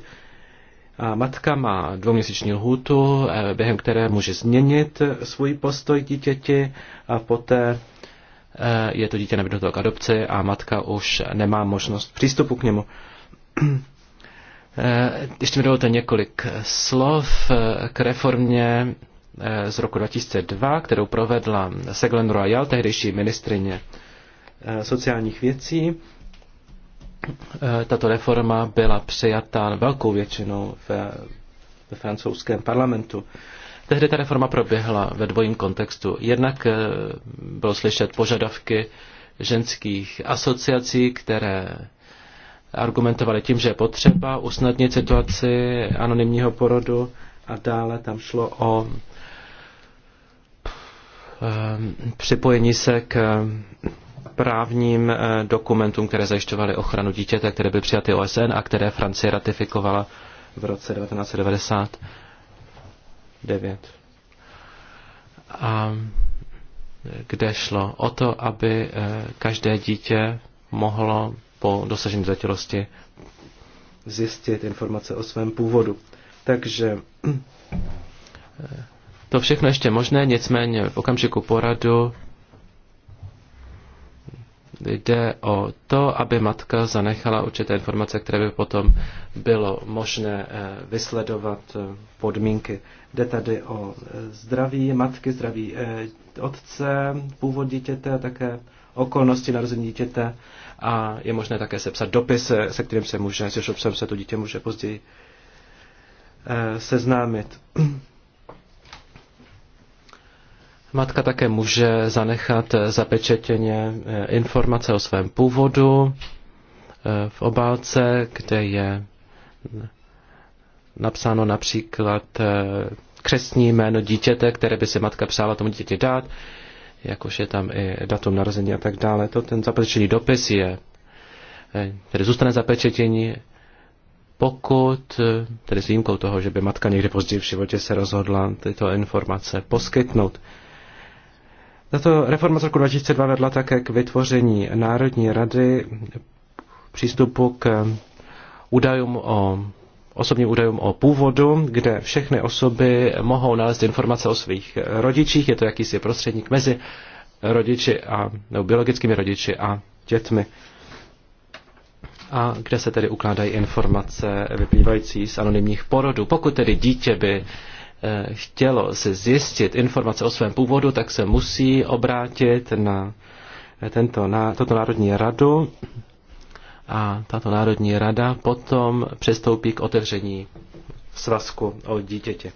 A matka má dvouměsíční lhůtu, eh, během které může změnit svůj postoj dítěti a poté Eh, je to dítě nebylo k adopci a matka už nemá možnost přístupu k němu. Eh, ještě mi dovolte několik slov eh, k reformě z roku 2002, kterou provedla Seglen Royal, tehdejší ministrině sociálních věcí. Tato reforma byla přijata velkou většinou ve, ve francouzském parlamentu. Tehdy ta reforma proběhla ve dvojím kontextu. Jednak eh, bylo slyšet požadavky ženských asociací, které argumentovali tím, že je potřeba usnadnit situaci anonymního porodu a dále tam šlo o eh, připojení se k právním eh, dokumentům, které zajišťovaly ochranu dítěte, které byly přijaty OSN a které Francie ratifikovala v roce 1990. 9. A kde šlo o to, aby eh, každé dítě mohlo po dosažení zletilosti zjistit informace o svém původu. Takže eh, to všechno ještě možné, nicméně v okamžiku poradu jde o to, aby matka zanechala určité informace, které by potom bylo možné eh, vysledovat podmínky Jde tady o e, zdraví matky, zdraví e, otce, původ dítěte, také okolnosti narození dítěte a je možné také sepsat dopis, e, se kterým se může, se šopsem se to dítě může později seznámit. Matka také může zanechat zapečetěně informace o svém původu v obálce, kde je napsáno například eh, křesní jméno dítěte, které by se matka přála tomu dítěti dát, jakož je tam i datum narození a tak dále. To ten zapečetění dopis je, eh, tedy zůstane zapečetění, pokud, eh, tedy s výjimkou toho, že by matka někdy později v životě se rozhodla tyto informace poskytnout. Tato reforma z roku 2002 vedla také k vytvoření Národní rady přístupu k údajům o osobním údajům o původu, kde všechny osoby mohou nalézt informace o svých rodičích. Je to jakýsi prostředník mezi rodiči a, nebo biologickými rodiči a dětmi. A kde se tedy ukládají informace vyplývající z anonymních porodů. Pokud tedy dítě by eh, chtělo se zjistit informace o svém původu, tak se musí obrátit na, tento, na toto Národní radu a tato Národní rada potom přestoupí k otevření svazku o dítěti.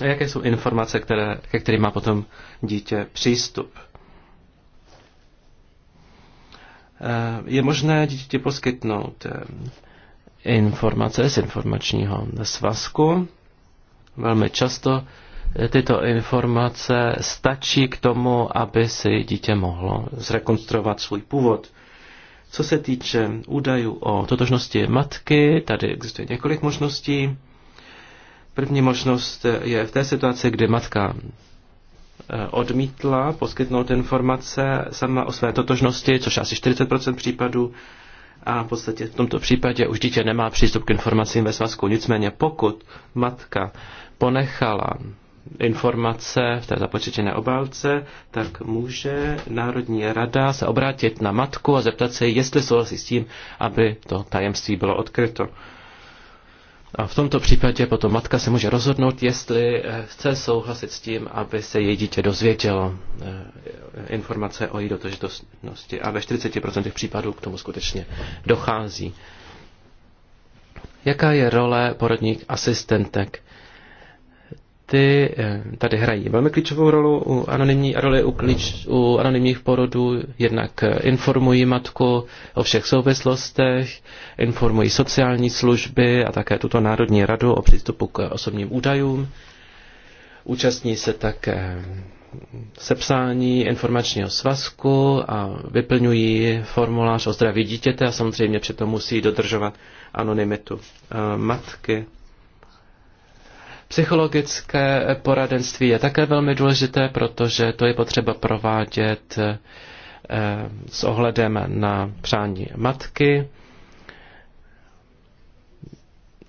A jaké jsou informace, které, ke kterým má potom dítě přístup? Eh, je možné dítěti poskytnout eh, informace z informačního svazku. Velmi často eh, tyto informace stačí k tomu, aby si dítě mohlo zrekonstruovat svůj původ. Co se týče údajů o totožnosti matky, tady existuje několik možností. První možnost je v té situaci, kdy matka eh, odmítla poskytnout informace sama o své totožnosti, což je asi 40% případů, a v podstatě v tomto případě už dítě nemá přístup k informacím ve svazku. Nicméně pokud matka ponechala informace v té započetěné obálce, tak může Národní rada se obrátit na matku a zeptat se, jestli souhlasí s tím, aby to tajemství bylo odkryto. A v tomto případě potom matka se může rozhodnout, jestli eh, chce souhlasit s tím, aby se její dítě dozvědělo eh, informace o její dotožitosti. A ve 40% případů k tomu skutečně dochází. Jaká je role porodních asistentek? ty eh, tady hrají velmi klíčovou rolu u anonymní roli u, klíč, u anonymních porodů. Jednak eh, informují matku o všech souvislostech, informují sociální služby a také tuto Národní radu o přístupu k osobním údajům. Účastní se také sepsání informačního svazku a vyplňují formulář o zdraví dítěte a samozřejmě přitom musí dodržovat anonymitu eh, matky. Psychologické poradenství je také velmi důležité, protože to je potřeba provádět eh, s ohledem na přání matky.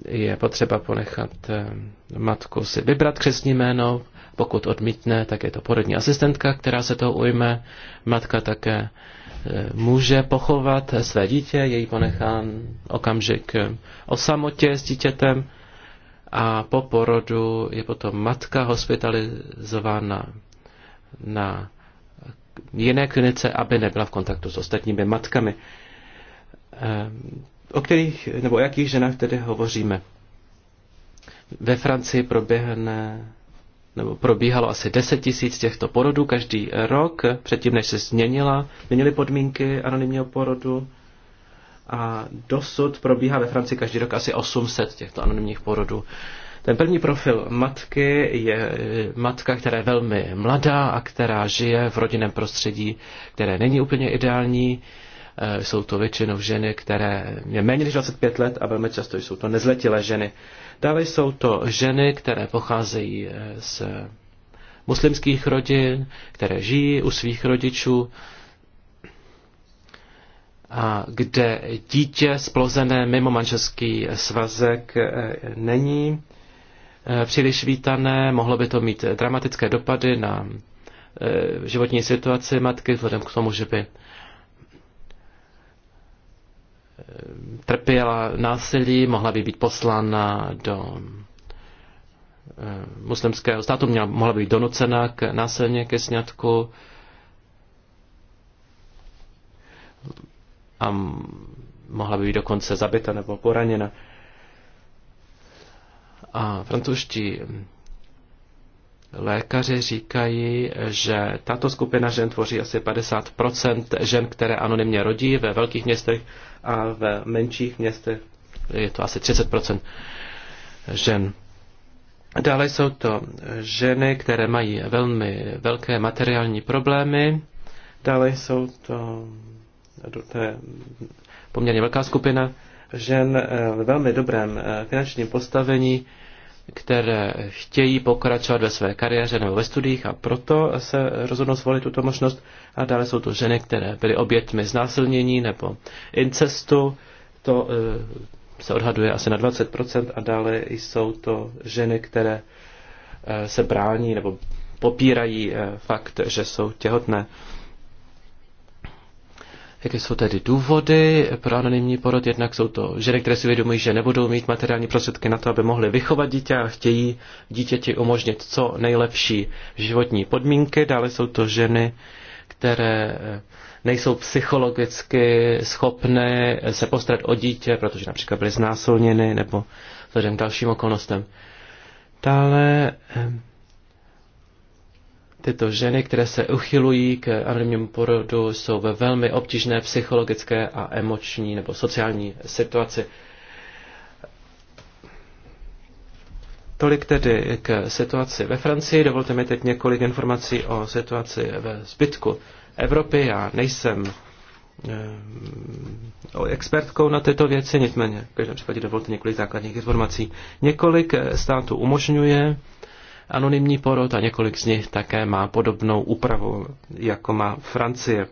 Je potřeba ponechat eh, matku si vybrat křesní jméno. Pokud odmítne, tak je to porodní asistentka, která se toho ujme. Matka také eh, může pochovat své dítě, její ponechán okamžik o samotě s dítětem a po porodu je potom matka hospitalizována na jiné klinice, aby nebyla v kontaktu s ostatními matkami. Eh, o kterých, nebo o jakých ženách tedy hovoříme? Ve Francii proběhne nebo probíhalo asi 10 tisíc těchto porodů každý rok, předtím, než se změnila, měnily podmínky anonymního porodu a dosud probíhá ve Francii každý rok asi 800 těchto anonymních porodů. Ten první profil matky je eh, matka, která je velmi mladá a která žije v rodinném prostředí, které není úplně ideální. Eh, jsou to většinou ženy, které je méně než 25 let a velmi často jsou to nezletilé ženy. Dále jsou to ženy, které pocházejí eh, z muslimských rodin, které žijí u svých rodičů, a kde dítě splozené mimo manželský svazek e, není e, příliš vítané, mohlo by to mít dramatické dopady na e, životní situaci matky, vzhledem k tomu, že by trpěla násilí, mohla by být poslána do muslimského státu, měla, mohla být donucena k násilně ke sňatku a mohla by být dokonce zabita nebo poraněna. A francouzští lékaři říkají, že tato skupina žen tvoří asi 50 žen, které anonymně rodí ve velkých městech a ve menších městech je to asi 30 žen. Dále jsou to ženy, které mají velmi velké materiální problémy. Dále jsou to to je poměrně velká skupina žen eh, v velmi dobrém eh, finančním postavení, které chtějí pokračovat ve své kariéře nebo ve studiích a proto se rozhodnou zvolit tuto možnost. A dále jsou to ženy, které byly obětmi znásilnění nebo incestu. To eh, se odhaduje asi na 20% a dále jsou to ženy, které se brání nebo popírají fakt, že jsou těhotné. Jaké jsou tedy důvody pro anonymní porod? Jednak jsou to ženy, které si vědomují, že nebudou mít materiální prostředky na to, aby mohly vychovat dítě a chtějí dítěti umožnit co nejlepší životní podmínky. Dále jsou to ženy, které eh, nejsou psychologicky schopné se postarat o dítě, protože například byly znásilněny nebo vzhledem k dalším okolnostem. Dále eh, Tyto ženy, které se uchylují k anonymnímu porodu, jsou ve velmi obtížné psychologické a emoční nebo sociální situaci. Tolik tedy k situaci ve Francii. Dovolte mi teď několik informací o situaci ve zbytku Evropy. Já nejsem eh, expertkou na tyto věci, nicméně v každém případě dovolte několik základních informací. Několik států umožňuje anonymní porod a několik z nich také má podobnou úpravu, jako má Francie.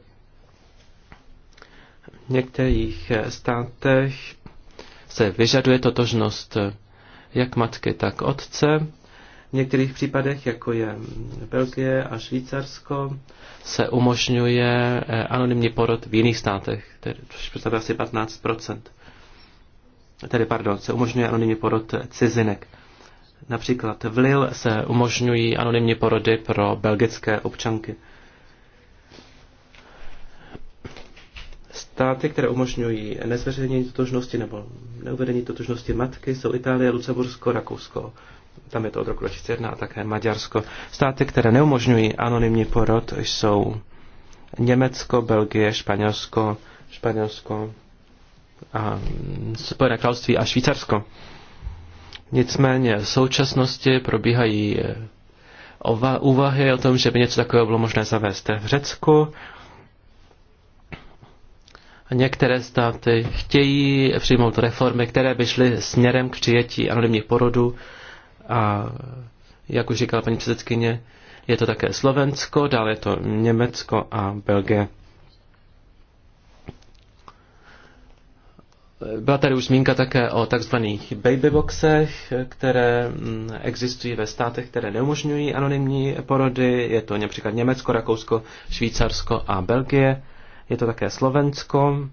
V některých eh, státech se vyžaduje totožnost eh, jak matky, tak otce. V některých případech, jako je Belgie a Švýcarsko, se umožňuje eh, anonymní porod v jiných státech, což představuje asi 15 Tedy, pardon, se umožňuje anonymní porod cizinek. Například v Lille se umožňují anonymní porody pro belgické občanky. Státy, které umožňují nezveřejnění totožnosti nebo neuvedení totožnosti matky, jsou Itálie, Lucembursko, Rakousko. Tam je to od roku 2001 a také Maďarsko. Státy, které neumožňují anonymní porod, jsou Německo, Belgie, Španělsko, Španělsko, a Spojené království a Švýcarsko. Nicméně v současnosti probíhají eh, ova, úvahy o tom, že by něco takového bylo možné zavést v Řecku. A Některé státy chtějí přijmout reformy, které by šly směrem k přijetí anonymních porodů a jak už říkala paní předsedkyně, je to také Slovensko, dále je to Německo a Belgie. Byla tady už zmínka také o takzvaných babyboxech, které mm, existují ve státech, které neumožňují anonymní porody. Je to například Německo, Rakousko, Švýcarsko a Belgie. Je to také Slovensko.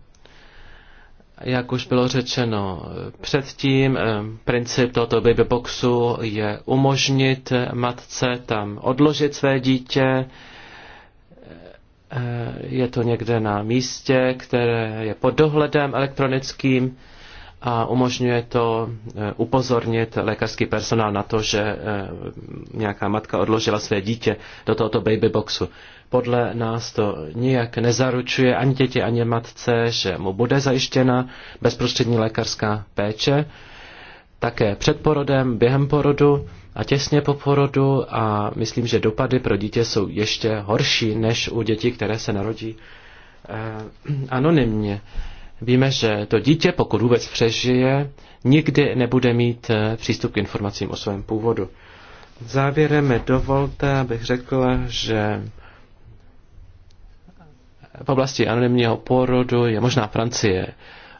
Jak už bylo řečeno předtím, eh, princip tohoto babyboxu je umožnit matce tam odložit své dítě, Eh, je to někde na místě, které je pod dohledem elektronickým a umožňuje to eh, upozornit lékařský personál na to, že eh, nějaká matka odložila své dítě do tohoto baby boxu. Podle nás to nijak nezaručuje ani děti, ani matce, že mu bude zajištěna bezprostřední lékařská péče, také před porodem, během porodu a těsně po porodu a myslím, že dopady pro dítě jsou ještě horší než u dětí, které se narodí eh, anonymně. Víme, že to dítě, pokud vůbec přežije, nikdy nebude mít eh, přístup k informacím o svém původu. Závěrem mi dovolte, abych řekl, že v oblasti anonymního porodu je možná Francie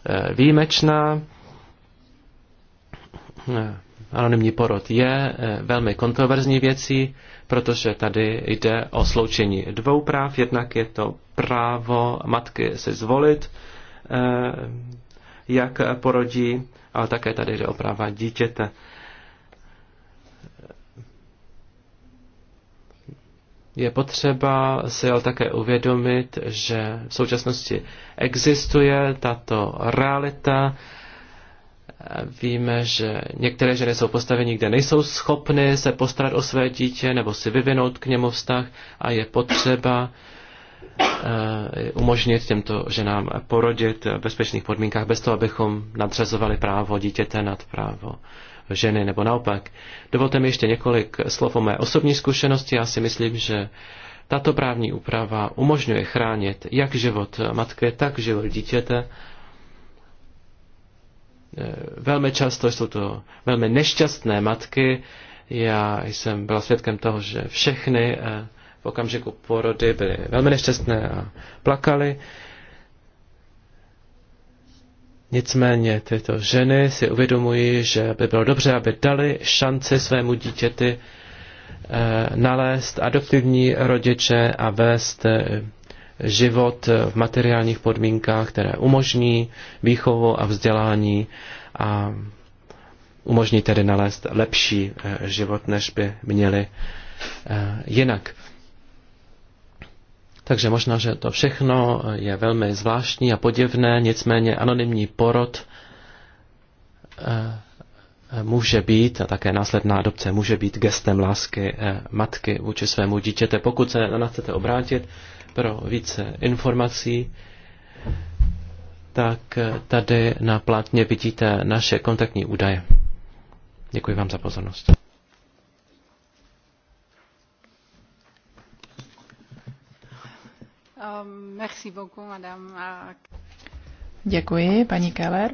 eh, výjimečná anonymní porod je eh, velmi kontroverzní věcí, protože tady jde o sloučení dvou práv. Jednak je to právo matky si zvolit, eh, jak porodí, ale také tady jde o práva dítěte. Je potřeba si ale také uvědomit, že v současnosti existuje tato realita, Víme, že některé ženy jsou postaveny, kde nejsou schopny se postarat o své dítě nebo si vyvinout k němu vztah a je potřeba eh, umožnit těmto ženám porodit v bezpečných podmínkách bez toho, abychom nadřazovali právo dítěte nad právo ženy nebo naopak. Dovolte mi ještě několik slov o mé osobní zkušenosti. Já si myslím, že tato právní úprava umožňuje chránit jak život matky, tak život dítěte Eh, velmi často jsou to velmi nešťastné matky. Já jsem byla svědkem toho, že všechny eh, v okamžiku porody byly velmi nešťastné a plakaly. Nicméně tyto ženy si uvědomují, že by bylo dobře, aby dali šanci svému dítěti eh, nalézt adoptivní rodiče a vést život v materiálních podmínkách, které umožní výchovu a vzdělání a umožní tedy nalézt lepší eh, život, než by měli eh, jinak. Takže možná, že to všechno eh, je velmi zvláštní a podivné, nicméně anonymní porod může být a také následná adopce může být gestem lásky matky vůči svému dítěte. Pokud se na nás chcete obrátit, pro více informací, tak tady na plátně vidíte naše kontaktní údaje. Děkuji vám za pozornost. Um, Děkuji, paní Keller.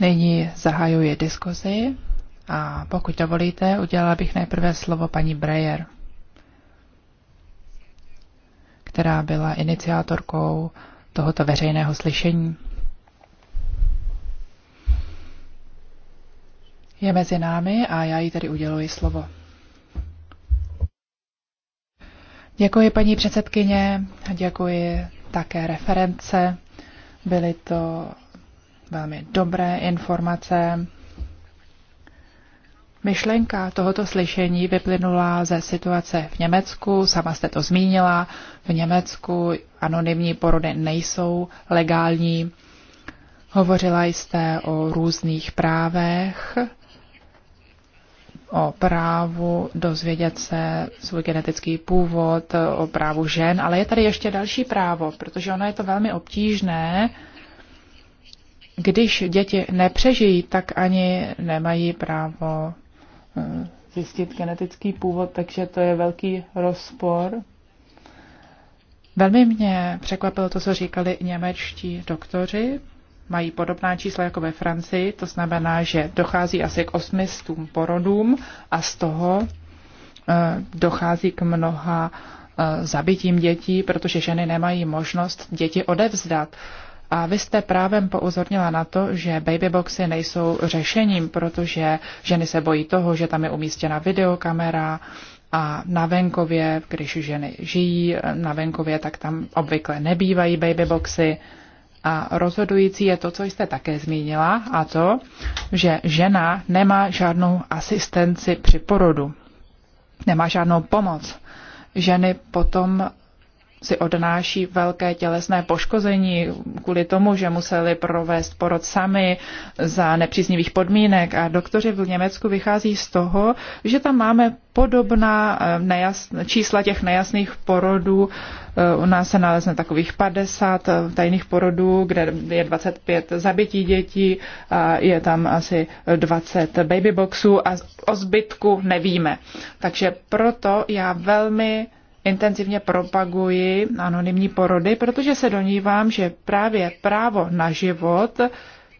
Nyní zahajuji diskuzi a pokud dovolíte, udělala bych nejprve slovo paní Breyer která byla iniciátorkou tohoto veřejného slyšení. Je mezi námi a já jí tady uděluji slovo. Děkuji paní předsedkyně, děkuji také reference. Byly to velmi dobré informace Myšlenka tohoto slyšení vyplynula ze situace v Německu, sama jste to zmínila, v Německu anonymní porody nejsou legální. Hovořila jste o různých právech, o právu dozvědět se svůj genetický původ, o právu žen, ale je tady ještě další právo, protože ono je to velmi obtížné. Když děti nepřežijí, tak ani nemají právo Eh, zjistit genetický původ, takže to je velký rozpor. Velmi mě překvapilo to, co říkali němečtí doktoři. Mají podobná čísla jako ve Francii, to znamená, že dochází asi k osmistům porodům a z toho eh, dochází k mnoha eh, zabitím dětí, protože ženy nemají možnost děti odevzdat. A vy jste právem pouzornila na to, že babyboxy nejsou řešením, protože ženy se bojí toho, že tam je umístěna videokamera a na venkově, když ženy žijí na venkově, tak tam obvykle nebývají babyboxy. A rozhodující je to, co jste také zmínila, a to, že žena nemá žádnou asistenci při porodu, nemá žádnou pomoc. Ženy potom si odnáší velké tělesné poškození kvůli tomu, že museli provést porod sami za nepříznivých podmínek. A doktoři v Německu vychází z toho, že tam máme podobná eh, nejasn, čísla těch nejasných porodů. Eh, u nás se nalezne takových 50 eh, tajných porodů, kde je 25 zabití dětí, a je tam asi 20 babyboxů a o zbytku nevíme. Takže proto já velmi intenzivně propaguji anonymní porody, protože se donívám, že právě právo na život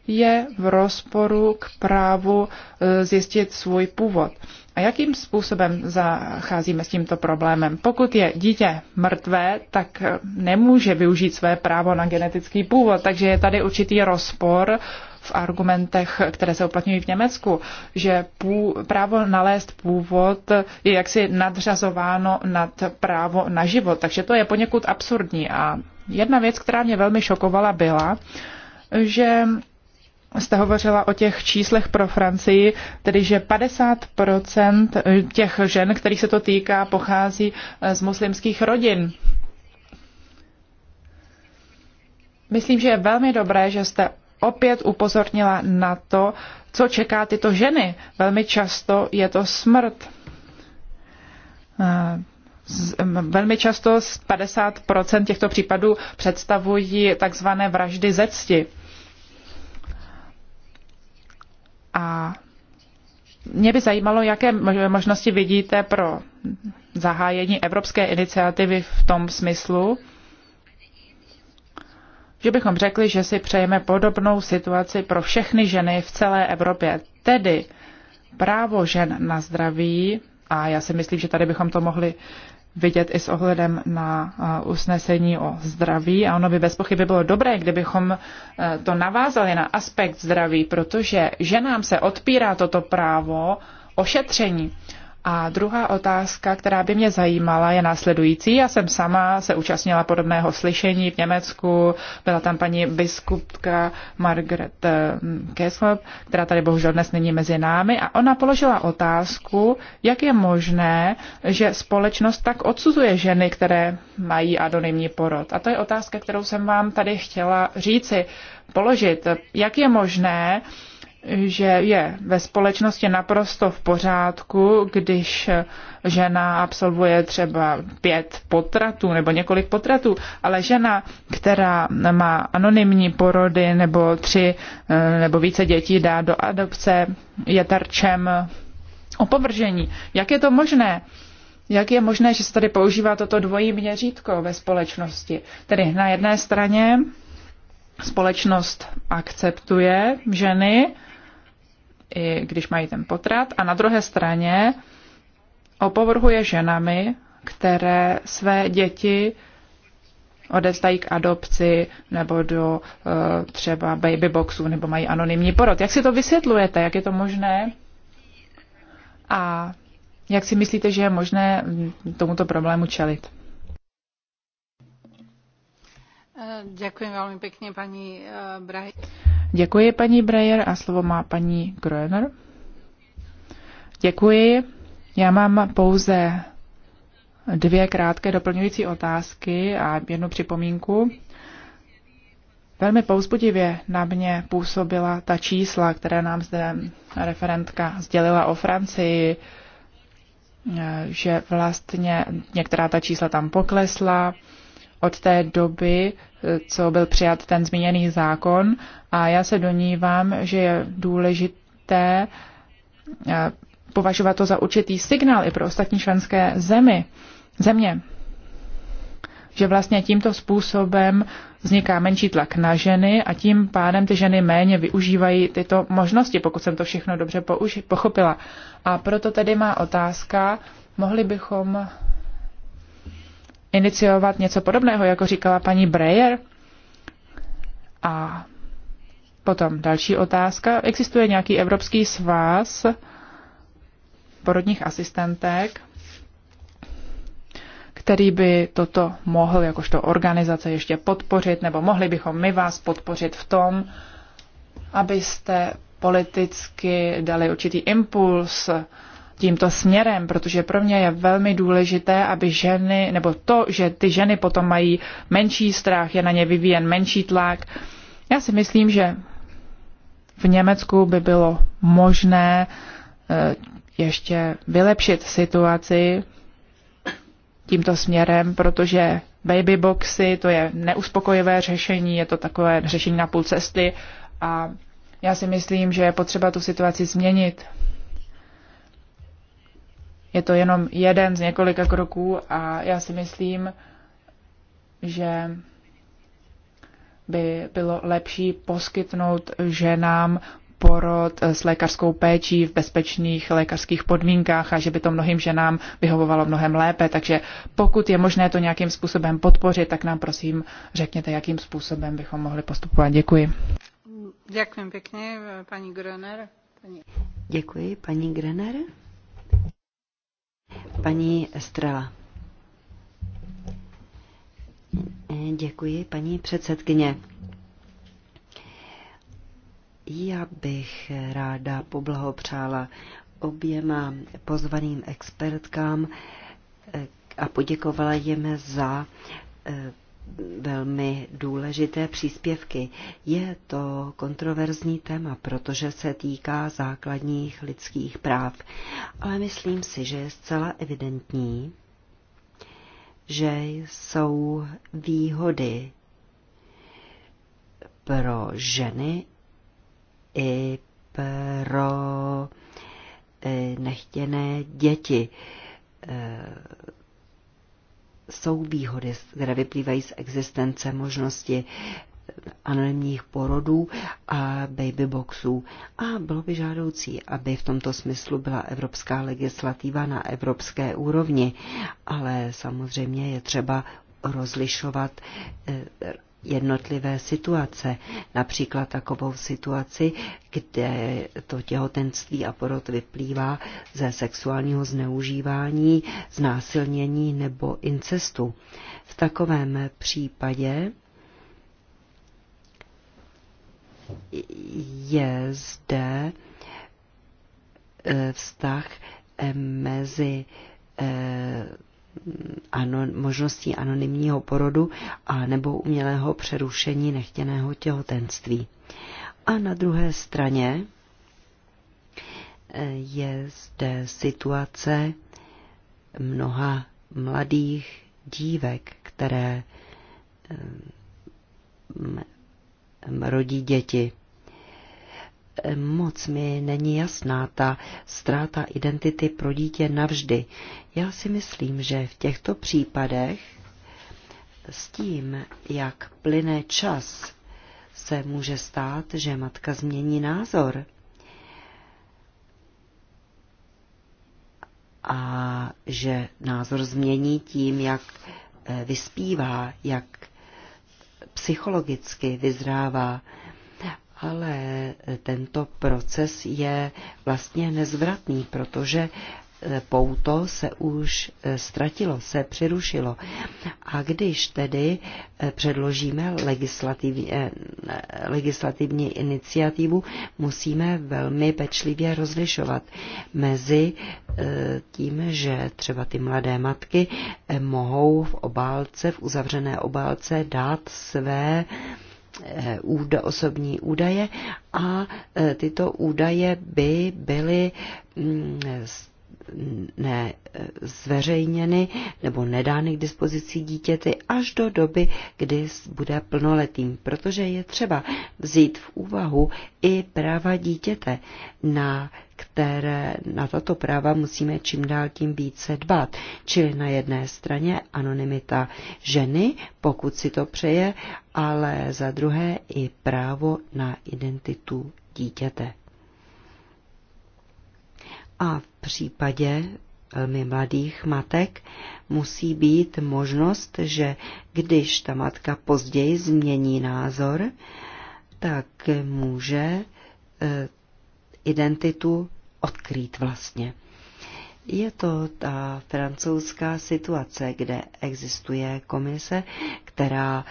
je v rozporu k právu e, zjistit svůj původ. A jakým způsobem zacházíme s tímto problémem? Pokud je dítě mrtvé, tak e, nemůže využít své právo na genetický původ, takže je tady určitý rozpor v argumentech, které se uplatňují v Německu, že pů, právo nalézt původ je jaksi nadřazováno nad právo na život. Takže to je poněkud absurdní. A jedna věc, která mě velmi šokovala, byla, že jste hovořila o těch číslech pro Francii, tedy že 50% těch žen, kterých se to týká, pochází eh, z muslimských rodin. Myslím, že je velmi dobré, že jste opět upozornila na to, co čeká tyto ženy. Velmi často je to smrt. Eh, velmi často z 50% těchto případů představují takzvané vraždy ze cti. A mě by zajímalo, jaké možnosti vidíte pro zahájení evropské iniciativy v tom smyslu, že bychom řekli, že si přejeme podobnou situaci pro všechny ženy v celé Evropě. Tedy právo žen na zdraví, a já si myslím, že tady bychom to mohli vidět i s ohledem na uh, usnesení o zdraví. A ono by bez pochyby bylo dobré, kdybychom uh, to navázali na aspekt zdraví, protože ženám se odpírá toto právo ošetření. A druhá otázka, která by mě zajímala, je následující. Já jsem sama se účastnila podobného slyšení v Německu. Byla tam paní biskupka Margaret eh, Kessler, která tady bohužel dnes není mezi námi. A ona položila otázku, jak je možné, že společnost tak odsuzuje ženy, které mají adonymní porod. A to je otázka, kterou jsem vám tady chtěla říci, položit. Jak je možné, že je ve společnosti naprosto v pořádku, když žena absolvuje třeba pět potratů nebo několik potratů, ale žena, která má anonymní porody nebo tři eh, nebo více dětí dá do adopce, je tarčem opovržení. Jak je to možné? Jak je možné, že se tady používá toto dvojí měřítko ve společnosti? Tedy na jedné straně společnost akceptuje ženy, i když mají ten potrat. A na druhé straně opovrhuje ženami, které své děti odevzdají k adopci nebo do e, třeba baby boxu nebo mají anonymní porod. Jak si to vysvětlujete? Jak je to možné? A jak si myslíte, že je možné tomuto problému čelit? E, děkuji velmi pěkně, paní e, Brahy. Děkuji, paní Breyer, a slovo má paní Groener. Děkuji. Já mám pouze dvě krátké doplňující otázky a jednu připomínku. Velmi pouzbudivě na mě působila ta čísla, které nám zde referentka sdělila o Francii, že vlastně některá ta čísla tam poklesla od té doby, co byl přijat ten zmíněný zákon a já se donívám, že je důležité eh, považovat to za určitý signál i pro ostatní členské zemi, země, že vlastně tímto způsobem vzniká menší tlak na ženy a tím pádem ty ženy méně využívají tyto možnosti, pokud jsem to všechno dobře použi- pochopila. A proto tedy má otázka, mohli bychom iniciovat něco podobného, jako říkala paní Breyer? A potom další otázka. Existuje nějaký evropský svaz porodních asistentek, který by toto mohl jakožto organizace ještě podpořit, nebo mohli bychom my vás podpořit v tom, abyste politicky dali určitý impuls tímto směrem, protože pro mě je velmi důležité, aby ženy, nebo to, že ty ženy potom mají menší strach, je na ně vyvíjen menší tlak. Já si myslím, že v Německu by bylo možné eh, ještě vylepšit situaci tímto směrem, protože babyboxy, to je neuspokojivé řešení, je to takové řešení na půl cesty a já si myslím, že je potřeba tu situaci změnit. Je to jenom jeden z několika kroků a já si myslím, že by bylo lepší poskytnout ženám porod s lékařskou péčí v bezpečných lékařských podmínkách a že by to mnohým ženám vyhovovalo mnohem lépe. Takže pokud je možné to nějakým způsobem podpořit, tak nám prosím řekněte, jakým způsobem bychom mohli postupovat. Děkuji. Děkuji pěkně, paní Grener. Paní... Děkuji, paní Grener. Paní Estrela. Děkuji, paní předsedkyně. Já bych ráda poblahopřála oběma pozvaným expertkám a poděkovala jim za eh, velmi důležité příspěvky. Je to kontroverzní téma, protože se týká základních lidských práv, ale myslím si, že je zcela evidentní, že jsou výhody pro ženy i pro eh, nechtěné děti eh, jsou výhody, které vyplývají z existence možnosti anonimních porodů a boxů. A bylo by žádoucí, aby v tomto smyslu byla evropská legislativa na evropské úrovni, ale samozřejmě je třeba rozlišovat eh, jednotlivé situace, například takovou situaci, kde to těhotenství a porod vyplývá ze sexuálního zneužívání, znásilnění nebo incestu. V takovém případě je zde eh, vztah eh, mezi eh, ano, možností anonymního porodu a nebo umělého přerušení nechtěného těhotenství. A na druhé straně eh, je zde situace mnoha mladých dívek, které eh, rodí děti. Eh, moc mi není jasná ta ztráta identity pro dítě navždy. Já si myslím, že v těchto případech s tím, jak plyne čas, se může stát, že matka změní názor. A že názor změní tím, jak eh, vyspívá, jak psychologicky vyzrává ale tento proces je vlastně nezvratný, protože eh, pouto se už eh, ztratilo, se přerušilo. A když tedy eh, předložíme legislativní, legislativní iniciativu, musíme velmi pečlivě rozlišovat mezi tím, že třeba ty mladé matky mohou v obálce, v uzavřené obálce dát své osobní údaje a e, tyto údaje by byly mm, ne eh, zveřejněny nebo nedány k dispozici dítěty až do doby, kdy bude plnoletým, protože je třeba vzít v úvahu i práva dítěte, na které na tato práva musíme čím dál tím více dbát. Čili na jedné straně anonymita ženy, pokud si to přeje, ale za druhé i právo na identitu dítěte. A v případě velmi mladých matek musí být možnost, že když ta matka později změní názor, tak může eh, identitu odkrýt vlastně. Je to ta francouzská situace, kde existuje komise, která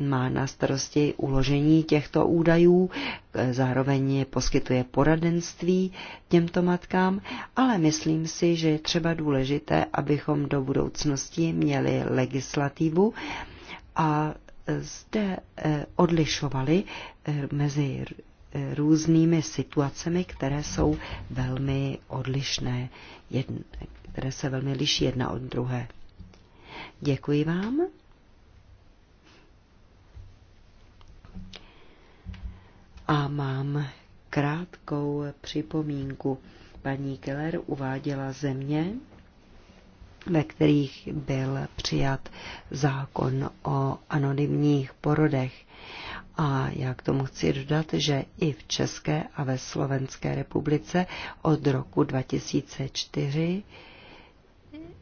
má na starosti uložení těchto údajů, zároveň poskytuje poradenství těmto matkám, ale myslím si, že je třeba důležité, abychom do budoucnosti měli legislativu a zde eh, odlišovali eh, mezi eh, různými situacemi, které jsou velmi odlišné, které se velmi liší jedna od druhé. Děkuji vám. A mám krátkou připomínku. Paní Keller uváděla země, ve kterých byl přijat zákon o anonymních porodech. A já k tomu chci dodat, že i v České a ve Slovenské republice od roku 2004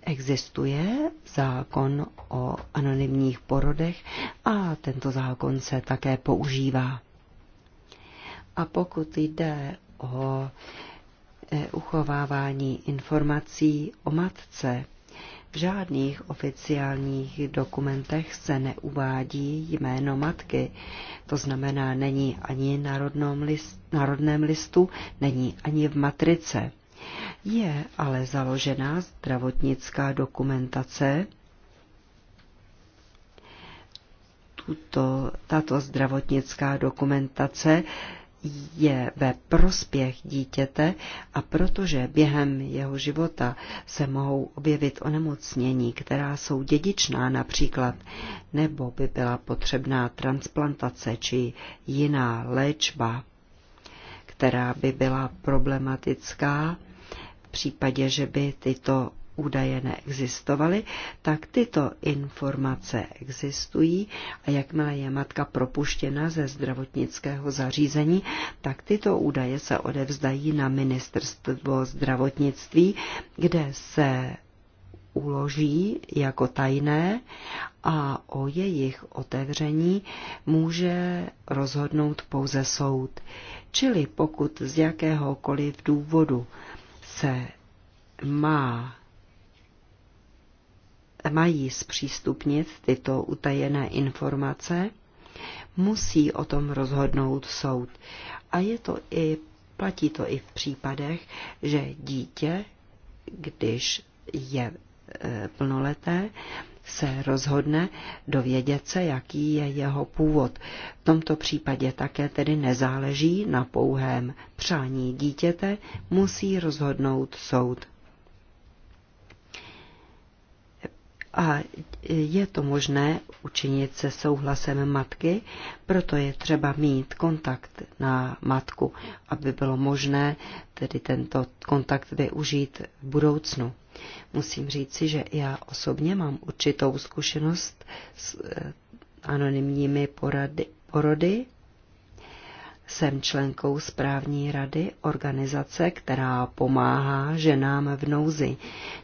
existuje zákon o anonymních porodech a tento zákon se také používá. A pokud jde o e, uchovávání informací o matce, v žádných oficiálních dokumentech se neuvádí jméno matky, to znamená není ani na list, národném listu, není ani v matrice. Je ale založená zdravotnická dokumentace. Tuto, tato zdravotnická dokumentace je ve prospěch dítěte a protože během jeho života se mohou objevit onemocnění, která jsou dědičná například, nebo by byla potřebná transplantace či jiná léčba, která by byla problematická v případě, že by tyto údaje neexistovaly, tak tyto informace existují a jakmile je matka propuštěna ze zdravotnického zařízení, tak tyto údaje se odevzdají na ministerstvo zdravotnictví, kde se uloží jako tajné a o jejich otevření může rozhodnout pouze soud. Čili pokud z jakéhokoliv důvodu se má mají zpřístupnit tyto utajené informace, musí o tom rozhodnout soud. A je to i, platí to i v případech, že dítě, když je e, plnoleté, se rozhodne dovědět se, jaký je jeho původ. V tomto případě také tedy nezáleží na pouhém přání dítěte, musí rozhodnout soud. a je to možné učinit se souhlasem matky, proto je třeba mít kontakt na matku, aby bylo možné tedy tento kontakt využít v budoucnu. Musím říci, že já osobně mám určitou zkušenost s eh, anonymními porady, porody jsem členkou správní rady organizace, která pomáhá ženám v nouzi,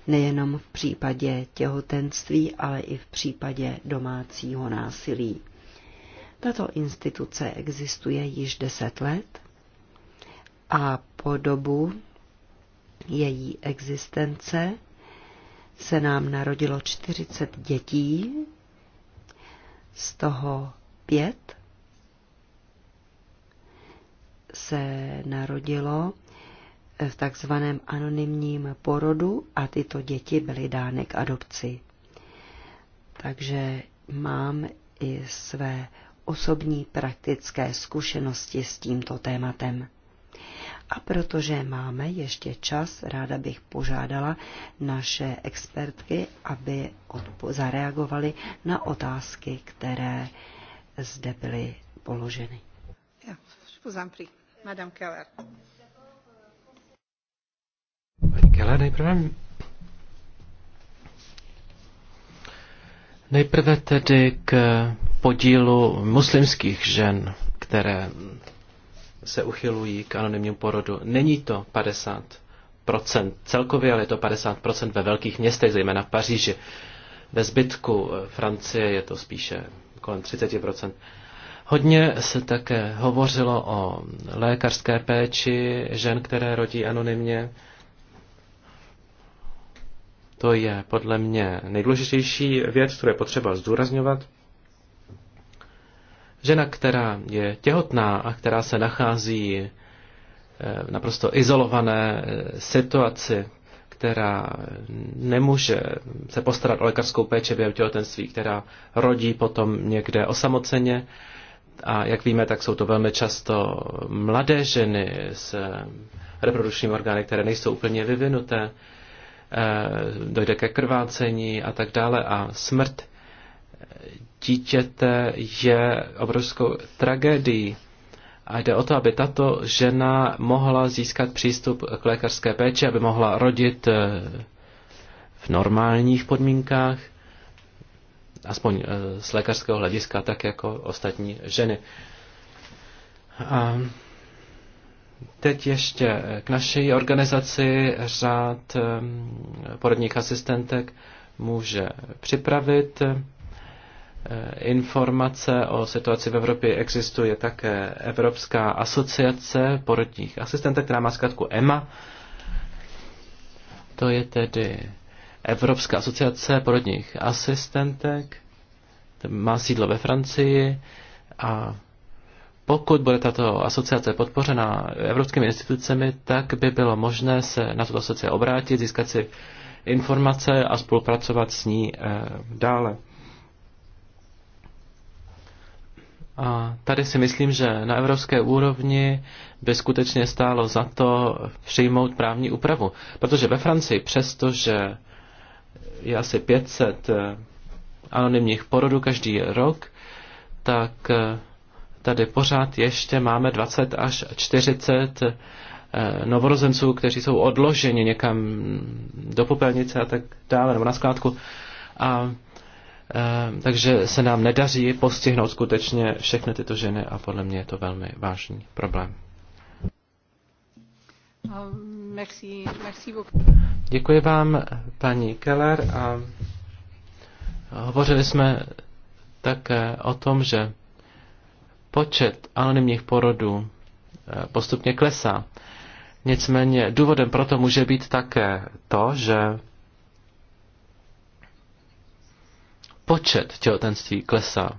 nejenom v případě těhotenství, ale i v případě domácího násilí. Tato instituce existuje již deset let a po dobu její existence se nám narodilo 40 dětí, z toho pět se narodilo v takzvaném anonymním porodu a tyto děti byly dány k adopci. Takže mám i své osobní praktické zkušenosti s tímto tématem. A protože máme ještě čas, ráda bych požádala naše expertky, aby zareagovali na otázky, které zde byly položeny. Já, Keller. Paní Keller nejprve. Nejprve tedy k podílu muslimských žen, které se uchylují k anonymnímu porodu. Není to 50 celkově, ale je to 50 ve velkých městech, zejména v Paříži. Ve zbytku eh, Francie je to spíše kolem 30 Hodně se také hovořilo o lékařské péči žen, které rodí anonymně. To je podle mě nejdůležitější věc, kterou je potřeba zdůrazňovat. Žena, která je těhotná a která se nachází eh, v naprosto izolované eh, situaci, která nemůže se postarat o lékařskou péči během těhotenství, která rodí potom někde osamoceně, a jak víme, tak jsou to velmi často mladé ženy s reprodukčními orgány, které nejsou úplně vyvinuté, e, dojde ke krvácení a tak dále a smrt dítěte je obrovskou tragédií. A jde o to, aby tato žena mohla získat přístup k lékařské péči, aby mohla rodit e, v normálních podmínkách aspoň eh, z lékařského hlediska, tak jako ostatní ženy. A teď ještě eh, k naší organizaci řád eh, porodních asistentek může připravit informace o situaci v Evropě. Existuje také Evropská asociace porodních asistentek, která má zkrátku EMA. To je tedy Evropská asociace porodních asistentek, má sídlo ve Francii a pokud bude tato asociace podpořena evropskými institucemi, tak by bylo možné se na tuto asociaci obrátit, získat si informace a spolupracovat s ní eh, dále. A tady si myslím, že na evropské úrovni by skutečně stálo za to přijmout právní úpravu. Protože ve Francii, přestože je asi 500 eh, anonymních porodů každý rok, tak eh, tady pořád ještě máme 20 až 40 eh, novorozenců, kteří jsou odloženi někam do popelnice a tak dále, nebo na skládku. A, takže se nám nedaří postihnout skutečně všechny tyto ženy a podle mě je to velmi vážný problém. Um, Děkuji vám, paní Keller. A hovořili jsme také o tom, že počet anonymních porodů eh, postupně klesá. Nicméně důvodem pro to může být také to, že počet těhotenství klesá.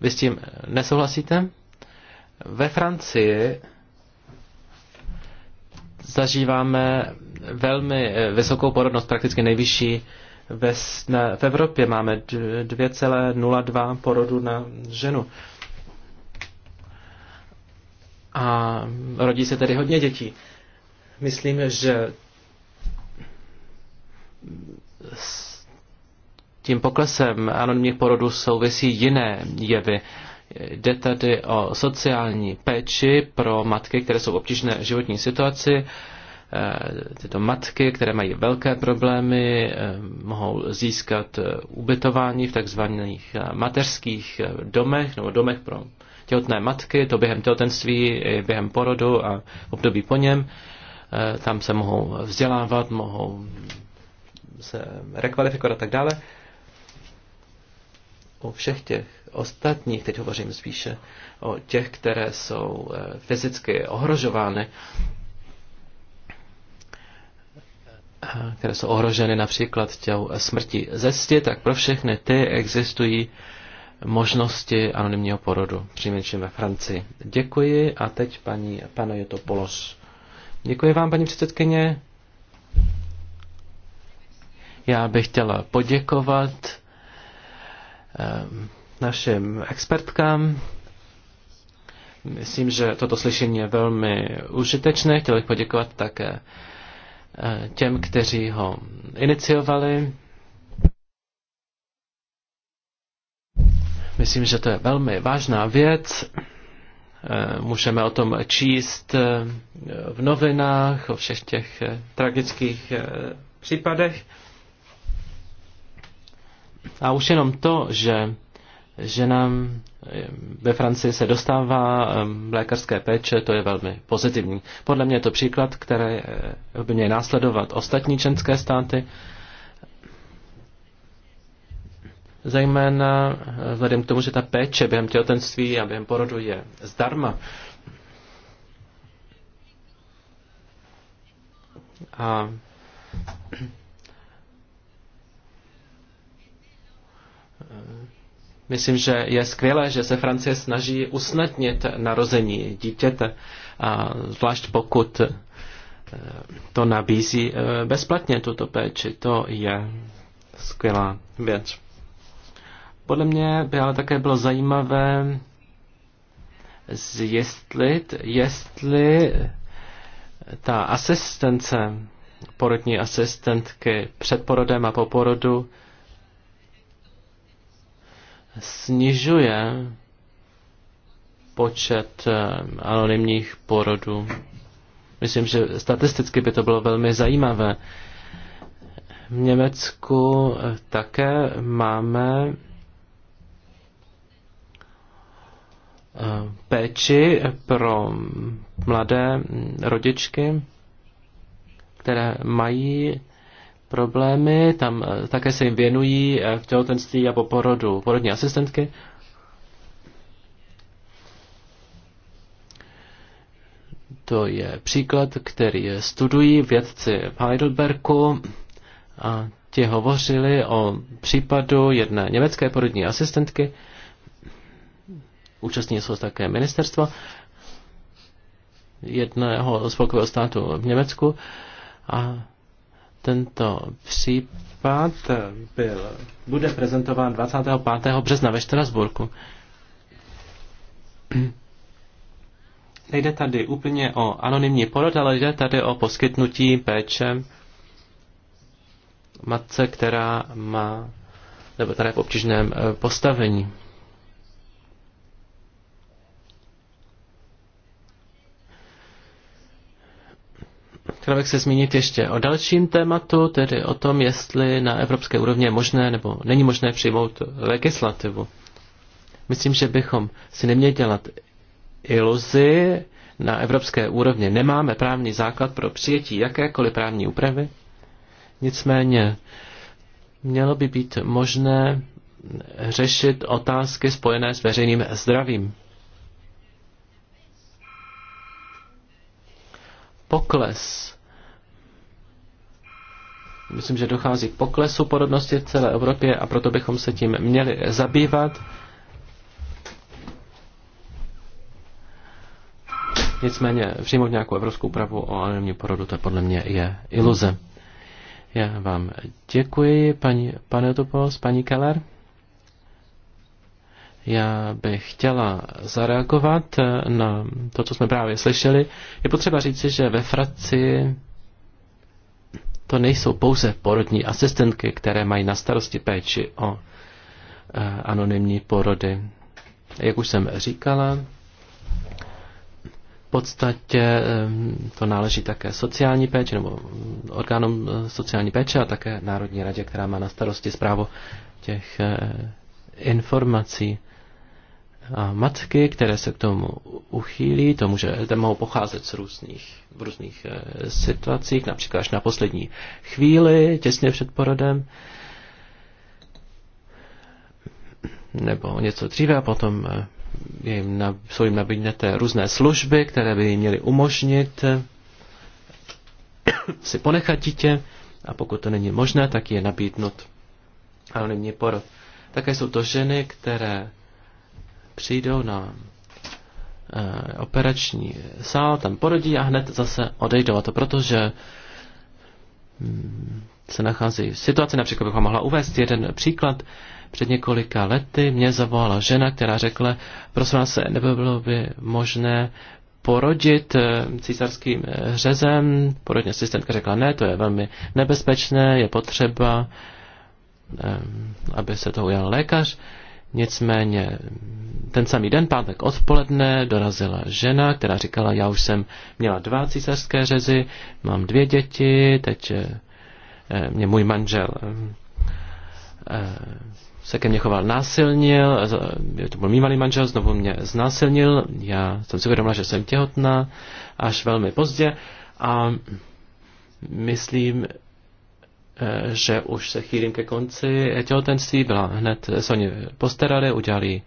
Vy s tím nesouhlasíte? Ve Francii zažíváme velmi eh, vysokou porodnost, prakticky nejvyšší ve, na, v Evropě. Máme 2,02 porodu na ženu. A rodí se tedy hodně dětí. Myslím, že s tím poklesem anonimních porodů souvisí jiné jevy. Jde tady o sociální péči pro matky, které jsou v obtížné životní situaci. Eh, tyto matky, které mají velké problémy, eh, mohou získat eh, ubytování v takzvaných mateřských domech nebo domech pro těhotné matky, to během těhotenství, během porodu a období po něm. Tam se mohou vzdělávat, mohou se rekvalifikovat a tak dále. U všech těch ostatních, teď hovořím spíše o těch, které jsou eh, fyzicky ohrožovány, eh, které jsou ohroženy například těm smrti ze tak pro všechny ty existují možnosti anonymního porodu, přinejmenším ve Francii. Děkuji a teď paní, je to Polos. Děkuji vám, paní předsedkyně. Já bych chtěla poděkovat eh, našim expertkám. Myslím, že toto slyšení je velmi užitečné. Chtěl bych poděkovat také eh, těm, kteří ho iniciovali. Myslím, že to je velmi vážná věc. Eh, můžeme o tom číst eh, v novinách, o všech těch tragických případech. A už jenom to, že ženám eh, ve Francii se dostává eh, lékařské péče, to je velmi pozitivní. Podle mě je to příklad, který eh, by měly následovat ostatní členské státy, zejména vzhledem k tomu, že ta péče během těhotenství a během porodu je zdarma. A Myslím, že je skvělé, že se Francie snaží usnadnit narození dítěte, a zvlášť pokud e, to nabízí e, bezplatně tuto péči. To je skvělá věc. Podle mě by ale také bylo zajímavé zjistit, jestli ta asistence porodní asistentky před porodem a po porodu snižuje počet eh, anonymních porodů. Myslím, že statisticky by to bylo velmi zajímavé. V Německu eh, také máme eh, péči pro mladé mm, rodičky, které mají problémy, tam eh, také se jim věnují eh, v těhotenství a po porodu porodní asistentky. To je příklad, který studují vědci v Heidelbergu a ti hovořili o případu jedné německé porodní asistentky, účastní jsou také ministerstva jednoho spolkového státu v Německu a tento případ byl, bude prezentován 25. března ve Štrasburku. Nejde tady úplně o anonymní porod, ale jde tady o poskytnutí péče matce, která má nebo tady v obtížném eh, postavení. Chtěla bych se zmínit ještě o dalším tématu, tedy o tom, jestli na evropské úrovni je možné nebo není možné přijmout legislativu. Myslím, že bychom si neměli dělat iluzi. Na evropské úrovni nemáme právní základ pro přijetí jakékoliv právní úpravy. Nicméně mělo by být možné řešit otázky spojené s veřejným zdravím. Pokles Myslím, že dochází k poklesu porodnosti v celé Evropě a proto bychom se tím měli zabývat. Nicméně přijmout nějakou evropskou úpravu o anonimní porodu, to podle mě je iluze. Já vám děkuji, paní Panetopos, paní Keller. Já bych chtěla zareagovat na to, co jsme právě slyšeli. Je potřeba říci, že ve Francii to nejsou pouze porodní asistentky, které mají na starosti péči o eh, anonymní porody. Jak už jsem říkala, v podstatě eh, to náleží také sociální péči nebo orgánům eh, sociální péče a také Národní radě, která má na starosti zprávu těch informací a matky, které se k tomu uchýlí, to může, to mohou pocházet z různých, v různých eh, situacích, například až na poslední chvíli, těsně před porodem, nebo něco dříve a potom eh, jim, na, jsou jim nabídnete různé služby, které by jim měly umožnit eh, si ponechat dítě a pokud to není možné, tak je nabídnut anonymní porod. Také jsou to ženy, které přijdou na eh, operační sál, tam porodí a hned zase odejdou. A to proto, že mm, se nachází v situaci, například bych vám mohla uvést jeden příklad. Před několika lety mě zavolala žena, která řekla, prosím vás, nebylo by možné porodit eh, císařským eh, řezem. Porodní asistentka řekla, ne, to je velmi nebezpečné, je potřeba, aby se to ujal lékař. Nicméně ten samý den, pátek odpoledne, dorazila žena, která říkala, já už jsem měla dva císařské řezy, mám dvě děti, teď eh, mě můj manžel eh, eh, se ke mně choval násilnil, to byl mývalý manžel, znovu mě znásilnil, já jsem si uvědomila, že jsem těhotná, až velmi pozdě a myslím, že už se chýlím ke konci těhotenství, byla hned, se oni postarali, udělali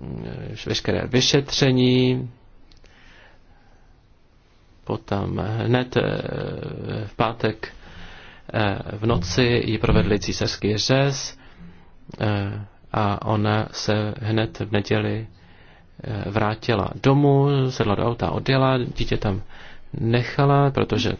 mm, veškeré vyšetření, potom hned eh, v pátek eh, v noci ji provedli císařský řez eh, a ona se hned v neděli vrátila domů, sedla do auta, odjela, dítě tam nechala, protože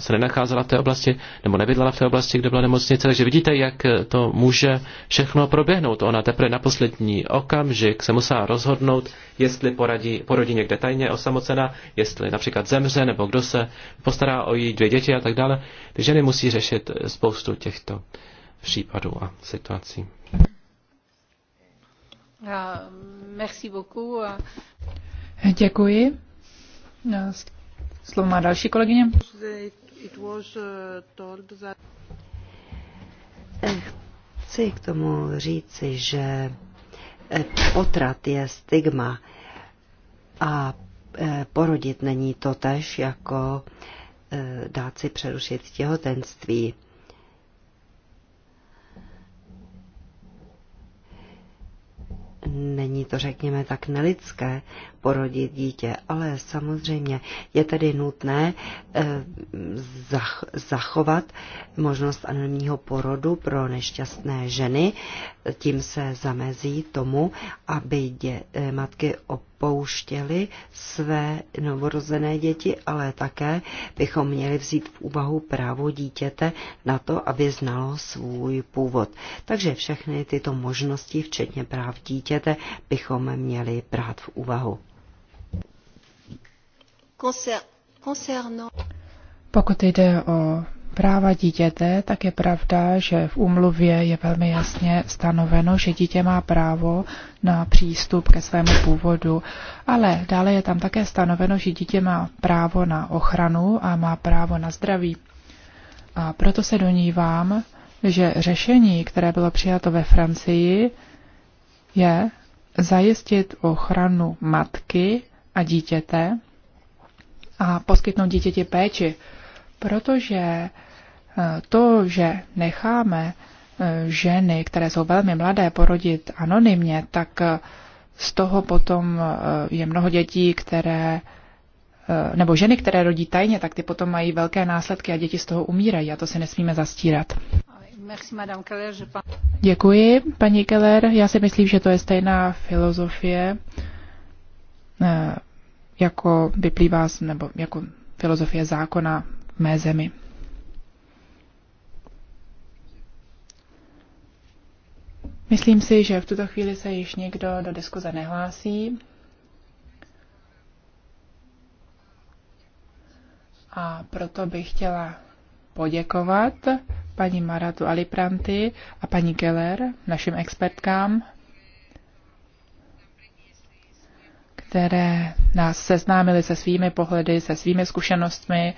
se nenacházela v té oblasti, nebo nebydlela v té oblasti, kde byla nemocnice. Takže vidíte, jak to může všechno proběhnout. Ona teprve na poslední okamžik se musela rozhodnout, jestli poradí, porodí někde tajně osamocena, jestli například zemře, nebo kdo se postará o její dvě děti a tak dále. Ty ženy musí řešit spoustu těchto případů a situací. Uh, merci beaucoup. Děkuji. Slovo má další kolegyně. Chci k tomu říci, že eh, potrat je stigma a eh, porodit není to tež jako eh, dát si přerušit těhotenství. Není to, řekněme, tak nelidské, porodit dítě. Ale samozřejmě je tedy nutné eh, zachovat možnost anonimního porodu pro nešťastné ženy. Tím se zamezí tomu, aby dě, eh, matky opouštěly své novorozené děti, ale také bychom měli vzít v úvahu právo dítěte na to, aby znalo svůj původ. Takže všechny tyto možnosti, včetně práv dítěte, bychom měli brát v úvahu. Pokud jde o práva dítěte, tak je pravda, že v úmluvě je velmi jasně stanoveno, že dítě má právo na přístup ke svému původu, ale dále je tam také stanoveno, že dítě má právo na ochranu a má právo na zdraví. A proto se donívám, že řešení, které bylo přijato ve Francii, je zajistit ochranu matky a dítěte a poskytnout dítěti péči, protože eh, to, že necháme eh, ženy, které jsou velmi mladé, porodit anonymně, tak eh, z toho potom je mnoho dětí, které nebo ženy, které rodí tajně, tak ty potom mají velké následky a děti z toho umírají a to si nesmíme zastírat. Děkuji, paní Keller. Já si myslím, že to je stejná filozofie jako vyplývá z, nebo jako filozofie zákona v mé zemi. Myslím si, že v tuto chvíli se již někdo do diskuze nehlásí. A proto bych chtěla poděkovat paní Maratu Alipranty a paní Keller, našim expertkám, které nás seznámily se svými pohledy, se svými zkušenostmi.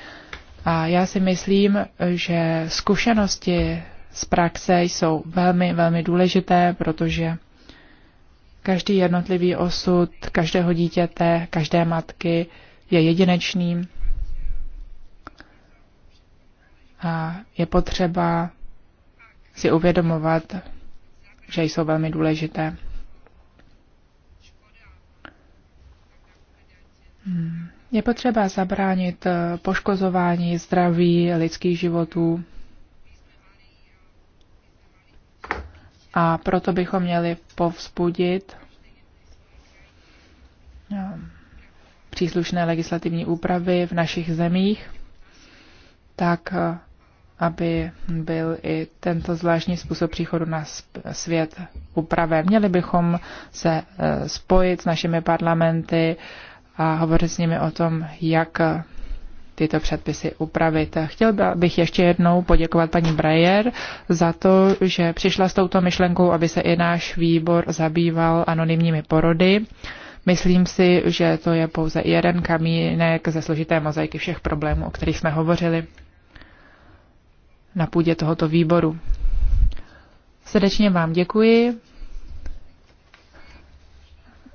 A já si myslím, že zkušenosti z praxe jsou velmi, velmi důležité, protože každý jednotlivý osud každého dítěte, každé matky je jedinečný a je potřeba si uvědomovat, že jsou velmi důležité. Hmm. Je potřeba zabránit eh, poškozování zdraví lidských životů. A proto bychom měli povzbudit eh, příslušné legislativní úpravy v našich zemích, tak eh, aby byl i tento zvláštní způsob příchodu na svět upraven. Měli bychom se spojit s našimi parlamenty a hovořit s nimi o tom, jak eh, tyto předpisy upravit. Chtěl bych ještě jednou poděkovat paní Breyer za to, že přišla s touto myšlenkou, aby se i náš výbor zabýval anonymními porody. Myslím si, že to je pouze jeden kamínek ze složité mozaiky všech problémů, o kterých jsme hovořili na půdě tohoto výboru. Srdečně vám děkuji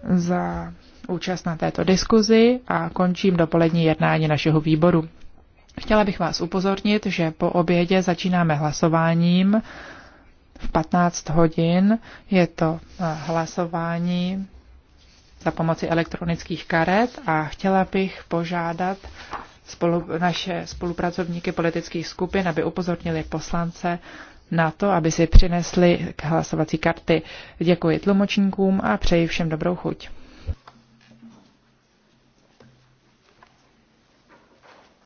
za účast na této diskuzi a končím dopolední jednání našeho výboru. Chtěla bych vás upozornit, že po obědě začínáme hlasováním v 15 hodin. Je to eh, hlasování za pomoci elektronických karet a chtěla bych požádat spolu, naše spolupracovníky politických skupin, aby upozornili poslance na to, aby si přinesli k hlasovací karty. Děkuji tlumočníkům a přeji všem dobrou chuť.